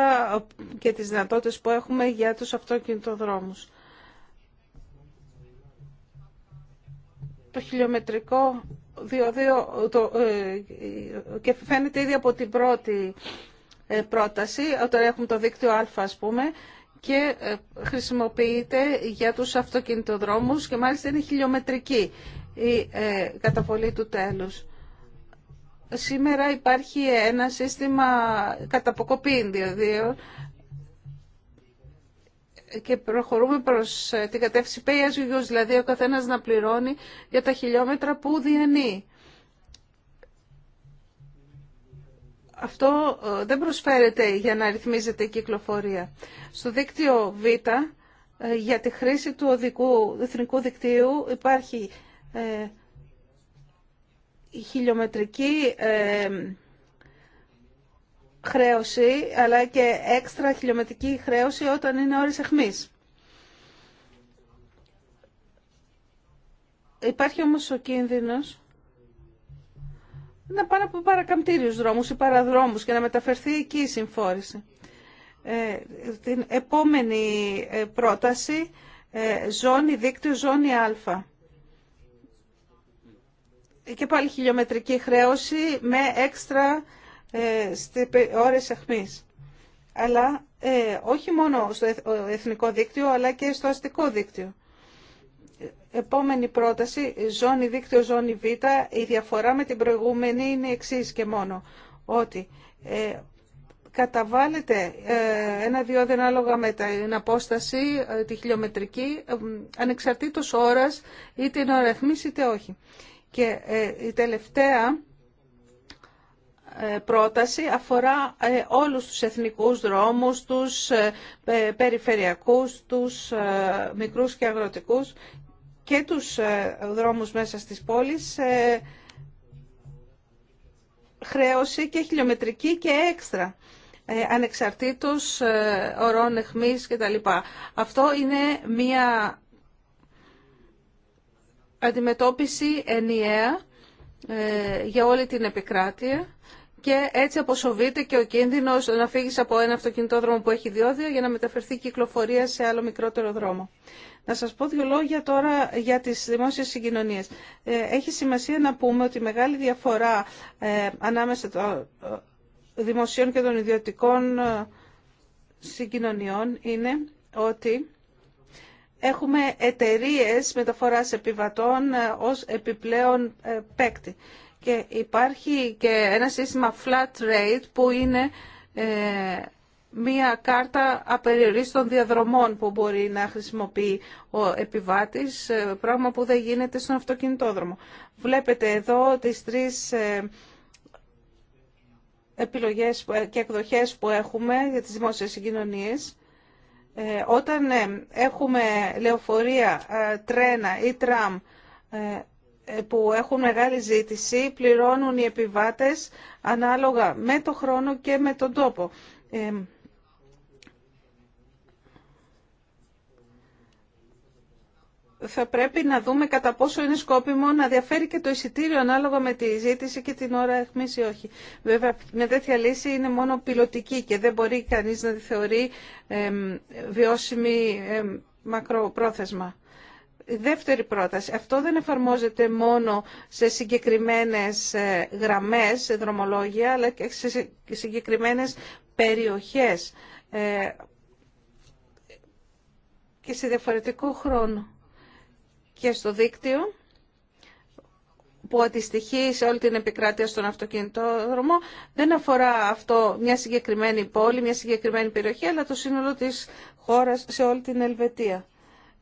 και τις δυνατότητες που έχουμε για τους αυτοκινητοδρόμους. Το χιλιομετρικό το, ε, και φαίνεται ήδη από την πρώτη ε, πρόταση, όταν έχουμε το δίκτυο Α ας πούμε, και ε, χρησιμοποιείται για τους αυτοκινητοδρόμους και μάλιστα είναι χιλιομετρική η καταβολή του τέλους. Σήμερα υπάρχει ένα σύστημα καταποκοπήν δηλαδή, και προχωρούμε προς ε, την κατεύθυνση pay as you δηλαδή ο καθένας να πληρώνει για τα χιλιόμετρα που διανύει. Αυτό ε, δεν προσφέρεται για να ρυθμίζεται η κυκλοφορία. Στο δίκτυο Β, ε, για τη χρήση του οδικού εθνικού δικτύου υπάρχει χιλιομετρική χρέωση αλλά και έξτρα χιλιομετρική χρέωση όταν είναι ώρες αιχμής. Υπάρχει όμως ο κίνδυνος να πάνε από παρακαμπτήριους δρόμους ή παραδρόμους και να μεταφερθεί εκεί η συμφόρηση. Ε, την επόμενη ε, πρόταση, ε, ζώνη δίκτυο, ζώνη α. Και πάλι χιλιομετρική χρέωση με έξτρα ε, στις ώρες αιχμής. Αλλά ε, όχι μόνο στο εθνικό δίκτυο, αλλά και στο αστικό δίκτυο. Επόμενη πρόταση, ζώνη δίκτυο, ζώνη β. Η διαφορά με την προηγούμενη είναι εξή και μόνο. Ότι ε, καταβάλλεται ε, ένα δυο ανάλογα με την απόσταση, ε, τη χιλιομετρική, ανεξαρτήτως ώρας, είτε είναι ώρα είτε όχι. Και η τελευταία ε, πρόταση αφορά ε, όλους τους εθνικούς δρόμους, τους ε, περιφερειακούς, τους μικρούς και αγροτικούς και τους δρόμους μέσα στις πόλεις χρέωση και χιλιομετρική και έξτρα ανεξαρτήτως ορών εχμής λοιπά. Αυτό είναι μία αντιμετώπιση ενιαία για όλη την επικράτεια και έτσι αποσοβείται και ο κίνδυνος να φύγεις από ένα αυτοκινητόδρομο που έχει διόδια για να μεταφερθεί κυκλοφορία σε άλλο μικρότερο δρόμο. Να σας πω δύο λόγια τώρα για τις δημόσιες συγκοινωνίες. Ε, έχει σημασία να πούμε ότι η μεγάλη διαφορά ε, ανάμεσα των ε, δημοσίων και των ιδιωτικών συγκοινωνιών είναι ότι έχουμε εταιρείε μεταφοράς επιβατών ως επιπλέον παίκτη. Και υπάρχει και ένα σύστημα flat rate που είναι ε, μία κάρτα απεριορίστων διαδρομών που μπορεί να χρησιμοποιεί ο επιβάτης, ε, πράγμα που δεν γίνεται στον αυτοκινητόδρομο. Βλέπετε εδώ τις τρεις ε, επιλογές και εκδοχές που έχουμε για τις δημόσιες συγκοινωνίες. Όταν έχουμε λεωφορεία, τρένα ή τραμ ε, που έχουν μεγάλη ζήτηση πληρώνουν οι επιβάτες ανάλογα με το χρόνο και με τον τόπο. Ε, θα πρέπει να δούμε κατά πόσο είναι σκόπιμο να διαφέρει και το εισιτήριο ανάλογα με τη ζήτηση και την ώρα αιχμής ή όχι. Βέβαια, μια τέτοια λύση είναι μόνο πιλωτική και δεν μπορεί κανείς να τη θεωρεί βιώσιμη μακροπρόθεσμα. Δεύτερη πρόταση. Αυτό δεν εφαρμόζεται μόνο σε συγκεκριμένες ε, γραμμές, σε δρομολόγια, αλλά και σε συγκεκριμένες περιοχές ε, και σε διαφορετικό χρόνο και στο δίκτυο που αντιστοιχεί σε όλη την επικράτεια στον αυτοκινητόδρομο. Δεν αφορά αυτό μια συγκεκριμένη πόλη, μια συγκεκριμένη περιοχή, αλλά το σύνολο της χώρας σε όλη την Ελβετία.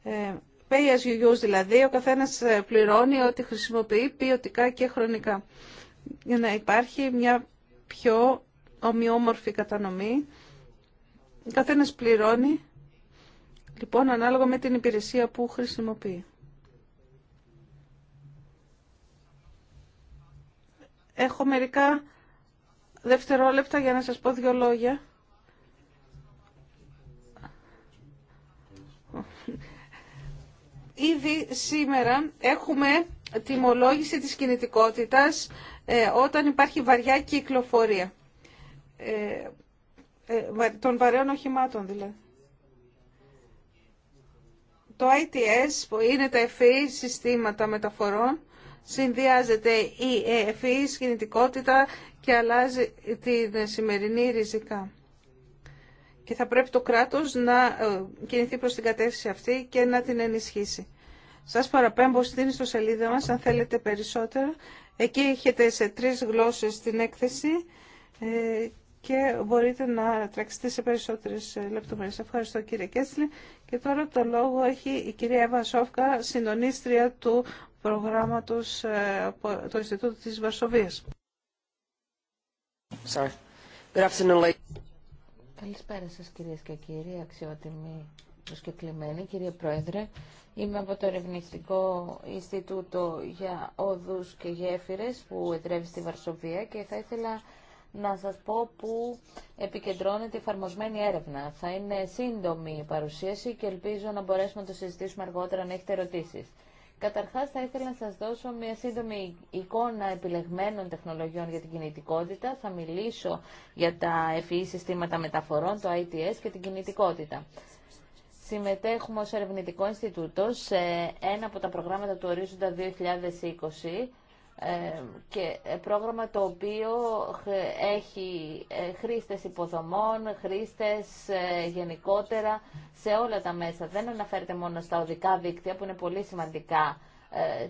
Ε, pay as you use, δηλαδή ο καθένας ε, πληρώνει ό,τι χρησιμοποιεί ποιοτικά και χρονικά. Για να υπάρχει μια πιο ομοιόμορφη κατανομή, ο καθένας πληρώνει, λοιπόν, ανάλογα με την υπηρεσία που χρησιμοποιεί. Έχω μερικά δευτερόλεπτα για να σας πω δύο λόγια. Ήδη σήμερα έχουμε τιμολόγηση της κινητικότητας ε, όταν υπάρχει βαριά κυκλοφορία. Ε, ε, των βαρέων οχημάτων δηλαδή. Το ITS που είναι τα FEE συστήματα μεταφορών συνδυάζεται η ευφυής κινητικότητα και αλλάζει την σημερινή ριζικά. Και θα πρέπει το κράτος να ε, κινηθεί προς την κατεύθυνση αυτή και να την ενισχύσει. Σας παραπέμπω στην ιστοσελίδα μας, αν θέλετε περισσότερα. Εκεί έχετε σε τρεις γλώσσες την έκθεση ε, και μπορείτε να τρέξετε σε περισσότερες ε, λεπτομέρειες. Ευχαριστώ κύριε Κέσλι. Και τώρα το λόγο έχει η κυρία Εύα Σόφκα, συντονίστρια του προγράμματος του Ινστιτούτου της Βαρσοβίας. Καλησπέρα σας κυρίες και κύριοι, αξιότιμοι προσκεκλημένοι. Κύριε Πρόεδρε, είμαι από το Ερευνητικό Ινστιτούτο για Όδους και Γέφυρες που εδρεύει στη Βαρσοβία και θα ήθελα να σας πω που επικεντρώνεται η εφαρμοσμένη έρευνα. Θα είναι σύντομη η παρουσίαση και ελπίζω να μπορέσουμε να το συζητήσουμε αργότερα αν έχετε ερωτήσεις. Καταρχάς θα ήθελα να σας δώσω μια σύντομη εικόνα επιλεγμένων τεχνολογιών για την κινητικότητα. Θα μιλήσω για τα FEE συστήματα μεταφορών, το ITS και την κινητικότητα. Συμμετέχουμε ως Ερευνητικό Ινστιτούτο σε ένα από τα προγράμματα του Ορίζοντα 2020 ε, και ε, πρόγραμμα το οποίο έχει ε, χρήστες υποδομών, χρήστες γενικότερα σε όλα τα μέσα. Δεν αναφέρεται μόνο στα οδικά δίκτυα που είναι πολύ σημαντικά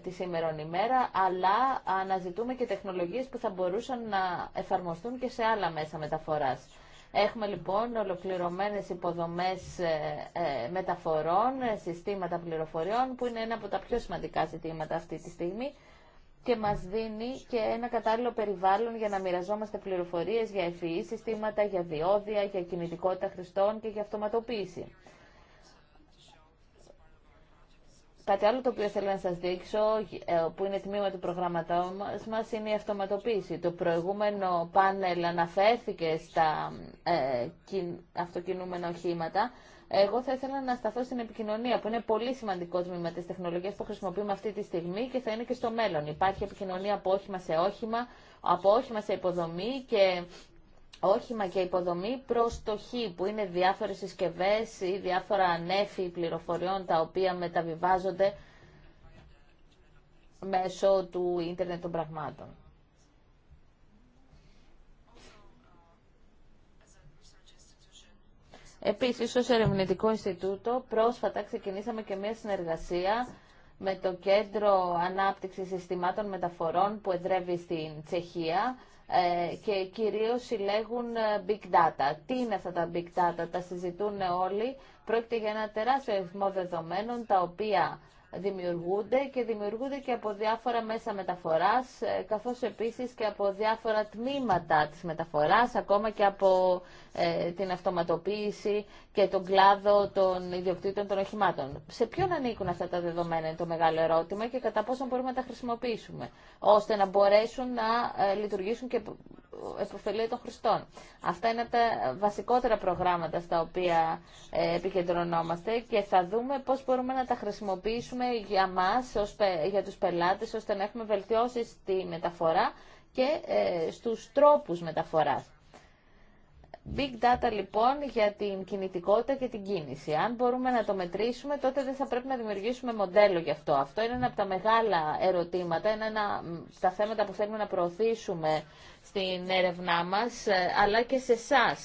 τη σήμερον ημέρα, αλλά αναζητούμε και τεχνολογίες που θα μπορούσαν να εφαρμοστούν και σε άλλα μέσα μεταφοράς. Έχουμε λοιπόν ολοκληρωμένες υποδομές μεταφορών, συστήματα πληροφοριών, που είναι ένα από τα πιο σημαντικά ζητήματα αυτή τη στιγμή και μας δίνει και ένα κατάλληλο περιβάλλον για να μοιραζόμαστε πληροφορίες για ευφυή συστήματα, για διόδια, για κινητικότητα χρηστών και για αυτοματοποίηση. Κάτι άλλο το οποίο θέλω να σας δείξω, ε, που είναι τμήμα του προγράμματός μας, είναι η αυτοματοποίηση. Το προηγούμενο πάνελ αναφέρθηκε στα ε, αυτοκινούμενα οχήματα, εγώ θα ήθελα να σταθώ στην επικοινωνία, που είναι πολύ σημαντικό τμήμα τη τεχνολογία που χρησιμοποιούμε αυτή τη στιγμή και θα είναι και στο μέλλον. Υπάρχει επικοινωνία από όχημα σε όχημα, από όχημα σε υποδομή και όχημα και υποδομή προ το χ, που είναι διάφορε συσκευέ ή διάφορα ανέφη πληροφοριών τα οποία μεταβιβάζονται μέσω του ίντερνετ των πραγμάτων. Επίσης, ως Ερευνητικό Ινστιτούτο, πρόσφατα ξεκινήσαμε και μια συνεργασία με το Κέντρο Ανάπτυξης Συστημάτων Μεταφορών που εδρεύει στην Τσεχία ε, και κυρίως συλλέγουν ε, big data. Τι είναι αυτά τα big data, τα συζητούν όλοι. Πρόκειται για ένα τεράστιο αριθμό δεδομένων τα οποία δημιουργούνται και δημιουργούνται και από διάφορα μέσα μεταφοράς, ε, καθώς επίσης και από διάφορα τμήματα της μεταφοράς, ακόμα και από ε, την αυτοματοποίηση και τον κλάδο των ιδιοκτήτων των οχημάτων. Σε ποιον ανήκουν αυτά τα δεδομένα είναι το μεγάλο ερώτημα και κατά πόσο μπορούμε να τα χρησιμοποιήσουμε, ώστε να μπορέσουν να ε, λειτουργήσουν και εποφελεί των χρηστών. Αυτά είναι τα βασικότερα προγράμματα στα οποία ε, επικεντρωνόμαστε και θα δούμε πώς μπορούμε να τα χρησιμοποιήσουμε για μας, για τους πελάτες, ώστε να έχουμε βελτιώσει στη μεταφορά και ε, στους τρόπους μεταφοράς. Big data λοιπόν για την κινητικότητα και την κίνηση. Αν μπορούμε να το μετρήσουμε, τότε δεν θα πρέπει να δημιουργήσουμε μοντέλο γι' αυτό. Αυτό είναι ένα από τα μεγάλα ερωτήματα, είναι ένα από τα θέματα που θέλουμε να προωθήσουμε στην έρευνά μας, ε, αλλά και σε εσά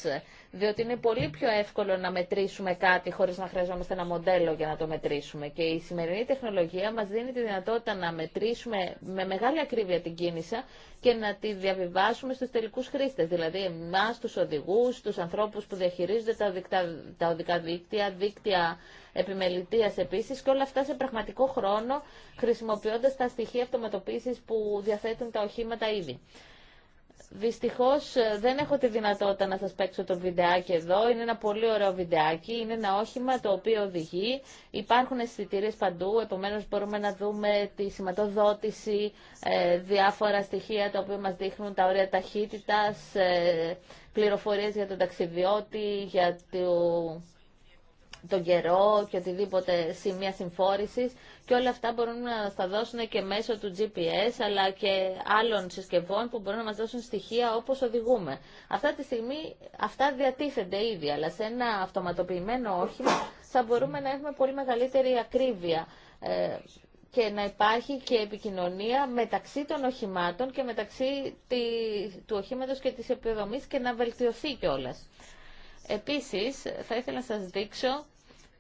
διότι είναι πολύ πιο εύκολο να μετρήσουμε κάτι χωρίς να χρειαζόμαστε ένα μοντέλο για να το μετρήσουμε. Και η σημερινή τεχνολογία μας δίνει τη δυνατότητα να μετρήσουμε με μεγάλη ακρίβεια την κίνηση και να τη διαβιβάσουμε στους τελικούς χρήστες, δηλαδή εμάς, τους οδηγούς, τους ανθρώπους που διαχειρίζονται τα, οδικά, τα οδικά δίκτυα, δίκτυα επιμελητίας επίσης και όλα αυτά σε πραγματικό χρόνο χρησιμοποιώντας τα στοιχεία αυτοματοποίησης που διαθέτουν τα οχήματα ήδη. Δυστυχώ, ε, δεν έχω τη δυνατότητα να σα παίξω το βιντεάκι εδώ. Είναι ένα πολύ ωραίο βιντεάκι. Είναι ένα όχημα το οποίο οδηγεί. Υπάρχουν αισθητήρε παντού, επομένω μπορούμε να δούμε τη σηματοδότηση, ε, διάφορα στοιχεία τα οποία μα δείχνουν τα ωραία ταχύτητα, ε, πληροφορίε για τον ταξιδιώτη, για το τον καιρό και οτιδήποτε σημεία συμφόρησης και όλα αυτά μπορούν να τα δώσουν και μέσω του GPS αλλά και άλλων συσκευών που μπορούν να μας δώσουν στοιχεία όπως οδηγούμε. Αυτά τη στιγμή αυτά διατίθενται ήδη αλλά σε ένα αυτοματοποιημένο όχημα θα μπορούμε να έχουμε πολύ μεγαλύτερη ακρίβεια ε, και να υπάρχει και επικοινωνία μεταξύ των οχημάτων και μεταξύ του οχήματος και της επιδομής και να βελτιωθεί κιόλας. Επίσης, θα ήθελα να σας δείξω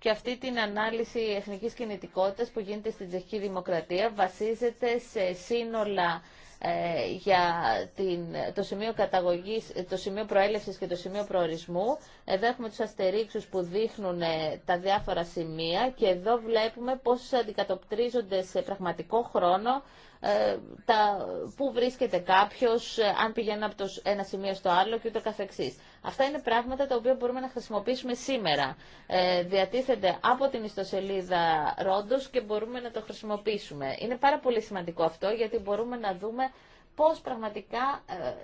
και αυτή την ανάλυση εθνικής κινητικότητας που γίνεται στην Τσεχική Δημοκρατία βασίζεται σε σύνολα ε, για την, το σημείο καταγωγής, το σημείο προέλευσης και το σημείο προορισμού. Εδώ έχουμε τους αστερίξους που δείχνουν ε, τα διάφορα σημεία και εδώ βλέπουμε πώς αντικατοπτρίζονται σε πραγματικό χρόνο ε, τα, που βρίσκεται κάποιος, αν πηγαίνει από το, ένα σημείο στο άλλο και ούτω καθεξής. Αυτά είναι πράγματα τα οποία μπορούμε να χρησιμοποιήσουμε σήμερα. Ε, διατίθεται από την ιστοσελίδα Ρόντος και μπορούμε να το χρησιμοποιήσουμε. Είναι πάρα πολύ σημαντικό αυτό γιατί μπορούμε να δούμε πώς πραγματικά ε,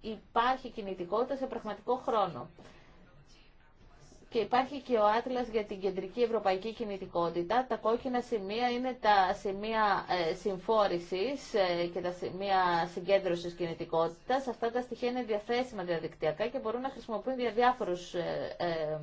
υπάρχει κινητικότητα σε πραγματικό χρόνο και υπάρχει και ο Άτλας για την κεντρική ευρωπαϊκή κινητικότητα. Τα κόκκινα σημεία είναι τα σημεία ε, συμφόρησης ε, και τα σημεία συγκέντρωσης κινητικότητας. Αυτά τα στοιχεία είναι διαθέσιμα διαδικτυακά και μπορούν να χρησιμοποιούν για διάφορους ε,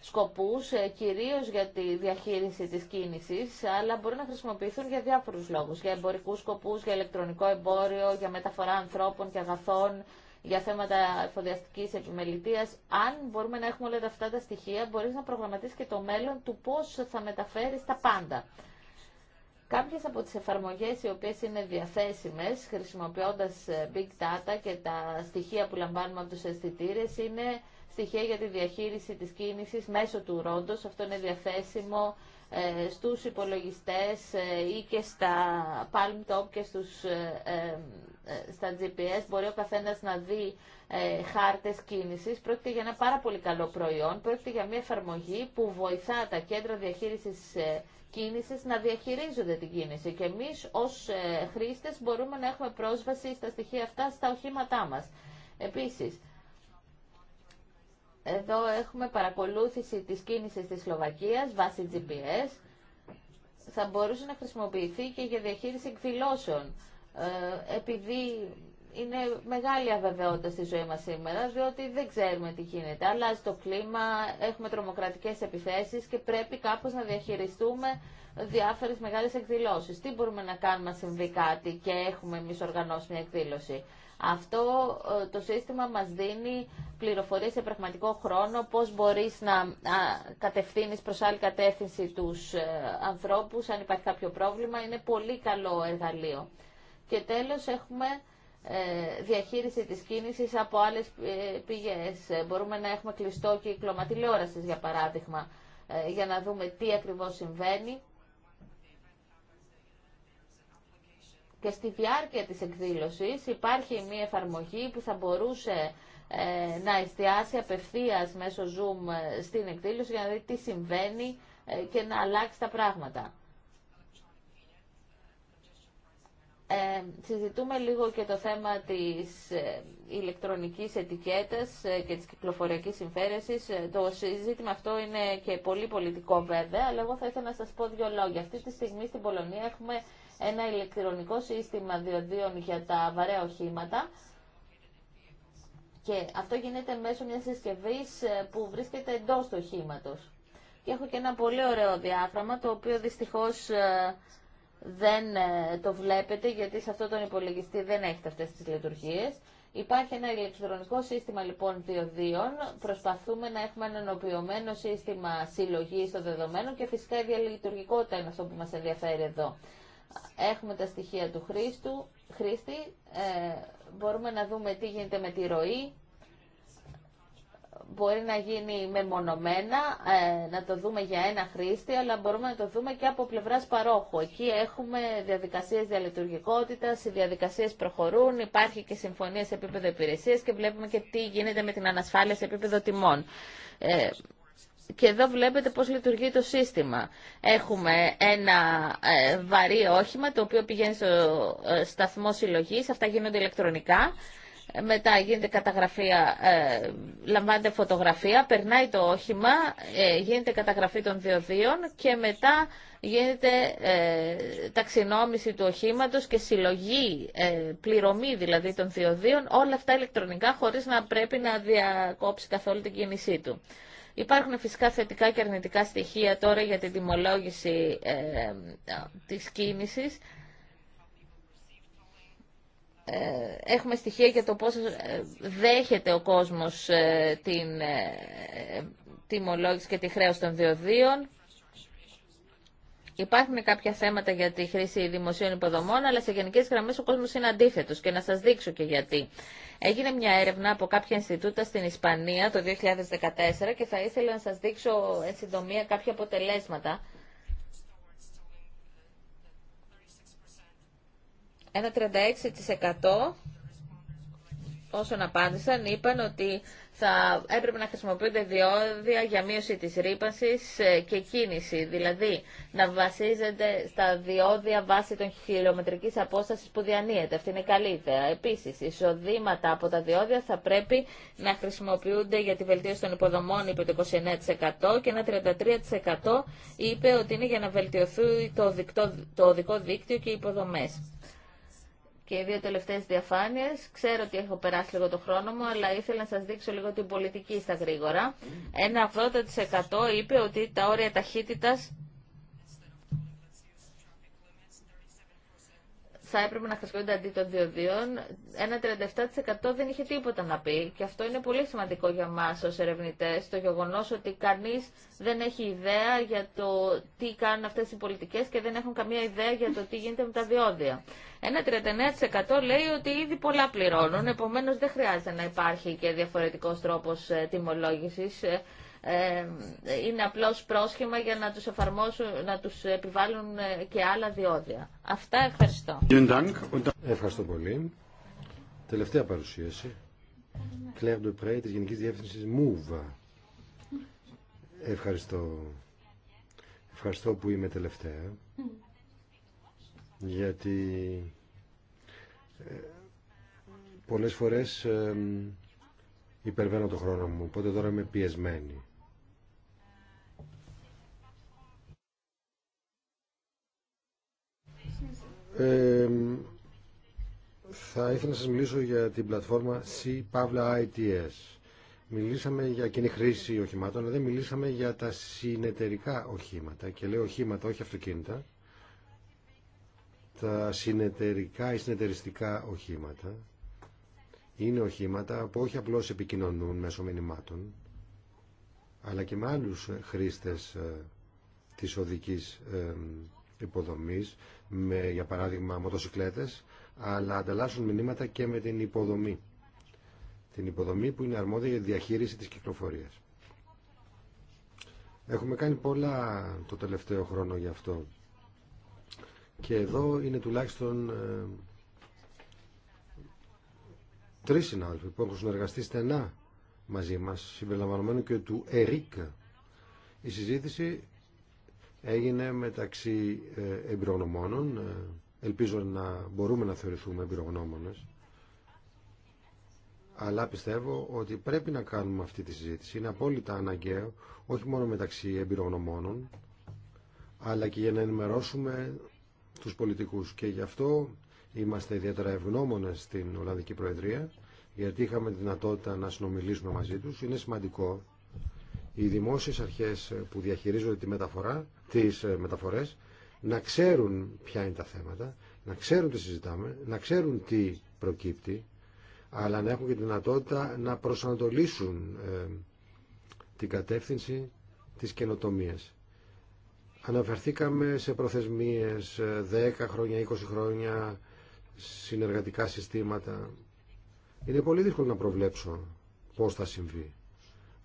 σκοπούς, κυρίως για τη διαχείριση της κίνησης, αλλά μπορούν να χρησιμοποιηθούν για διάφορους λόγους, για εμπορικούς σκοπούς, για ηλεκτρονικό εμπόριο, για μεταφορά ανθρώπων και αγαθών, για θέματα εφοδιαστική επιμελητία. Αν μπορούμε να έχουμε όλα αυτά τα στοιχεία, μπορείς να προγραμματίσεις και το μέλλον του πώς θα μεταφέρεις τα πάντα. Κάποιες από τις εφαρμογές οι οποίες είναι διαθέσιμες χρησιμοποιώντας ε, Big Data και τα στοιχεία που λαμβάνουμε από του αισθητήρε είναι στοιχεία για τη διαχείριση της κίνησης μέσω του ρόντος. Αυτό είναι διαθέσιμο ε, στους υπολογιστές ε, ή και στα Palm Top και στους, ε, στα GPS μπορεί ο καθένας να δει χάρτες κίνησης. Πρόκειται για ένα πάρα πολύ καλό προϊόν. Πρόκειται για μια εφαρμογή που βοηθά τα κέντρα διαχείρισης κίνησης να διαχειρίζονται την κίνηση. Και εμείς ως χρήστες μπορούμε να έχουμε πρόσβαση στα στοιχεία αυτά στα οχήματά μας. Επίσης, εδώ έχουμε παρακολούθηση της κίνησης της Σλοβακίας βάσει GPS. Θα μπορούσε να χρησιμοποιηθεί και για διαχείριση εκδηλώσεων. Ε, επειδή είναι μεγάλη αβεβαιότητα στη ζωή μας σήμερα, διότι δεν ξέρουμε τι γίνεται. Αλλάζει το κλίμα, έχουμε τρομοκρατικές επιθέσεις και πρέπει κάπως να διαχειριστούμε διάφορες μεγάλες εκδηλώσεις. Τι μπορούμε να κάνουμε να συμβεί κάτι και έχουμε εμεί οργανώσει μια εκδήλωση. Αυτό ε, το σύστημα μας δίνει πληροφορίες σε πραγματικό χρόνο, πώς μπορείς να κατευθύνεις προς άλλη κατεύθυνση τους ε, ανθρώπους, αν υπάρχει κάποιο πρόβλημα. Είναι πολύ καλό εργαλείο. Και τέλος έχουμε ε, διαχείριση της κίνησης από άλλες πηγές. Μπορούμε να έχουμε κλειστό κύκλωμα τηλεόρασης, για παράδειγμα, για να δούμε τι ακριβώς συμβαίνει. και στη διάρκεια της εκδήλωσης υπάρχει μια εφαρμογή που θα μπορούσε ε, να εστιάσει απευθείας μέσω Zoom ε, στην εκδήλωση για να δει τι συμβαίνει ε, και να αλλάξει τα πράγματα. συζητούμε λίγο και το θέμα της ε, ηλεκτρονικής ετικέτας και της κυκλοφοριακής συμφέρεσης. Το συζήτημα αυτό είναι και πολύ πολιτικό βέβαια, αλλά εγώ θα ήθελα να σας πω δύο λόγια. Αυτή τη στιγμή στην Πολωνία έχουμε ένα ηλεκτρονικό σύστημα διοδίων για τα βαρέα οχήματα και αυτό γίνεται μέσω μιας συσκευής ε, που βρίσκεται εντός του οχήματος. Και έχω και ένα πολύ ωραίο διάγραμμα, το οποίο δυστυχώς ε, δεν ε, το βλέπετε, γιατί σε αυτόν τον υπολογιστή δεν έχετε αυτές τις λειτουργίες. Υπάρχει ένα ηλεκτρονικό σύστημα λοιπόν διοδίων. Προσπαθούμε να έχουμε ένα ενοποιωμένο σύστημα συλλογή των δεδομένων και φυσικά η διαλειτουργικότητα είναι αυτό που μας ενδιαφέρει εδώ έχουμε τα στοιχεία του χρήστου, χρήστη, ε, μπορούμε να δούμε τι γίνεται με τη ροή, μπορεί να γίνει μεμονωμένα, ε, να το δούμε για ένα χρήστη, αλλά μπορούμε να το δούμε και από πλευράς παρόχου. Εκεί έχουμε διαδικασίες διαλειτουργικότητας, οι διαδικασίες προχωρούν, υπάρχει και συμφωνία σε επίπεδο υπηρεσίας και βλέπουμε και τι γίνεται με την ανασφάλεια σε επίπεδο τιμών. Ε, και εδώ βλέπετε πώς λειτουργεί το σύστημα. Έχουμε ένα ε, βαρύ όχημα το οποίο πηγαίνει στο ε, σταθμό συλλογής, αυτά γίνονται ηλεκτρονικά. Μετά γίνεται καταγραφία, ε, λαμβάνεται φωτογραφία, περνάει το όχημα, γίνεται καταγραφή των διοδίων και μετά γίνεται ταξινόμηση του οχήματος και συλλογή, πληρωμή δηλαδή των διοδίων, όλα αυτά ηλεκτρονικά χωρίς να πρέπει να διακόψει καθόλου την κίνησή του. Υπάρχουν φυσικά θετικά και αρνητικά στοιχεία τώρα για την τιμολόγηση ε, ε της κίνησης. Ε, έχουμε στοιχεία για το πώς ε, δέχεται ο κόσμος την τιμολόγηση και τη χρέωση των διοδίων. Υπάρχουν κάποια θέματα για τη χρήση δημοσίων υποδομών, αλλά σε γενικές γραμμές ο κόσμος είναι αντίθετος και να σας δείξω και γιατί. Έγινε μια έρευνα από κάποια Ινστιτούτα στην Ισπανία το 2014 και θα ήθελα να σας δείξω εν συντομία κάποια αποτελέσματα. Ένα 36% όσων απάντησαν είπαν ότι θα έπρεπε να χρησιμοποιούνται διόδια για μείωση της ρήπανσης ε, και κίνηση, δηλαδή να βασίζεται στα διόδια βάσει των χιλιομετρικής απόστασης που διανύεται. Αυτή είναι καλή ιδέα. Επίσης, εισοδήματα από τα διόδια θα πρέπει να χρησιμοποιούνται για τη βελτίωση των υποδομών, είπε το 29% και ένα 33% είπε ότι είναι για να βελτιωθεί το, δικτό, το οδικό δίκτυο και οι υποδομές και οι δύο τελευταίε διαφάνειες. Ξέρω ότι έχω περάσει λίγο το χρόνο μου, αλλά ήθελα να σας δείξω λίγο την πολιτική στα γρήγορα. Ένα 80% είπε ότι τα όρια ταχύτητας θα έπρεπε να χρησιμοποιούνται αντί των διοδίων, ένα 37% δεν είχε τίποτα να πει. Και αυτό είναι πολύ σημαντικό για μας ω ερευνητέ, το γεγονό ότι κανεί δεν έχει ιδέα για το τι κάνουν αυτέ οι πολιτικέ και δεν έχουν καμία ιδέα για το τι γίνεται με τα διόδια. Ένα 39% λέει ότι ήδη πολλά πληρώνουν, Επομένω δεν χρειάζεται να υπάρχει και διαφορετικό τρόπο ε, τιμολόγηση. Ε, ε, ε, είναι απλώς πρόσχημα για να τους, εφαρμόσουν, να τους επιβάλλουν ε, και άλλα διόδια. Αυτά ευχαριστώ. Ευχαριστώ πολύ. Τελευταία παρουσίαση. Κλέρ Ντουπρέ, της Γενικής Διεύθυνσης ΜΟΥΒΑ. Ευχαριστώ. Ευχαριστώ που είμαι τελευταία. Γιατί πολλές φορές υπερβαίνω το χρόνο μου, οπότε τώρα είμαι πιεσμένη. θα ήθελα να σας μιλήσω για την πλατφόρμα C-Pavla C-ITS. Μιλήσαμε για κοινή χρήση οχημάτων, αλλά δεν μιλήσαμε για τα συνεταιρικά οχήματα. Και λέω οχήματα, όχι αυτοκίνητα. Τα συνεταιρικά ή συνεταιριστικά οχήματα είναι οχήματα που όχι απλώς επικοινωνούν μέσω μηνυμάτων, αλλά και με άλλους χρήστες ε, της οδικής υποδομής με, για παράδειγμα, μοτοσυκλέτες, αλλά ανταλλάσσουν μηνύματα και με την υποδομή. Την υποδομή που είναι αρμόδια για τη διαχείριση της κυκλοφορίας. Έχουμε κάνει πολλά το τελευταίο χρόνο γι' αυτό. Και εδώ είναι τουλάχιστον ε, τρεις συνάδελφοι που έχουν συνεργαστεί στενά μαζί μας, συμπεριλαμβανομένου και του ΕΡΙΚ. Η συζήτηση έγινε μεταξύ ε, εμπειρογνωμόνων. Ε, ελπίζω να μπορούμε να θεωρηθούμε εμπειρογνώμονες. Αλλά πιστεύω ότι πρέπει να κάνουμε αυτή τη συζήτηση. Είναι απόλυτα αναγκαίο, όχι μόνο μεταξύ εμπειρογνωμόνων, αλλά και για να ενημερώσουμε τους πολιτικούς. Και γι' αυτό είμαστε ιδιαίτερα ευγνώμονες στην Ολλανδική Προεδρία, γιατί είχαμε τη δυνατότητα να συνομιλήσουμε μαζί τους. Είναι σημαντικό οι δημόσιες αρχές που διαχειρίζονται τη μεταφορά, τις ε, μεταφορές να ξέρουν ποια είναι τα θέματα, να ξέρουν τι συζητάμε, να ξέρουν τι προκύπτει, αλλά να έχουν και τη δυνατότητα να προσανατολίσουν ε, την κατεύθυνση της καινοτομίας. Αναφερθήκαμε σε προθεσμίες 10 ε, χρόνια, 20 χρόνια, συνεργατικά συστήματα. Είναι πολύ δύσκολο να προβλέψω πώς θα συμβεί.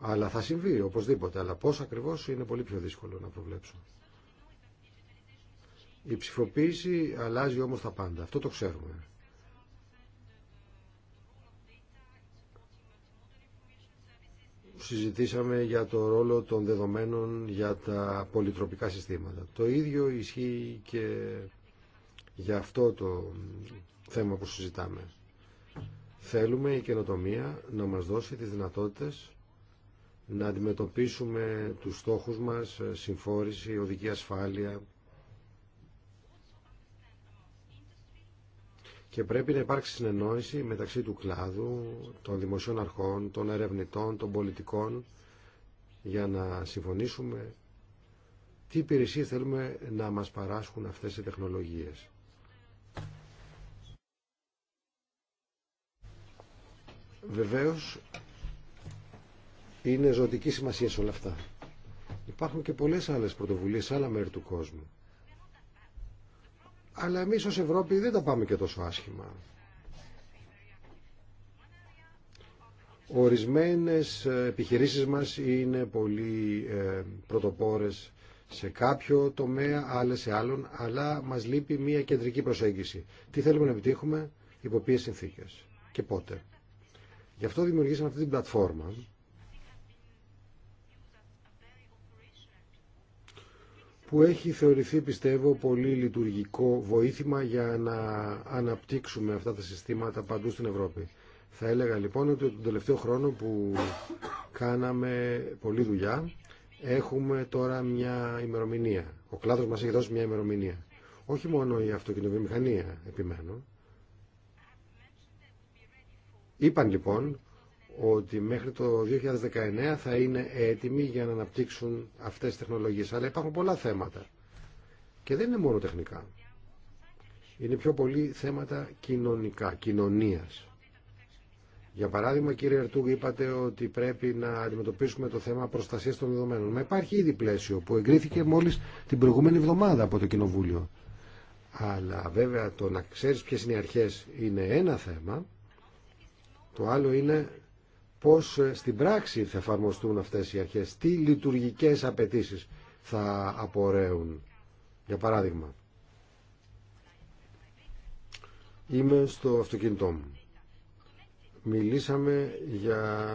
Αλλά θα συμβεί οπωσδήποτε. Αλλά πώ ακριβώ είναι πολύ πιο δύσκολο να προβλέψω. Η ψηφοποίηση αλλάζει όμως τα πάντα. Αυτό το ξέρουμε. Συζητήσαμε για το ρόλο των δεδομένων για τα πολυτροπικά συστήματα. Το ίδιο ισχύει και για αυτό το θέμα που συζητάμε. Θέλουμε η καινοτομία να μας δώσει τις δυνατότητες να αντιμετωπίσουμε τους στόχους μας, ε, συμφόρηση, οδική ασφάλεια και πρέπει να υπάρξει συνεννόηση μεταξύ του κλάδου, των δημοσίων αρχών, των ερευνητών, των πολιτικών για να συμφωνήσουμε τι υπηρεσίες θέλουμε να μας παράσχουν αυτές οι τεχνολογίες. Βεβαίως είναι ζωτική σημασία σε όλα αυτά. Υπάρχουν και πολλές άλλες πρωτοβουλίες σε άλλα μέρη του κόσμου. Αλλά εμείς ως Ευρώπη δεν τα πάμε και τόσο άσχημα. Ορισμένες ε, επιχειρήσεις μας είναι πολύ ε, πρωτοπόρες σε κάποιο τομέα, άλλες σε άλλον, αλλά μας λείπει μια κεντρική προσέγγιση. Τι θέλουμε να επιτύχουμε, υπό ποιες συνθήκες και πότε. Γι' αυτό δημιουργήσαμε αυτή την πλατφόρμα που έχει θεωρηθεί πιστεύω πολύ λειτουργικό βοήθημα για να αναπτύξουμε αυτά τα συστήματα παντού στην Ευρώπη. Θα έλεγα λοιπόν ότι τον τελευταίο χρόνο που κάναμε πολλή δουλειά έχουμε τώρα μια ημερομηνία. Ο κλάδος μας έχει δώσει μια ημερομηνία. Όχι μόνο η αυτοκινητοβιομηχανία επιμένω. Είπαν λοιπόν ότι μέχρι το 2019 θα είναι έτοιμοι για να αναπτύξουν αυτές τις τεχνολογίες. Αλλά υπάρχουν πολλά θέματα. Και δεν είναι μόνο τεχνικά. Είναι πιο πολύ θέματα κοινωνικά, κοινωνίας. Για παράδειγμα, κύριε Ερτούγ, είπατε ότι πρέπει να αντιμετωπίσουμε το θέμα προστασίας των δεδομένων. Μα υπάρχει ήδη πλαίσιο που εγκρίθηκε μόλις την προηγούμενη εβδομάδα από το Κοινοβούλιο. Αλλά βέβαια το να ξέρεις ποιες είναι οι αρχές είναι ένα θέμα. Το άλλο είναι πώς ε, στην πράξη θα εφαρμοστούν αυτές οι αρχές, τι λειτουργικές απαιτήσεις θα απορρέουν. Για παράδειγμα, είμαι στο αυτοκίνητό μου. Μιλήσαμε για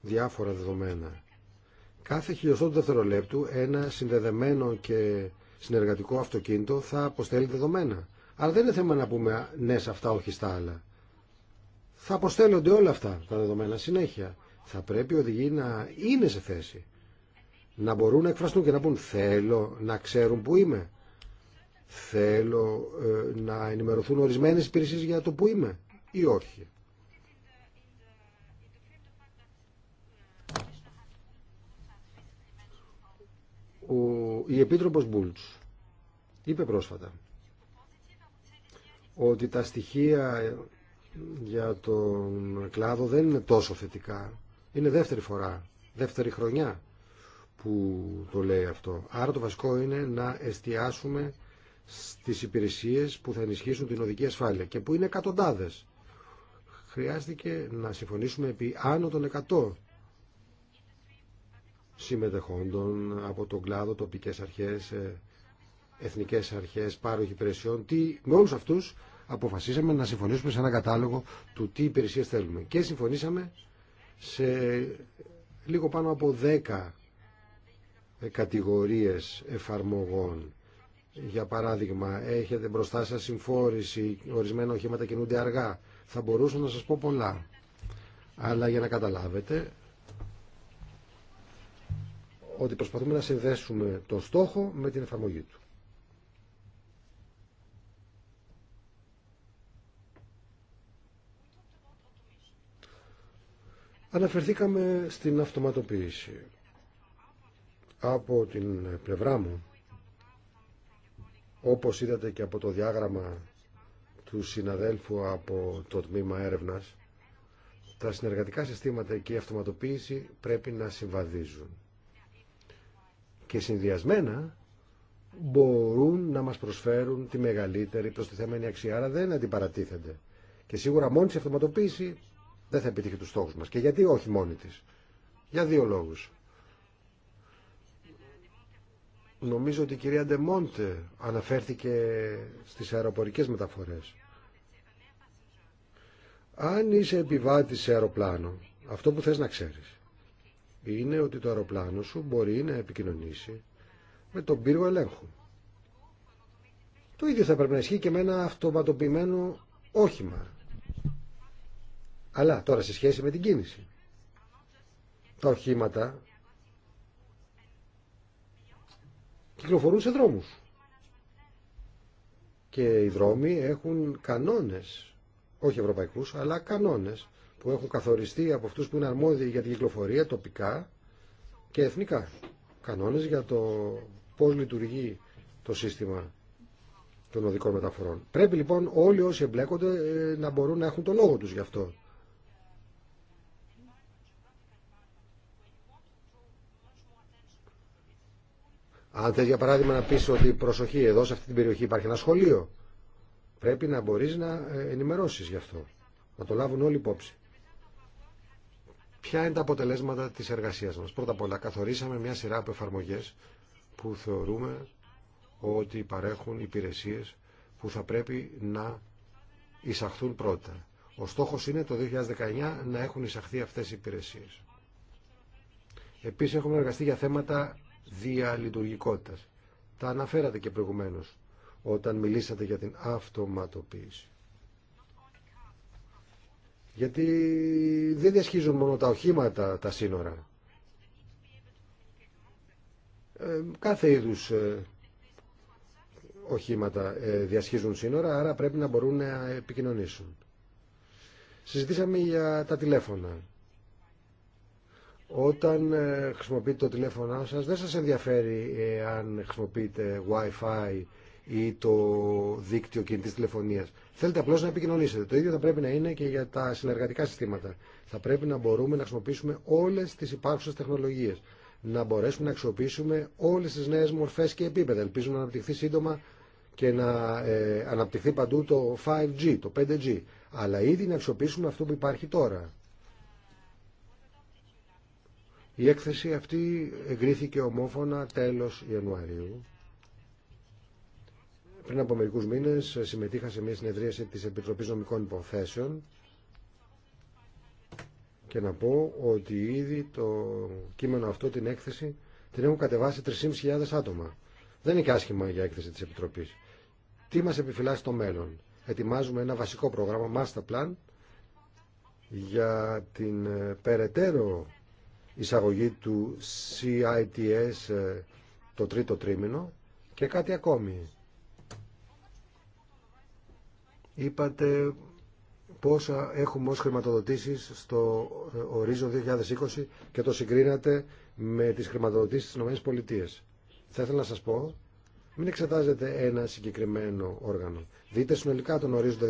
διάφορα δεδομένα. Κάθε χιλιοστό του δευτερολέπτου ένα συνδεδεμένο και συνεργατικό αυτοκίνητο θα αποστέλει δεδομένα. Αλλά δεν είναι θέμα να πούμε ναι σε αυτά, όχι στα άλλα θα αποστέλλονται όλα αυτά τα δεδομένα συνέχεια. Θα πρέπει οι οδηγοί να είναι σε θέση να μπορούν να εκφραστούν και να πούν θέλω να ξέρουν που είμαι. Θέλω ε, να ενημερωθούν ορισμένες υπηρεσίες για το που είμαι ή όχι. Ο, η Επίτροπος Μπούλτς είπε πρόσφατα ότι τα στοιχεία για τον κλάδο δεν είναι τόσο θετικά. Είναι δεύτερη φορά, δεύτερη χρονιά που το λέει αυτό. Άρα το βασικό είναι να εστιάσουμε στις υπηρεσίες που θα ενισχύσουν την οδική ασφάλεια και που είναι εκατοντάδες. Χρειάστηκε να συμφωνήσουμε επί άνω των 100 συμμετεχόντων από τον κλάδο, τοπικές αρχές, ε, εθνικές αρχές, πάροχοι υπηρεσιών, τι, με όλους αυτούς αποφασίσαμε να συμφωνήσουμε σε ένα κατάλογο του τι υπηρεσίες θέλουμε. Και συμφωνήσαμε σε λίγο πάνω από 10 κατηγορίες εφαρμογών. Για παράδειγμα, έχετε μπροστά σας συμφόρηση, ορισμένα οχήματα κινούνται αργά. Θα μπορούσα να σας πω πολλά. Αλλά για να καταλάβετε ότι προσπαθούμε να συνδέσουμε το στόχο με την εφαρμογή του. Αναφερθήκαμε στην αυτοματοποίηση. Από την πλευρά μου, όπως είδατε και από το διάγραμμα του συναδέλφου από το τμήμα έρευνας, τα συνεργατικά συστήματα και η αυτοματοποίηση πρέπει να συμβαδίζουν. Και συνδυασμένα μπορούν να μας προσφέρουν τη μεγαλύτερη προστιθέμενη αξία, άρα δεν αντιπαρατίθενται. Και σίγουρα μόνη η αυτοματοποίηση δεν θα επιτύχει τους στόχους μας. Και γιατί όχι μόνη της. Για δύο λόγους. Νομίζω ότι η κυρία Ντεμόντε αναφέρθηκε στις αεροπορικές μεταφορές. Αν είσαι επιβάτης σε αεροπλάνο, αυτό που θες να ξέρεις είναι ότι το αεροπλάνο σου μπορεί να επικοινωνήσει με τον πύργο ελέγχου. Το ίδιο θα πρέπει να ισχύει και με ένα αυτοματοποιημένο όχημα. Αλλά τώρα σε σχέση με την κίνηση. Τα οχήματα κυκλοφορούν σε δρόμους. Και οι δρόμοι έχουν κανόνες, όχι ευρωπαϊκούς, αλλά κανόνες που έχουν καθοριστεί από αυτούς που είναι αρμόδιοι για την κυκλοφορία τοπικά και εθνικά. Κανόνες για το πώς λειτουργεί το σύστημα των οδικών μεταφορών. Πρέπει λοιπόν όλοι όσοι εμπλέκονται ε, να μπορούν να έχουν το λόγο τους γι' αυτό. Αν θες για παράδειγμα να πεις ότι προσοχή εδώ σε αυτή την περιοχή υπάρχει ένα σχολείο, πρέπει να μπορείς να ε, ενημερώσεις γι' αυτό. Να το λάβουν όλοι υπόψη. Ποια είναι τα αποτελέσματα της εργασίας μας. Πρώτα απ' όλα καθορίσαμε μια σειρά από εφαρμογές που θεωρούμε ότι παρέχουν υπηρεσίες που θα πρέπει να εισαχθούν πρώτα. Ο στόχος είναι το 2019 να έχουν εισαχθεί αυτές οι υπηρεσίες. Επίσης έχουμε εργαστεί για θέματα διαλειτουργικότητα. Τα αναφέρατε και προηγουμένω όταν μιλήσατε για την αυτοματοποίηση. Γιατί δεν διασχίζουν μόνο τα οχήματα τα σύνορα. Ε, κάθε είδους ε, οχήματα ε, διασχίζουν σύνορα, άρα πρέπει να μπορούν να επικοινωνήσουν. Συζητήσαμε για τα τηλέφωνα. Όταν ε, χρησιμοποιείτε το τηλέφωνο σας δεν σας ενδιαφέρει ε, αν χρησιμοποιείτε Wi-Fi ή το δίκτυο κινητής τηλεφωνίας. Θέλετε απλώς να επικοινωνήσετε. Το ίδιο θα πρέπει να είναι και για τα συνεργατικά συστήματα. Θα πρέπει να μπορούμε να χρησιμοποιήσουμε όλες τις υπάρχουσες τεχνολογίες. Να μπορέσουμε να αξιοποιήσουμε όλες τις νέες μορφές και επίπεδα. Ελπίζουμε να αναπτυχθεί σύντομα και να ε, αναπτυχθεί παντού το 5G, το 5G. Αλλά ήδη να αξιοποιήσουμε αυτό που υπάρχει τώρα. Η έκθεση αυτή εγκρίθηκε ομόφωνα τέλος Ιανουαρίου. Πριν από μερικούς μήνες συμμετείχα σε μια συνεδρίαση της Επιτροπής Νομικών Υποθέσεων και να πω ότι ήδη το κείμενο αυτό, την έκθεση, την έχουν κατεβάσει 3.500 άτομα. Δεν είναι και άσχημα για έκθεση της Επιτροπής. Τι μας επιφυλάσσει το μέλλον. Ετοιμάζουμε ένα βασικό πρόγραμμα, Master Plan, για την ε, περαιτέρω εισαγωγή του CITS ε, το τρίτο τρίμηνο και κάτι ακόμη. Είπατε πόσα έχουμε ως χρηματοδοτήσεις στο ε, ορίζον 2020 και το συγκρίνατε με τις χρηματοδοτήσεις της ΗΠΑ. Θα ήθελα να σας πω, μην εξετάζετε ένα συγκεκριμένο όργανο. Δείτε συνολικά τον ορίζοντα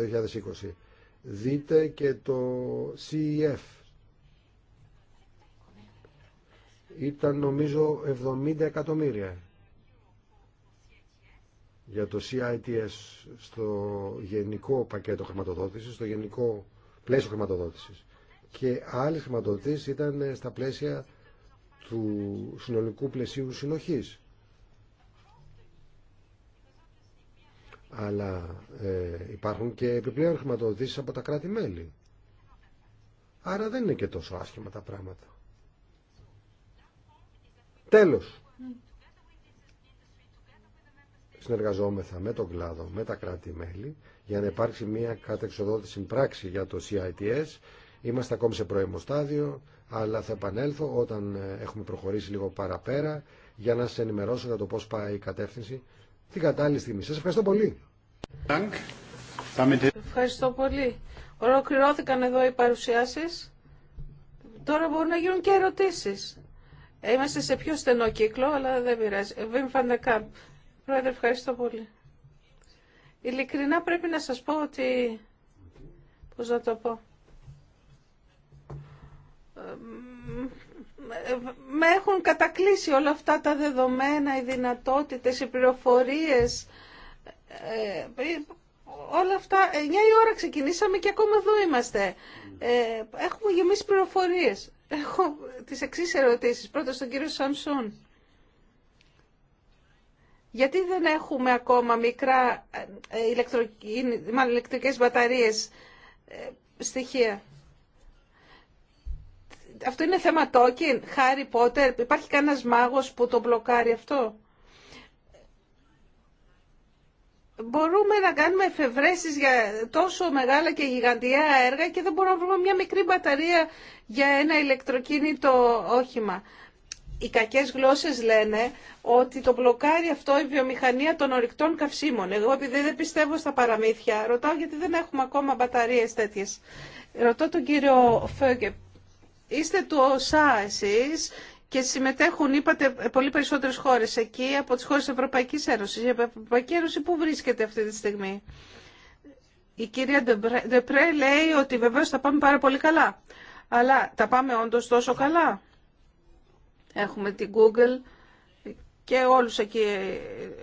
2020. Δείτε και το CEF, ήταν νομίζω 70 εκατομμύρια για το CITS στο γενικό πακέτο χρηματοδότησης, στο γενικό πλαίσιο χρηματοδότησης. Και άλλες χρηματοδοτήσεις ήταν στα πλαίσια του συνολικού πλαισίου συνοχής. Αλλά ε, υπάρχουν και επιπλέον χρηματοδοτήσεις από τα κράτη-μέλη. Άρα δεν είναι και τόσο άσχημα τα πράγματα. Τέλος. Συνεργαζόμεθα με τον κλάδο, με τα κράτη-μέλη, για να υπάρξει μια κατεξοδότηση πράξη για το CITS. Είμαστε ακόμη σε πρώιμο αλλά θα επανέλθω όταν ε, έχουμε προχωρήσει λίγο παραπέρα για να σας ενημερώσω για το πώς πάει η κατεύθυνση την κατάλληλη στιγμή. Σας ευχαριστώ πολύ. Ευχαριστώ πολύ. Ολοκληρώθηκαν εδώ οι παρουσιάσεις. Τώρα μπορούν να γίνουν και ερωτήσεις. Είμαστε σε πιο στενό κύκλο, αλλά δεν πειράζει. Βίμ Φαντακάμπ. Πρόεδρε, ευχαριστώ πολύ. Ειλικρινά πρέπει να σας πω ότι... Πώς να το πω... Με έχουν κατακλείσει όλα αυτά τα δεδομένα, οι δυνατότητες, οι πληροφορίες. Ε, όλα αυτά, 9 η ώρα ξεκινήσαμε και ακόμα εδώ είμαστε. Ε, έχουμε γεμίσει πληροφορίες. Έχω τις εξής ερωτήσεις. Πρώτα στον κύριο Σαμσούν. Γιατί δεν έχουμε ακόμα μικρά ε, ηλεκτρο... ηλεκτρικές μπαταρίες ε, στοιχεία. Αυτό είναι θέμα τόκιν, Χάρι Πότερ, υπάρχει κανένας μάγος που το μπλοκάρει αυτό. μπορούμε να κάνουμε εφευρέσεις για τόσο μεγάλα και γιγαντιά έργα και δεν μπορούμε να βρούμε μια μικρή μπαταρία για ένα ηλεκτροκίνητο όχημα. Οι κακές γλώσσες λένε ότι το μπλοκάρει αυτό η βιομηχανία των ορυκτών καυσίμων. Εγώ επειδή δεν πιστεύω στα παραμύθια, ρωτάω γιατί δεν έχουμε ακόμα μπαταρίες τέτοιες. Ρωτώ τον κύριο Φέγκε, είστε του ΩΣΑ εσείς και συμμετέχουν, είπατε, πολύ περισσότερες χώρες εκεί από τις χώρες της Ευρωπαϊκής Ένωσης. Η Ευρωπαϊκή Ένωση πού βρίσκεται αυτή τη στιγμή. Η κυρία Ντεπρέ λέει ότι βεβαίως θα πάμε πάρα πολύ καλά. Αλλά τα πάμε όντως τόσο καλά. Έχουμε την Google και όλους εκεί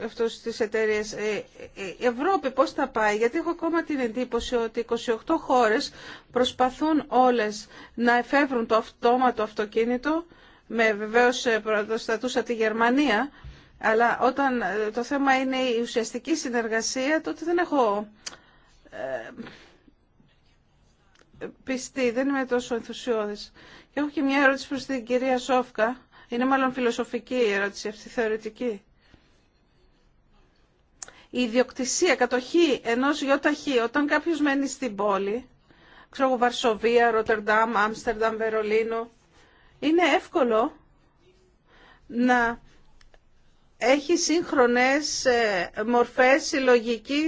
αυτές τις εταιρείες. Ε, ε, η Ευρώπη πώς θα πάει, γιατί έχω ακόμα την εντύπωση ότι 28 χώρες προσπαθούν όλες να εφεύρουν το αυτόματο αυτοκίνητο με βεβαίως ε, πρωτοστατούσα τη Γερμανία, αλλά όταν ε, το θέμα είναι η ουσιαστική συνεργασία, τότε δεν έχω ε, πιστεί, δεν είμαι τόσο ενθουσιώδης. Και έχω και μια ερώτηση προς την κυρία Σόφκα. Είναι μάλλον φιλοσοφική η ερώτηση αυτή, θεωρητική. Η ιδιοκτησία, κατοχή ενός γιοταχή, όταν κάποιος μένει στην πόλη, ξέρω εγώ Βαρσοβία, Ρότερνταμ, Άμστερνταμ, Βερολίνο, είναι εύκολο να έχει σύγχρονες ε, μορφές συλλογική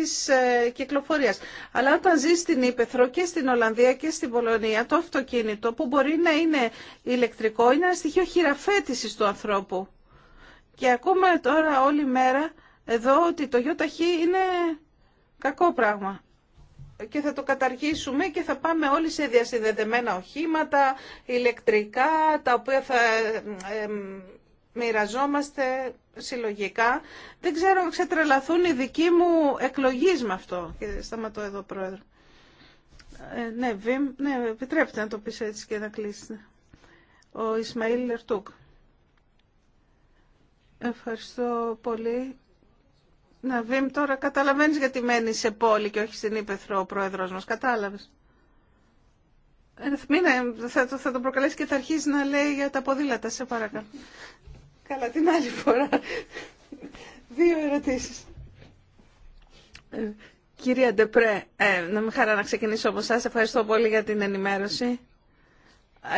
ε, κυκλοφορίας. Αλλά όταν ζει στην Ήπεθρο και στην Ολλανδία και στην Πολωνία, το αυτοκίνητο που μπορεί να είναι ηλεκτρικό είναι ένα στοιχείο χειραφέτησης του ανθρώπου. Και ακούμε τώρα όλη μέρα εδώ ότι το ΙΟΤΑΧΗ είναι κακό πράγμα και θα το καταργήσουμε και θα πάμε όλοι σε διασυνδεδεμένα οχήματα, ηλεκτρικά, τα οποία θα μοιραζόμαστε συλλογικά. Δεν ξέρω, ξετρελαθούν οι δικοί μου εκλογείς με αυτό. Και σταματώ εδώ, Πρόεδρο. Ε, ναι, ναι, επιτρέπετε να το πεις έτσι και να κλείσει. Ναι. Ο Ισμαήλ Λερτούκ. Ευχαριστώ πολύ να Βίμ, τώρα καταλαβαίνεις γιατί μένει σε πόλη και όχι στην Ήπεθρο ο πρόεδρος μας. Κατάλαβες. Ε, μήνα, θα, το, θα τον προκαλέσει και θα αρχίσει να λέει για τα ποδήλατα, σε παρακαλώ. Καλά, την άλλη φορά. Δύο ερωτήσεις. Ε, κυρία Ντεπρέ, ε, να με χαρά να ξεκινήσω από σας. Ευχαριστώ πολύ για την ενημέρωση.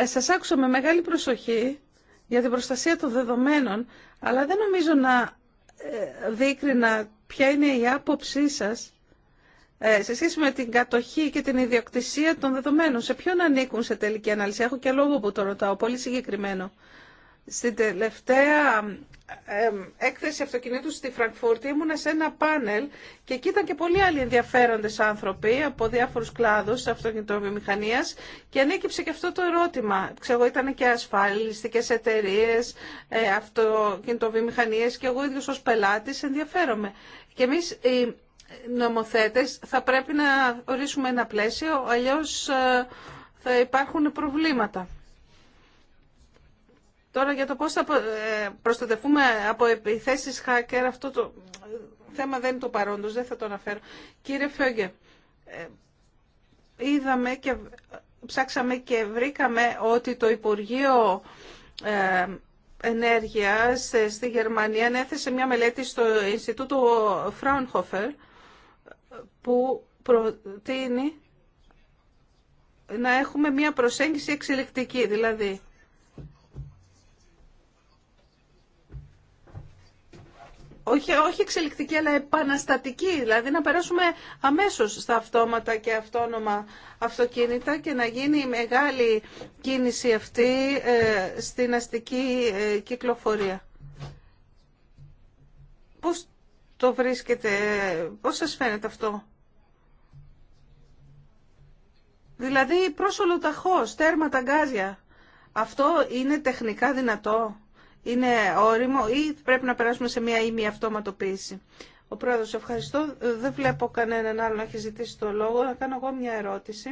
Ε, σας άκουσα με μεγάλη προσοχή για την προστασία των δεδομένων, αλλά δεν νομίζω να ε, δίκρινα ποια είναι η άποψή σας ε, σε σχέση με την κατοχή και την ιδιοκτησία των δεδομένων. Σε ποιον ανήκουν σε τελική ανάλυση. Έχω και λόγο που το ρωτάω, πολύ συγκεκριμένο. Στην τελευταία έκθεση αυτοκινήτου στη Φραγκφούρτη ήμουνα σε ένα πάνελ και εκεί ήταν και πολλοί άλλοι ενδιαφέροντες άνθρωποι από διάφορους κλάδους τη αυτοκινητοβιομηχανίας και ανέκυψε και αυτό το ερώτημα. Ξέρω, ήταν και ασφαλιστικές εταιρείε, ε, αυτοκινητοβιομηχανίες και εγώ ίδιος ως πελάτης ενδιαφέρομαι. Και εμείς οι νομοθέτες θα πρέπει να ορίσουμε ένα πλαίσιο, αλλιώς ε, θα υπάρχουν προβλήματα. Τώρα για το πώς θα ε, προστατευτούμε από επιθέσεις hacker, αυτό το ε, θέμα δεν είναι το παρόντος, δεν θα το αναφέρω. Κύριε Φιόγκε, ε, είδαμε και ψάξαμε και βρήκαμε ότι το Υπουργείο Ενέργειας στη Γερμανία έθεσε μια μελέτη στο Ινστιτούτο Fraunhofer που προτείνει να έχουμε μια προσέγγιση εξελικτική, δηλαδή όχι, όχι εξελικτική αλλά επαναστατική, δηλαδή να περάσουμε αμέσως στα αυτόματα και αυτόνομα αυτοκίνητα και να γίνει η μεγάλη κίνηση αυτή ε, στην αστική ε, κυκλοφορία. Πώς το βρίσκετε, πώς σας φαίνεται αυτό. Δηλαδή πρόσωλο ταχώς, τέρμα τα γκάζια. Αυτό είναι τεχνικά δυνατό είναι όριμο ή πρέπει να περάσουμε σε μια ήμια αυτοματοποίηση. Ο πρόεδρος, ευχαριστώ. Δεν βλέπω κανέναν άλλο να έχει ζητήσει το λόγο. Να κάνω εγώ μια ερώτηση.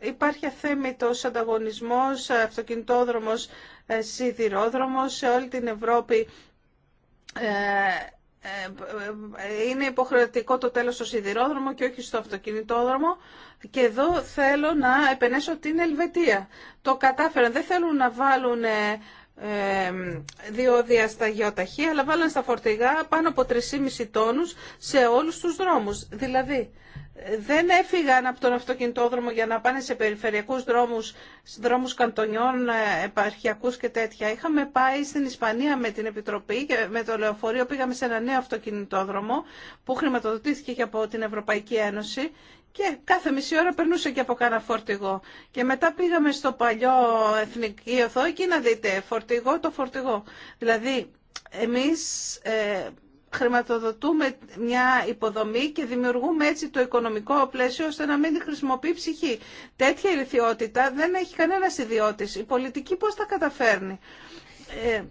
Υπάρχει αθέμητος ανταγωνισμός, αυτοκινητόδρομος, ε, σιδηρόδρομος σε όλη την Ευρώπη. Ε, ε, είναι υποχρεωτικό το τέλος στο σιδηρόδρομο και όχι στο αυτοκινητόδρομο. Και εδώ θέλω να επενέσω την Ελβετία. Το κατάφεραν. Δεν θέλουν να βάλουν δύο διασταγιοταχή, αλλά βάλαν στα φορτηγά πάνω από 3,5 τόνους σε όλους τους δρόμους. Δηλαδή, δεν έφυγαν από τον αυτοκινητόδρομο για να πάνε σε περιφερειακούς δρόμους, δρόμους καντονιών, ε, επαρχιακούς και τέτοια. Είχαμε πάει στην Ισπανία με την Επιτροπή με το λεωφορείο πήγαμε σε ένα νέο αυτοκινητόδρομο που χρηματοδοτήθηκε και από την Ευρωπαϊκή Ένωση και κάθε μισή ώρα περνούσε και από κάνα φορτηγό. Και μετά πήγαμε στο παλιό εθνική οθό, εκεί να δείτε φορτηγό το φορτηγό. Δηλαδή, εμείς ε, χρηματοδοτούμε μια υποδομή και δημιουργούμε έτσι το οικονομικό πλαίσιο ώστε να μην χρησιμοποιεί ψυχή. Τέτοια ηλικιότητα δεν έχει κανένα ιδιώτης. Η πολιτική πώς τα καταφέρνει. Ε,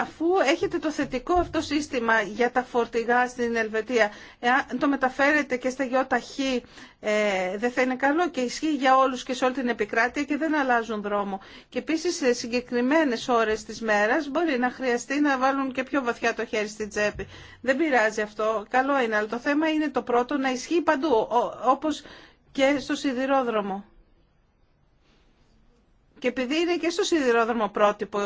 αφού έχετε το θετικό αυτό σύστημα για τα φορτηγά στην Ελβετία, εάν το μεταφέρετε και στα ΙΟΤΑΧΗ ε, δεν θα είναι καλό και ισχύει για όλους και σε όλη την επικράτεια και δεν αλλάζουν δρόμο. Και επίσης σε συγκεκριμένες ώρες της μέρας μπορεί να χρειαστεί να βάλουν και πιο βαθιά το χέρι στην τσέπη. Δεν πειράζει αυτό, καλό είναι, αλλά το θέμα είναι το πρώτο να ισχύει παντού, όπως και στο σιδηρόδρομο. Και επειδή είναι και στο σιδηρόδρομο πρότυπο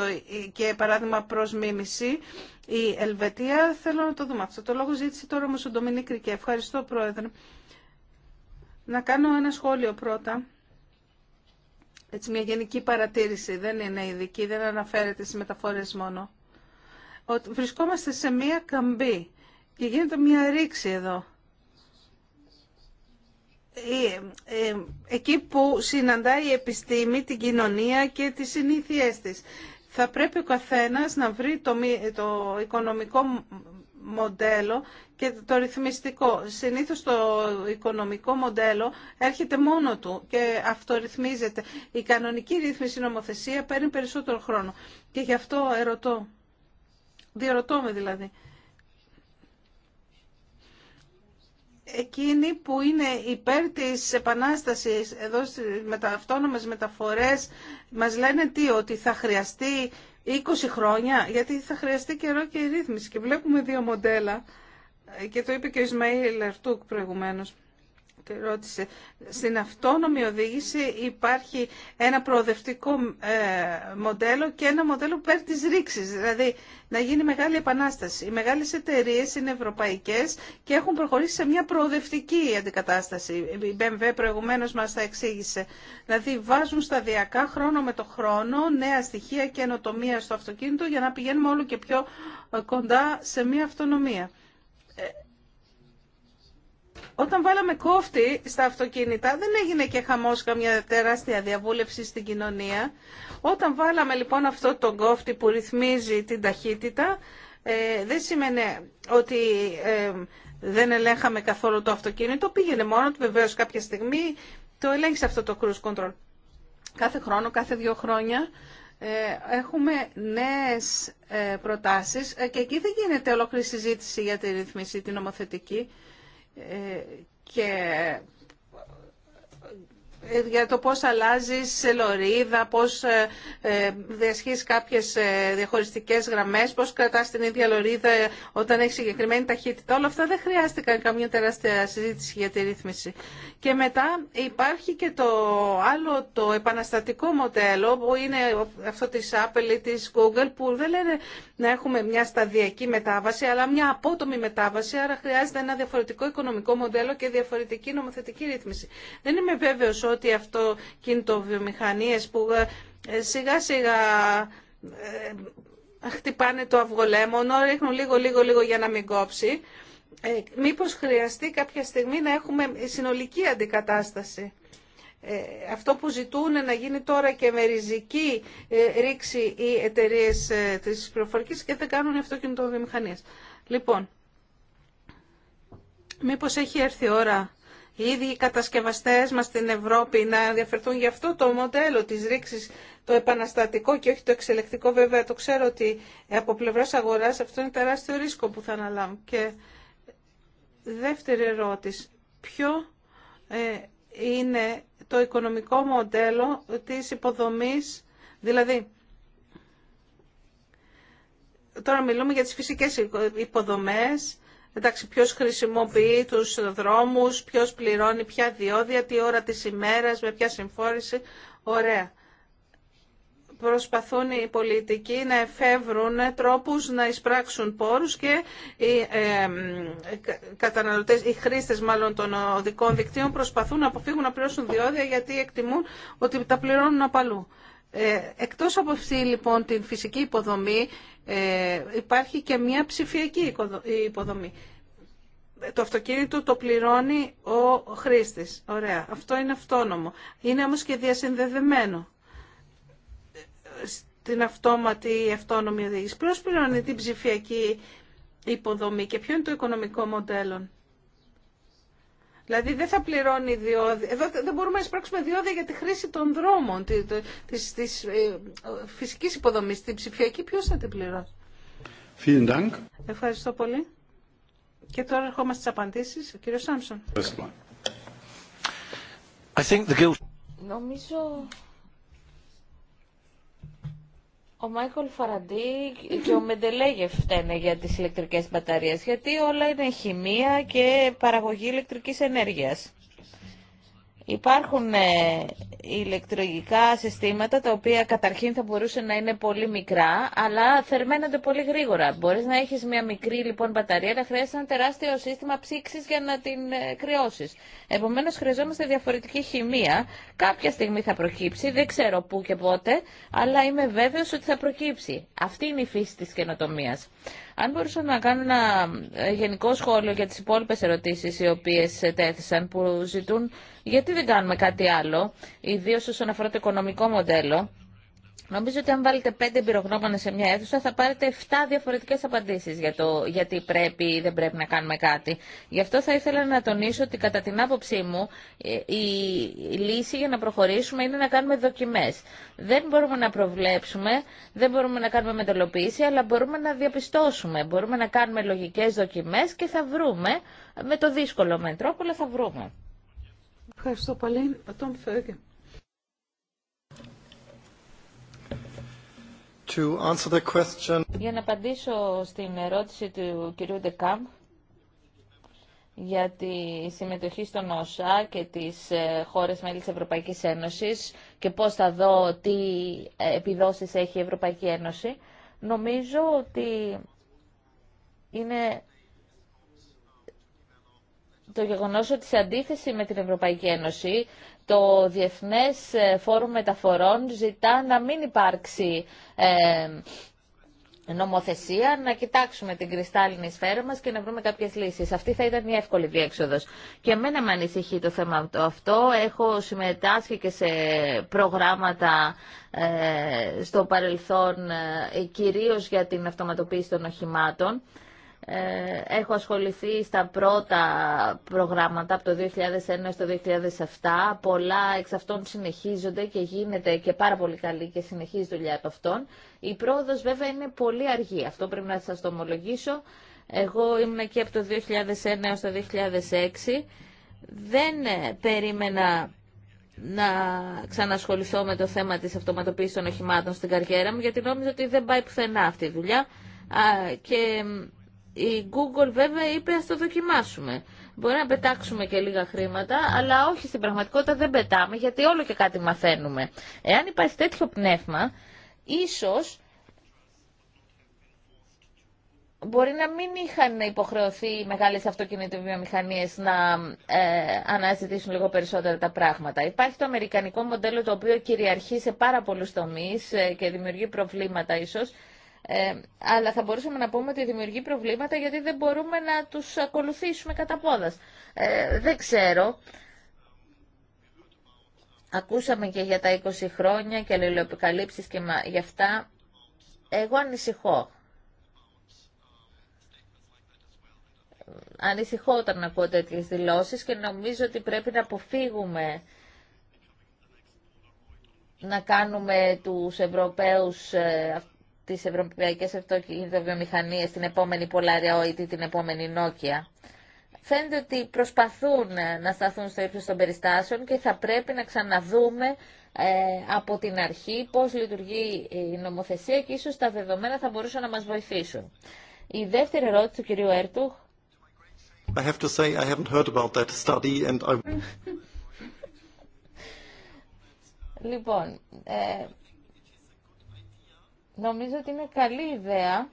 και παράδειγμα προ μίμηση η Ελβετία, θέλω να το δούμε αυτό. Το λόγο ζήτησε τώρα όμω ο Ντομινίκ και Ευχαριστώ Πρόεδρε. Να κάνω ένα σχόλιο πρώτα. Έτσι μια γενική παρατήρηση, δεν είναι ειδική, δεν αναφέρεται στις μεταφορέ μόνο. Ότι βρισκόμαστε σε μια καμπή και γίνεται μια ρήξη εδώ. Ε, ε, εκεί που συναντάει η επιστήμη, την κοινωνία και τις συνήθειές της. Θα πρέπει ο καθένας να βρει το, το οικονομικό μοντέλο και το ρυθμιστικό. Συνήθως το οικονομικό μοντέλο έρχεται μόνο του και αυτορυθμίζεται. Η κανονική ρύθμιση νομοθεσία παίρνει περισσότερο χρόνο. Και γι' αυτό ερωτώ. Διερωτώ με δηλαδή. εκείνοι που είναι υπέρ της επανάστασης εδώ με τα αυτόνομες μεταφορές μας λένε τι, ότι θα χρειαστεί 20 χρόνια, γιατί θα χρειαστεί καιρό και η ρύθμιση. Και βλέπουμε δύο μοντέλα ε, και το είπε και ο Ισμαήλ Ερτούκ προηγουμένως ρώτησε Στην αυτόνομη οδήγηση υπάρχει ένα προοδευτικό ε, μοντέλο και ένα μοντέλο πέρ της ρήξης, δηλαδή να γίνει μεγάλη επανάσταση. Οι μεγάλες εταιρείες είναι ευρωπαϊκές και έχουν προχωρήσει σε μια προοδευτική αντικατάσταση. Η BMW προηγουμένως μας τα εξήγησε. Δηλαδή βάζουν σταδιακά χρόνο με το χρόνο νέα στοιχεία και ενοτομία στο αυτοκίνητο για να πηγαίνουμε όλο και πιο ε, κοντά σε μια αυτονομία. Όταν βάλαμε κόφτη στα αυτοκίνητα δεν έγινε και χαμός καμιά τεράστια διαβούλευση στην κοινωνία. Όταν βάλαμε λοιπόν αυτό το κόφτη που ρυθμίζει την ταχύτητα ε, δεν σημαίνει ότι ε, δεν ελέγχαμε καθόλου το αυτοκίνητο. Πήγαινε μόνο του βεβαίως κάποια στιγμή το ελέγχει αυτό το cruise control. Κάθε χρόνο, κάθε δύο χρόνια ε, έχουμε νέες προτάσεις και εκεί δεν γίνεται ολόκληρη συζήτηση για τη ρυθμίση, την νομοθετική. Ε, και ε, για το πώς αλλάζεις σε λωρίδα, πώς ε, διασχίζεις κάποιες διαχωριστικές γραμμές, πώς κρατάς την ίδια λωρίδα όταν έχει συγκεκριμένη ταχύτητα. Όλα αυτά δεν χρειάστηκαν καμία τεράστια συζήτηση για τη ρύθμιση. Και μετά υπάρχει και το άλλο το επαναστατικό μοντέλο που είναι αυτό της Apple ή της Google που δεν λένε να έχουμε μια σταδιακή μετάβαση αλλά μια απότομη μετάβαση άρα χρειάζεται ένα διαφορετικό οικονομικό μοντέλο και διαφορετική νομοθετική ρύθμιση. Δεν είμαι βέβαιος ότι αυτό κινητοβιομηχανίες που ε, σιγά σιγά ε, χτυπάνε το αυγολέμονο, ρίχνουν λίγο λίγο λίγο για να μην κόψει ε, μήπως χρειαστεί κάποια στιγμή να έχουμε συνολική αντικατάσταση. Ε, αυτό που ζητούν να γίνει τώρα και με ριζική ε, ρήξη οι εταιρείε της πληροφορικής και δεν κάνουν αυτοκινητοβιομηχανίες. Λοιπόν, μήπως έχει έρθει η ώρα οι ίδιοι οι κατασκευαστές μας στην Ευρώπη να ενδιαφερθούν για αυτό το μοντέλο της ρήξης, το επαναστατικό και όχι το εξελεκτικό. Βέβαια, το ξέρω ότι από πλευράς αγοράς αυτό είναι τεράστιο ρίσκο που θα αναλάβουν. Και Δεύτερη ερώτηση. Ποιο ε, είναι το οικονομικό μοντέλο της υποδομής, δηλαδή τώρα μιλούμε για τις φυσικές υποδομές, εντάξει ποιος χρησιμοποιεί τους δρόμους, ποιος πληρώνει ποια διόδια, τι ώρα της ημέρας, με ποια συμφόρηση, ωραία προσπαθούν οι πολιτικοί να εφεύρουν τρόπους να εισπράξουν πόρους και οι ε, καταναλωτές, οι χρήστες μάλλον των οδικών δικτύων προσπαθούν να αποφύγουν να πληρώσουν διόδια γιατί εκτιμούν ότι τα πληρώνουν απαλού. Ε, εκτός από αυτή λοιπόν την φυσική υποδομή ε, υπάρχει και μια ψηφιακή υποδομή. Το αυτοκίνητο το πληρώνει ο χρήστης. Ωραία. Αυτό είναι αυτόνομο. Είναι όμως και διασυνδεδεμένο στην αυτόματη αυτόνομη οδήγηση. Ποιος πληρώνει την ψηφιακή υποδομή και ποιο είναι το οικονομικό μοντέλο. Δηλαδή δεν θα πληρώνει διόδια. Εδώ δεν μπορούμε να εισπράξουμε διόδια για τη χρήση των δρόμων, της, της ε, φυσικής υποδομής. Την ψηφιακή ποιος θα την πληρώσει. Ευχαριστώ πολύ. Και τώρα ερχόμαστε στις απαντήσεις. Ο κύριος Σάμψον. Νομίζω ο Μάικολ Φαραντί και ο Μεντελέγεφ φταίνε για τις ηλεκτρικές μπαταρίες, γιατί όλα είναι χημεία και παραγωγή ηλεκτρικής ενέργειας. Υπάρχουν ε, ηλεκτρογικά συστήματα τα οποία καταρχήν θα μπορούσαν να είναι πολύ μικρά, αλλά θερμαίνονται πολύ γρήγορα. Μπορεί να έχει μια μικρή λοιπόν μπαταρία, αλλά χρειάζεται ένα τεράστιο σύστημα ψήξη για να την ε, κρυώσει. Επομένω, χρειαζόμαστε διαφορετική χημεία. Κάποια στιγμή θα προκύψει, δεν ξέρω πού και πότε, αλλά είμαι βέβαιο ότι θα προκύψει. Αυτή είναι η φύση τη καινοτομία. Αν μπορούσα να κάνω ένα ε, γενικό σχόλιο για τις υπόλοιπες ερωτήσεις οι οποίες τέθησαν που ζητούν γιατί δεν κάνουμε κάτι άλλο, ιδίως όσον αφορά το οικονομικό μοντέλο. Νομίζω ότι αν βάλετε πέντε εμπειρογνώμονε σε μια αίθουσα θα πάρετε 7 διαφορετικέ απαντήσει για το γιατί πρέπει ή δεν πρέπει να κάνουμε κάτι. Γι' αυτό θα ήθελα να τονίσω ότι κατά την άποψή μου ε, η λύση για να προχωρήσουμε είναι να κάνουμε δοκιμέ. Δεν μπορούμε να προβλέψουμε, δεν μπορούμε να κάνουμε μετολοποίηση, αλλά μπορούμε να διαπιστώσουμε. Μπορούμε να κάνουμε λογικέ δοκιμέ και θα βρούμε, με το δύσκολο μέτρο αλλά θα βρούμε. Ευχαριστώ πολύ. Για να απαντήσω στην ερώτηση του κυρίου Ντεκάμ για τη συμμετοχή στον ΩΣΑ και τις ε, χώρες μέλη της Ευρωπαϊκής Ένωσης και πώς θα δω τι ε, επιδόσεις έχει η Ευρωπαϊκή Ένωση, νομίζω ότι είναι το γεγονός ότι σε αντίθεση με την Ευρωπαϊκή Ένωση το Διεθνές ε, Φόρουμ Μεταφορών ζητά να μην υπάρξει ε, νομοθεσία, να κοιτάξουμε την κρυστάλλινη σφαίρα μας και να βρούμε κάποιες λύσεις. Αυτή θα ήταν η εύκολη διέξοδος. Και εμένα με ανησυχεί το θέμα αυτό. Έχω συμμετάσχει και σε προγράμματα ε, στο παρελθόν, ε, κυρίως για την αυτοματοποίηση των οχημάτων. Ε, έχω ασχοληθεί στα πρώτα προγράμματα από το 2001 το 2007. Πολλά εξ αυτών συνεχίζονται και γίνεται και πάρα πολύ καλή και συνεχίζει δουλειά από αυτών. Η πρόοδος βέβαια είναι πολύ αργή. Αυτό πρέπει να σας το ομολογήσω. Εγώ ήμουν και από το 2001 έως το 2006. Δεν ε, περίμενα να ξανασχοληθώ με το θέμα της αυτοματοποίησης των οχημάτων στην καριέρα μου, γιατί νόμιζα ότι δεν πάει πουθενά αυτή η δουλειά. Και η Google βέβαια είπε ας το δοκιμάσουμε. Μπορεί να πετάξουμε και λίγα χρήματα, αλλά όχι στην πραγματικότητα δεν πετάμε, γιατί όλο και κάτι μαθαίνουμε. Εάν υπάρχει τέτοιο πνεύμα, ίσως μπορεί να μην είχαν υποχρεωθεί οι μεγάλες αυτοκινητοβιομηχανίες να ε, αναζητήσουν λίγο περισσότερα τα πράγματα. Υπάρχει το αμερικανικό μοντέλο το οποίο κυριαρχεί σε πάρα πολλούς τομείς ε, και δημιουργεί προβλήματα ίσως. Ε, αλλά θα μπορούσαμε να πούμε ότι δημιουργεί προβλήματα γιατί δεν μπορούμε να τους ακολουθήσουμε κατά πόδας. Ε, δεν ξέρω. Ακούσαμε και για τα 20 χρόνια και αλληλοεπικαλύψεις και γι' αυτά. Εγώ ανησυχώ. Ανησυχώ όταν ακούω τέτοιε δηλώσεις και νομίζω ότι πρέπει να αποφύγουμε να κάνουμε τους Ευρωπαίους ε, τις ευρωπαϊκές αυτοκινητοβιομηχανίες την επόμενη Polaroid ή την επόμενη Νόκια. Φαίνεται ότι προσπαθούν ε, να σταθούν στο ύψος των περιστάσεων και θα πρέπει να ξαναδούμε ε, από την αρχή πώς λειτουργεί η νομοθεσία και ίσως τα δεδομένα θα μπορούσαν να μας βοηθήσουν. Η δεύτερη ερώτηση του κυρίου Έρτουχ. I have to say I haven't heard about that study and I... λοιπόν, ε, Νομίζω ότι είναι καλή ιδέα.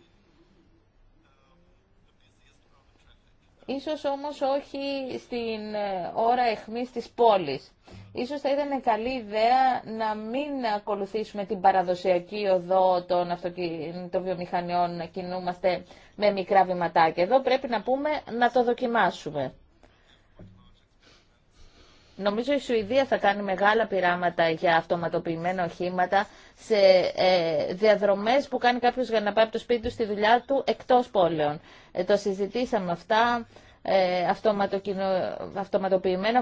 Ίσως όμως όχι στην ε, ώρα εχμής της πόλης. Ίσως θα ήταν καλή ιδέα να μην ακολουθήσουμε την παραδοσιακή οδό των αυτοκινητοβιομηχανιών να κινούμαστε με μικρά βηματάκια. Εδώ πρέπει να πούμε να το δοκιμάσουμε. Νομίζω η Σουηδία θα κάνει μεγάλα πειράματα για αυτοματοποιημένα οχήματα σε ε, διαδρομές που κάνει κάποιος για να πάει από το σπίτι του στη δουλειά του εκτός πόλεων. Ε, το συζητήσαμε αυτά. Ε, αυτοματοποιημένα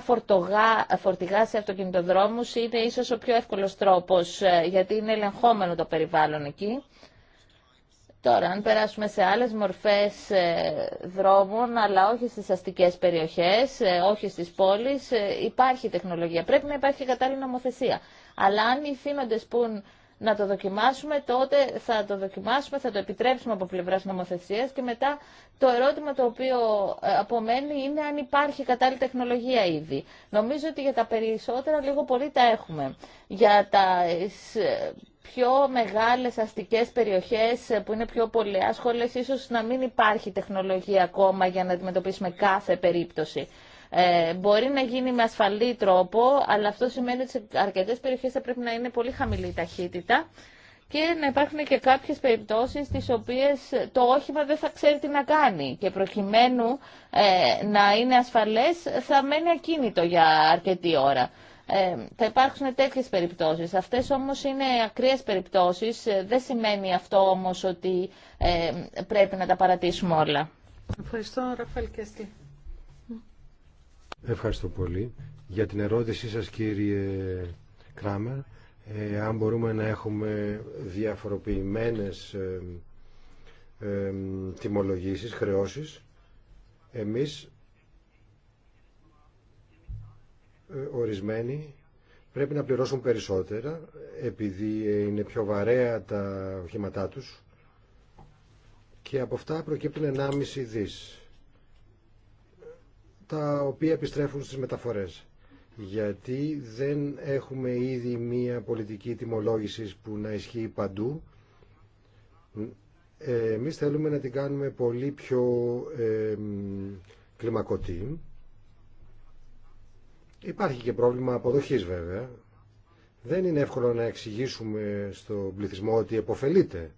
φορτηγά σε αυτοκινητοδρόμους είναι ίσως ο πιο εύκολος τρόπος ε, γιατί είναι ελεγχόμενο το περιβάλλον εκεί. Τώρα, αν περάσουμε σε άλλες μορφές ε, δρόμων, αλλά όχι στις αστικές περιοχές, ε, όχι στις πόλεις, ε, υπάρχει τεχνολογία. Πρέπει να υπάρχει κατάλληλη νομοθεσία. Αλλά αν οι θύνοντες πούν να το δοκιμάσουμε, τότε θα το δοκιμάσουμε, θα το επιτρέψουμε από πλευρά νομοθεσία και μετά το ερώτημα το οποίο απομένει είναι αν υπάρχει κατάλληλη τεχνολογία ήδη. Νομίζω ότι για τα περισσότερα λίγο πολύ τα έχουμε. Για τα πιο μεγάλες αστικές περιοχές ε, που είναι πιο πολλές, ίσως να μην υπάρχει τεχνολογία ακόμα για να αντιμετωπίσουμε κάθε περίπτωση. Ε, μπορεί να γίνει με ασφαλή τρόπο, αλλά αυτό σημαίνει ότι σε αρκετές περιοχές θα πρέπει να είναι πολύ χαμηλή η ταχύτητα και να υπάρχουν και κάποιες περιπτώσεις τις οποίες το όχημα δεν θα ξέρει τι να κάνει και προκειμένου ε, να είναι ασφαλές θα μένει ακίνητο για αρκετή ώρα. Ε, θα υπάρξουν τέτοιες περιπτώσεις. Αυτές όμως είναι ακραίες περιπτώσεις. Ε, δεν σημαίνει αυτό όμως ότι ε, πρέπει να τα παρατήσουμε όλα. Ευχαριστώ, Ραφαλ Κέστη. Ευχαριστώ πολύ. Για την ερώτησή σας, κύριε Κράμερ, αν μπορούμε να έχουμε διαφοροποιημένες ε, ε, τιμολογήσεις, χρεώσεις, εμείς Ε, ορισμένοι πρέπει να πληρώσουν περισσότερα επειδή ε, είναι πιο βαρέα τα οχήματά τους και από αυτά προκύπτουν 1,5 δις τα οποία επιστρέφουν στις μεταφορές γιατί δεν έχουμε ήδη μία πολιτική τιμολόγηση που να ισχύει παντού ε, εμείς θέλουμε να την κάνουμε πολύ πιο ε, κλιμακωτή Υπάρχει και πρόβλημα αποδοχής βέβαια. Δεν είναι εύκολο να εξηγήσουμε στον πληθυσμό ότι επωφελείται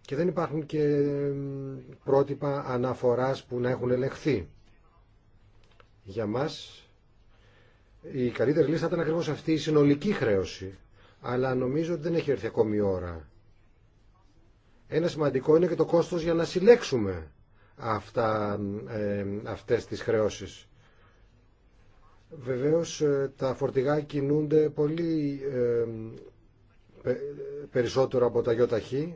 και δεν υπάρχουν και πρότυπα αναφοράς που να έχουν ελεγχθεί. Για μας η καλύτερη λύση θα ήταν ακριβώς αυτή η συνολική χρέωση, αλλά νομίζω ότι δεν έχει έρθει ακόμη ώρα. Ένα σημαντικό είναι και το κόστος για να συλλέξουμε αυτά, ε, αυτές τις χρεώσεις. Βεβαίως ε, τα φορτηγά κινούνται πολύ ε, περισσότερο από τα γιοταχή.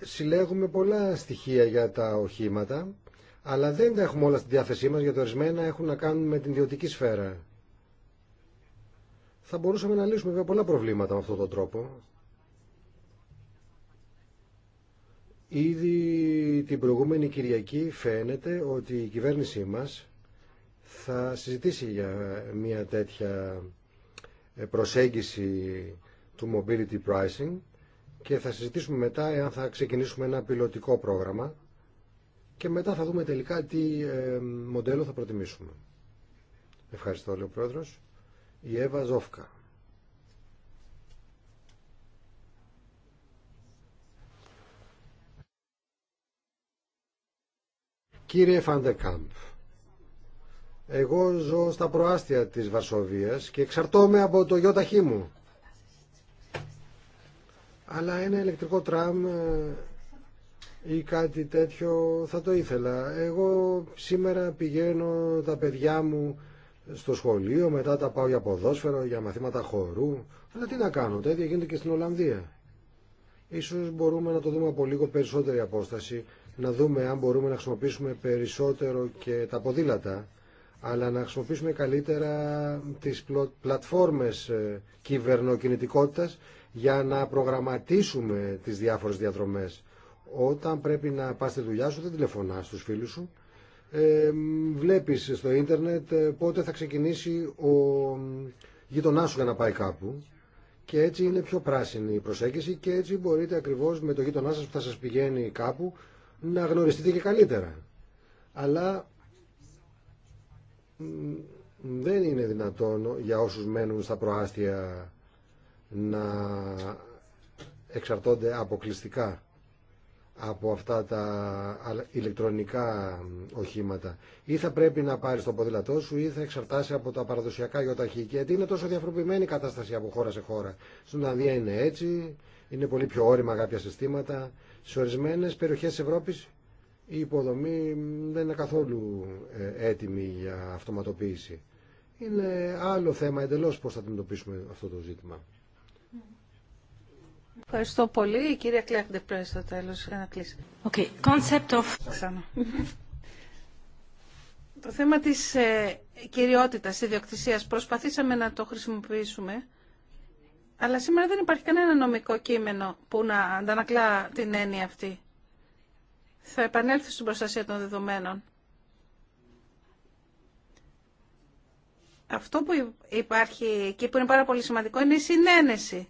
Συλλέγουμε πολλά στοιχεία για τα οχήματα, αλλά δεν τα έχουμε όλα στη διάθεσή μας, γιατί ορισμένα έχουν να κάνουν με την ιδιωτική σφαίρα. Θα μπορούσαμε να λύσουμε πολλά προβλήματα με αυτόν τον τρόπο. Ήδη την προηγούμενη Κυριακή φαίνεται ότι η κυβέρνησή μας θα συζητήσει για μια τέτοια ε, προσέγγιση του mobility pricing και θα συζητήσουμε μετά εάν θα ξεκινήσουμε ένα πιλωτικό πρόγραμμα και μετά θα δούμε τελικά τι ε, μοντέλο θα προτιμήσουμε. Ευχαριστώ, λέει ο Πρόεδρος. Η Εύα Ζόφκα. Κύριε Φαντεκάμπ, εγώ ζω στα προάστια της Βαρσοβίας και εξαρτώμαι από το ταχύ μου. Αλλά ένα ηλεκτρικό τραμ ε, ή κάτι τέτοιο θα το ήθελα. Εγώ σήμερα πηγαίνω τα παιδιά μου στο σχολείο, μετά τα πάω για ποδόσφαιρο, για μαθήματα χορού. Αλλά τι να κάνω, τέτοια γίνεται και στην Ολλανδία. Ίσως μπορούμε να το δούμε από λίγο περισσότερη απόσταση να δούμε αν μπορούμε να χρησιμοποιήσουμε περισσότερο και τα ποδήλατα, αλλά να χρησιμοποιήσουμε καλύτερα τις πλατφόρμες ε, κυβερνοκινητικότητας για να προγραμματίσουμε τις διάφορες διαδρομές. Όταν πρέπει να πας στη δουλειά σου, δεν τηλεφωνάς στους φίλους σου. Ε, βλέπεις στο ίντερνετ ε, πότε θα ξεκινήσει ο γειτονάς σου για να πάει κάπου. Και έτσι είναι πιο πράσινη η προσέγγιση και έτσι μπορείτε ακριβώς με το γείτονά σας που θα σας πηγαίνει κάπου να γνωριστείτε και καλύτερα. Αλλά δεν είναι δυνατόν για όσους μένουν στα προάστια να εξαρτώνται αποκλειστικά από αυτά τα ηλεκτρονικά οχήματα. Ή θα πρέπει να πάρει το ποδήλατό σου ή θα εξαρτάσει από τα παραδοσιακά γιοταχήκια. Γιατί είναι τόσο διαφοροποιημένη η κατάσταση θα εξαρτασει απο τα παραδοσιακα γιοταχη γιατι ειναι τοσο διαφορετικη η κατασταση απο χωρα σε χώρα. Στην Ανδία είναι έτσι, είναι πολύ πιο όρημα κάποια συστήματα. Σε ορισμένε περιοχέ τη Ευρώπη η υποδομή δεν είναι καθόλου ε, έτοιμη για αυτοματοποίηση. Είναι άλλο θέμα εντελώ πώ θα αντιμετωπίσουμε αυτό το ζήτημα. Ευχαριστώ πολύ. Η κυρία Κλέφντε πρέπει στο τέλο για να κλείσει. Okay. Concept of... το θέμα της ε, κυριότητας, ιδιοκτησίας, προσπαθήσαμε να το χρησιμοποιήσουμε αλλά σήμερα δεν υπάρχει κανένα νομικό κείμενο που να αντανακλά την έννοια αυτή. Θα επανέλθω στην προστασία των δεδομένων. Αυτό που υπάρχει και που είναι πάρα πολύ σημαντικό είναι η συνένεση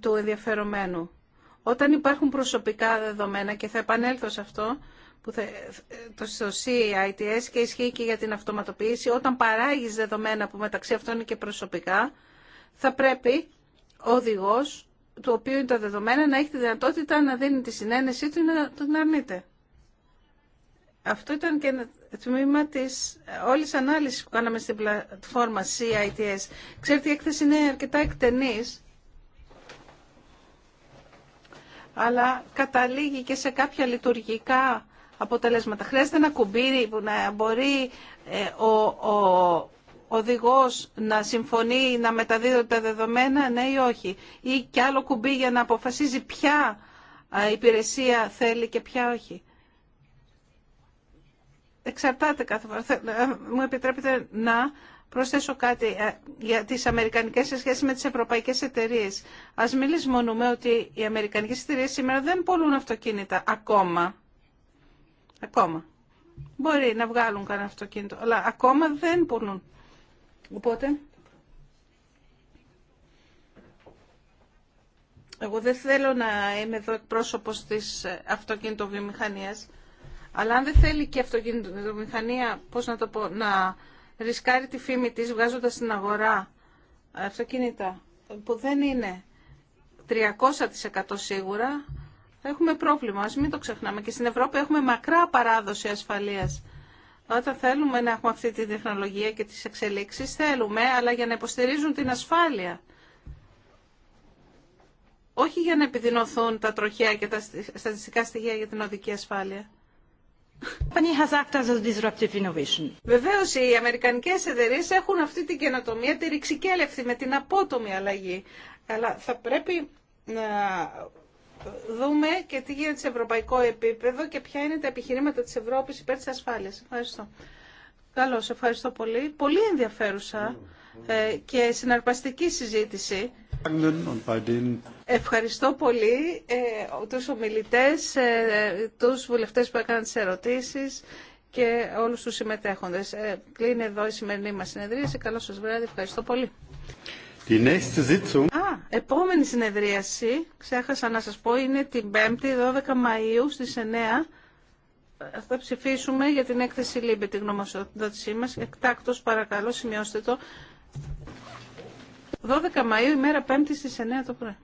του ενδιαφερομένου. Όταν υπάρχουν προσωπικά δεδομένα, και θα επανέλθω σε αυτό, που θα, το CITS και ισχύει και για την αυτοματοποίηση, όταν παράγεις δεδομένα που μεταξύ αυτών είναι και προσωπικά, θα πρέπει ο οδηγός, του οποίου είναι τα δεδομένα, να έχει τη δυνατότητα να δίνει τη συνένεσή του ή να τον αρνείται. Αυτό ήταν και ένα τμήμα τη ε, όλη ανάλυση που κάναμε στην πλατφόρμα CITS. Ξέρετε, η έκθεση είναι αρκετά εκτενή. αλλά καταλήγει και σε κάποια λειτουργικά αποτελέσματα. Χρειάζεται ένα κουμπί που να μπορεί ε, ο, ο οδηγός να συμφωνεί να μεταδίδονται τα δεδομένα, ναι ή όχι. Ή κι άλλο κουμπί για να αποφασίζει ποια υπηρεσία θέλει και ποια όχι. Εξαρτάται κάθε φορά. Ε, μου επιτρέπετε να προσθέσω κάτι ε, για τις αμερικανικές σε σχέση με τις ευρωπαϊκές εταιρείες. Ας μιλήσουμε ότι οι αμερικανικές εταιρείες σήμερα δεν πολλούν αυτοκίνητα ακόμα. Ακόμα. Μπορεί να βγάλουν κανένα αυτοκίνητο, αλλά ακόμα δεν πουλούν. Οπότε, εγώ δεν θέλω να είμαι εδώ εκπρόσωπος της αυτοκινητοβιομηχανίας, αλλά αν δεν θέλει και η αυτοκινητοβιομηχανία, πώς να το πω, να ρισκάρει τη φήμη της βγάζοντας στην αγορά αυτοκίνητα που δεν είναι 300% σίγουρα, θα έχουμε πρόβλημα. Ας μην το ξεχνάμε. Και στην Ευρώπη έχουμε μακρά παράδοση ασφαλείας. Όταν θέλουμε να έχουμε αυτή τη τεχνολογία και τις εξελίξεις, θέλουμε, αλλά για να υποστηρίζουν την ασφάλεια. Όχι για να επιδεινωθούν τα τροχιά και τα στατιστικά στοιχεία για την οδική ασφάλεια. Βεβαίω οι αμερικανικέ εταιρείε έχουν αυτή την καινοτομία, τη ρηξικέλευση με την απότομη αλλαγή. Αλλά θα πρέπει να δούμε και τι γίνεται σε ευρωπαϊκό επίπεδο και ποια είναι τα επιχειρήματα της Ευρώπης υπέρ της ασφάλειας. Ευχαριστώ. Καλώ ευχαριστώ πολύ. Πολύ ενδιαφέρουσα ε, και συναρπαστική συζήτηση. Ευχαριστώ πολύ ε, τους ομιλητές, ε, τους βουλευτές που έκαναν τις ερωτήσεις και όλους τους συμμετέχοντες. Ε, κλείνει εδώ η σημερινή μας συνεδρίαση. Καλό σας βράδυ. Ευχαριστώ πολύ. Η Α, επόμενη συνεδρίαση, ξέχασα να σας πω, είναι την 5η 12 Μαΐου στις 9. Θα ψηφίσουμε για την έκθεση ΛΥΜΠΕ, τη γνωμοσοδότησή μας. Εκτάκτος, παρακαλώ, σημειώστε το. 12 Μαΐου, ημέρα 5η στις 9 το πρωί.